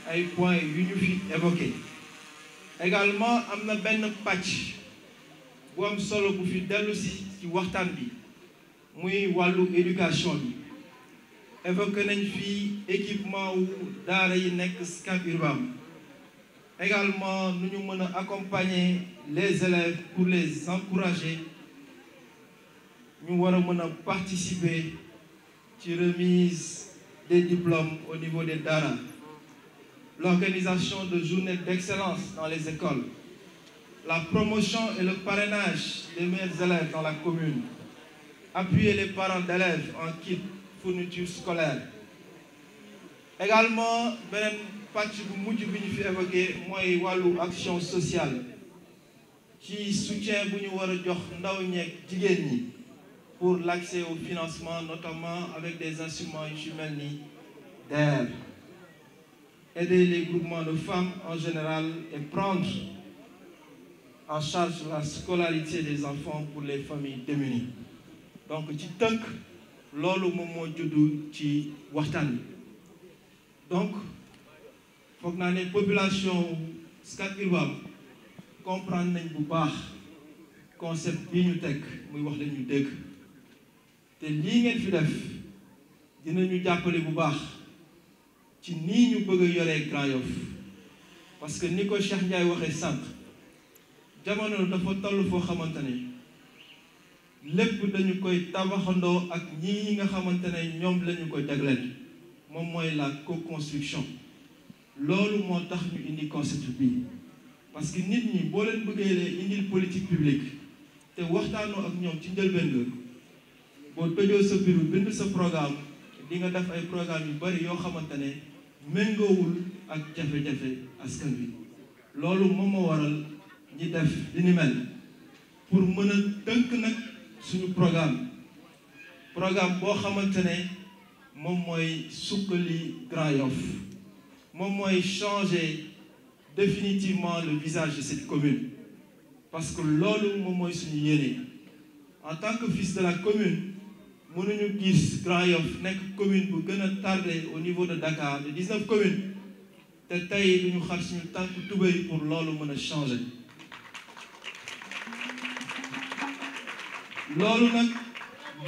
a ay point et évoqué également Amna Ben patch solo bu fi nous wàllu éducation bi évoqué fi équipement ou également nous nous sommes accompagner les élèves pour les encourager Nous avons participé à la participer remise des diplômes au niveau des DARA, l'organisation de journées d'excellence dans les écoles la promotion et le parrainage des meilleurs élèves dans la commune appuyer les parents d'élèves en kit fourniture scolaire également je pàcc bu mujj sociale qui soutient les enfants pour l'accès au financement notamment avec des instruments humanitaires. aider les groupements de femmes en général et prendre en charge la scolarité des enfants pour les familles démunies donc ci tënk loolu moom moo juddu ci waxtaan bi donc foog naa ne population Scat Urbam comprendre nañ bu baax concept bi ñu teg muy wax lañu dégg te lii ngeen fi def dinañu jàppale bu baax ci nii ñu bëgg a yoree Grand Yoff parce que ni ko Cheikh Ndiaye waxee sànq jamono dafa toll foo xamante ne lépp dañu koy tabaxandoo ak ñii nga xamante ne ñoom la ñu ko moom mooy la co-construction loolu moo tax ñu indi concept bi parce que nit ñi boo leen bëggee indil politique publique te waxtaanoo ak ñoom ci njëlbeen nga boo tëjoo sa biir bind sa programme di nga def ay programme yu bari yoo xamante ne méngoowul ak jafe-jafe askan wi loolu moom moo waral ñi def li ni mel pour mën a tënk nag suñu programme programme bo xamantene mom moy mooy suqali Grand Yoff moom changer définitivement le visage de cette commune parce que lolu mom moy suñu yéene en tant que fils de la commune mënuñu gis Grand Yoff nekk commune bu gëna tardé au niveau de Dakar de 19 communes te tey duñu xar suñu tànk pour lolu mëna changer lolu nak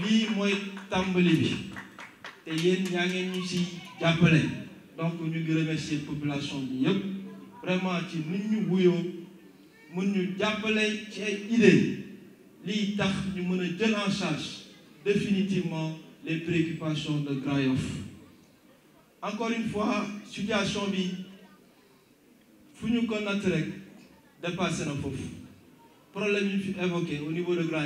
lii moy tambali bi te yeen ñaa ngeen ñu ci jàppale donc ñu ngi remercier population bi yépp vraiment ci nit ñu wuyoo mën ñu jàppale ci ay idées tax ñu mën a jël en charge définitivement les préoccupations de Grand encore une fois situation bi fu ñu ko natt rek dépassé na fofu. problème yi ñu fi évoqué au niveau de Grand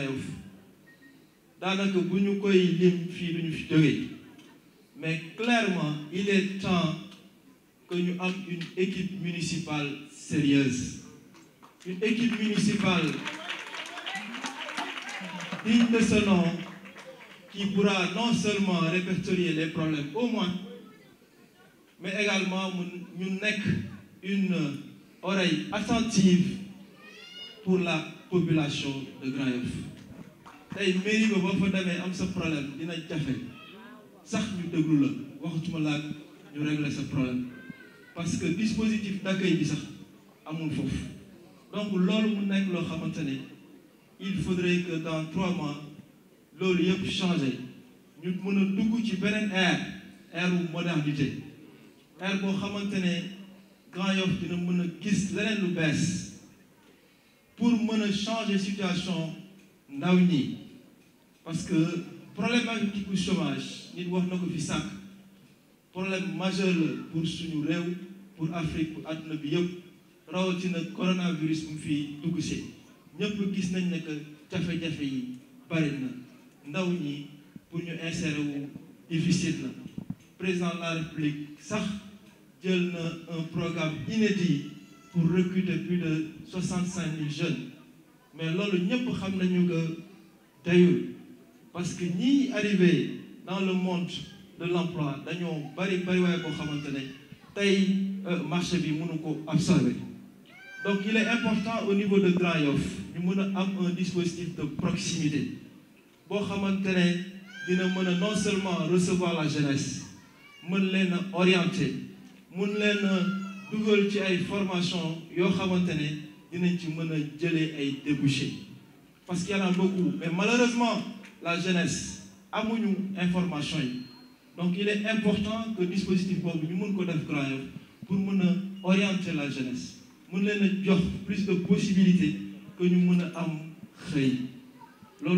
mais clairement il est temps que nous ayons une équipe municipale sérieuse une équipe municipale digne de ce nom qui pourra non seulement répertorier les problèmes au moins mais également nous nekk une oreille attentive pour la population de Grand tey mairie ba boo fa demee am sa problème dina jafe sax ñu déglu la waxatuma la ñu régler sa problème parce que dispositif d'accueil bi sax amul foofu donc loolu mu nekk lo xamante il faudrait que dans trois mois loolu yépp changé ñu mën a dugg ci beneen ère ère wu modernité ère boo xamante Grand yof dina mën a gis leneen lu bees pour mën a changer situation ndaw ñi parce que problème du chômage nit problème majeur pour suñu pour Afrique pour bi coronavirus bu nous dugg Nous gis nañ ne nous. yi pour nous insérer difficile Le président de la République sax un programme inédit pour recruter plus de 65 000 jeunes mais nous avons xam nañu que parce que ni arrivé dans le monde de l'emploi dañoo bari bari way ko xamantene tay euh, marché bi mënu ko absorber donc il est important au niveau de dry off, ñu mën am un dispositif de proximité bo xamantene dina mën non seulement recevoir la jeunesse mën leen orienter mën leen dugal ci ay formation yoo xamantene ne dinañ ci mën a jëlee ay débouchés parce qu'il y en a beaucoup mais malheureusement la jeunesse une information donc il est important que le dispositif pour pour orienter la jeunesse Nous plus de possibilités que nous avons créées.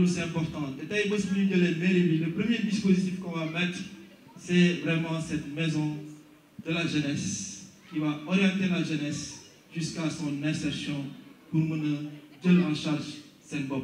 c'est important le premier dispositif qu'on va mettre c'est vraiment cette maison de la jeunesse qui va orienter la jeunesse jusqu'à son insertion pour nous en charge cette Bob.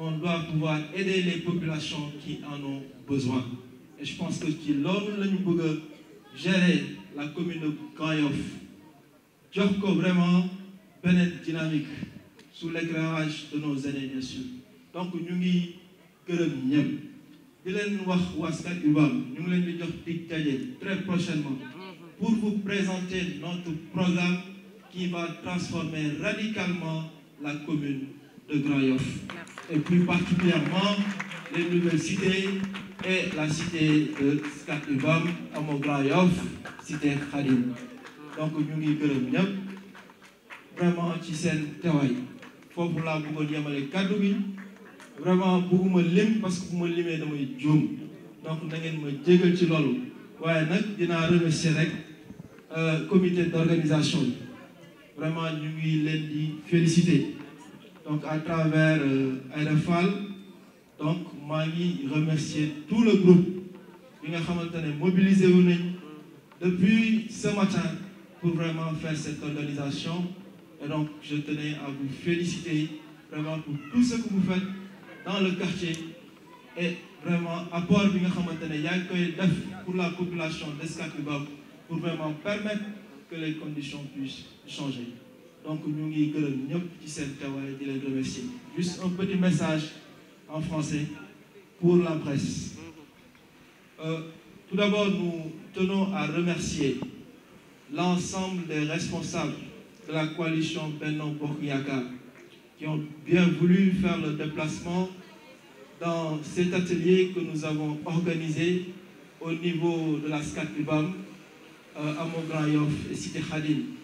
on doit pouvoir aider les populations qui en ont besoin. Et je pense que si l'homme la gérer la commune de Kayof, il vraiment dynamique sous l'éclairage de nos aînés bien sûr donc nous ngi très prochainement pour vous présenter notre programme qui va transformer radicalement la commune de Et plus particulièrement les nouvelles cités et la cité de Skatubam à mon cité Khadim. Donc ñu ngi vraiment ci seen teewaay Pour la bëggoon yemale kàddu gi vraiment bëgguma lim parce que bu est dans mon juum donc na ngeen ma jégal ci loolu waaye nag dinaa remercier rek euh, comité d'organisation vraiment nous ngi di féliciter donc à travers euh, RFAL donc remercier tout le groupe qui a mobilisé depuis ce matin pour vraiment faire cette organisation et donc je tenais à vous féliciter vraiment pour tout ce que vous faites dans le quartier et vraiment apport qui a pour la population d'Escate pour vraiment permettre que les conditions puissent changer donc nous avons juste un petit message en français pour la presse euh, tout d'abord nous tenons à remercier l'ensemble des responsables de la coalition Benno Bokk qui ont bien voulu faire le déplacement dans cet atelier que nous avons organisé au niveau de la SCAT euh, à et Cité Khadim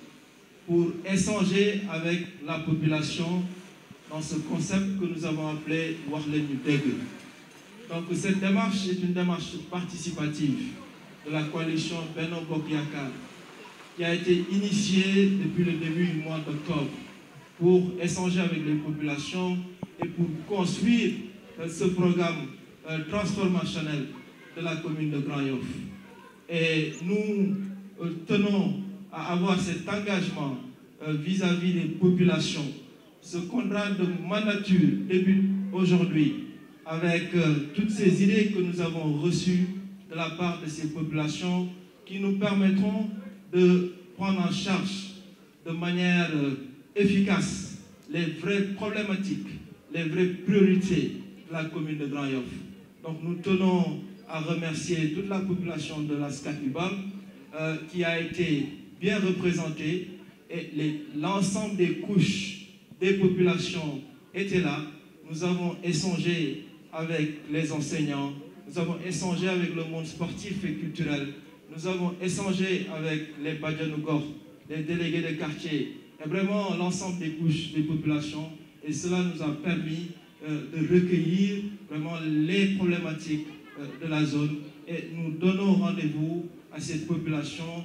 pour échanger avec la population dans ce concept que nous avons appelé Warlen Nutegu. Donc cette démarche est une démarche participative de la coalition Beno Bokyaka qui a été initiée depuis le début du mois d'octobre pour échanger avec les populations et pour construire euh, ce programme euh, transformationnel de la commune de Grand -Yoff. Et nous euh, tenons à avoir cet engagement euh, vis-à-vis des populations. Ce contrat de ma nature débute aujourd'hui avec euh, toutes ces idées que nous avons reçues de la part de ces populations qui nous permettront de prendre en charge de manière euh, efficace les vraies problématiques, les vraies priorités de la commune de Grand Yoff. Donc nous tenons à remercier toute la population de la SCACUBAM qui a été bien représentés et l'ensemble des couches des populations étaient là. Nous avons échangé avec les enseignants, nous avons échangé avec le monde sportif et culturel, nous avons échangé avec les Badjanougor, les délégués de quartier, et vraiment l'ensemble des couches des populations. Et cela nous a permis euh, de recueillir vraiment les problématiques euh, de la zone. Et nous donnons rendez-vous à cette population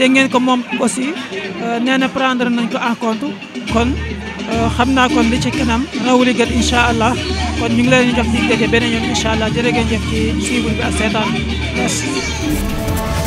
dengen ngeen ko moom aussi euh, nee na prendre nañ ko en compte kon euh, xam kon li ci kanam rawuli gat incha allah kon ñu ngi leen di jox di daje beneen yoon incha allah jërë jëf ci suivre bi ak merci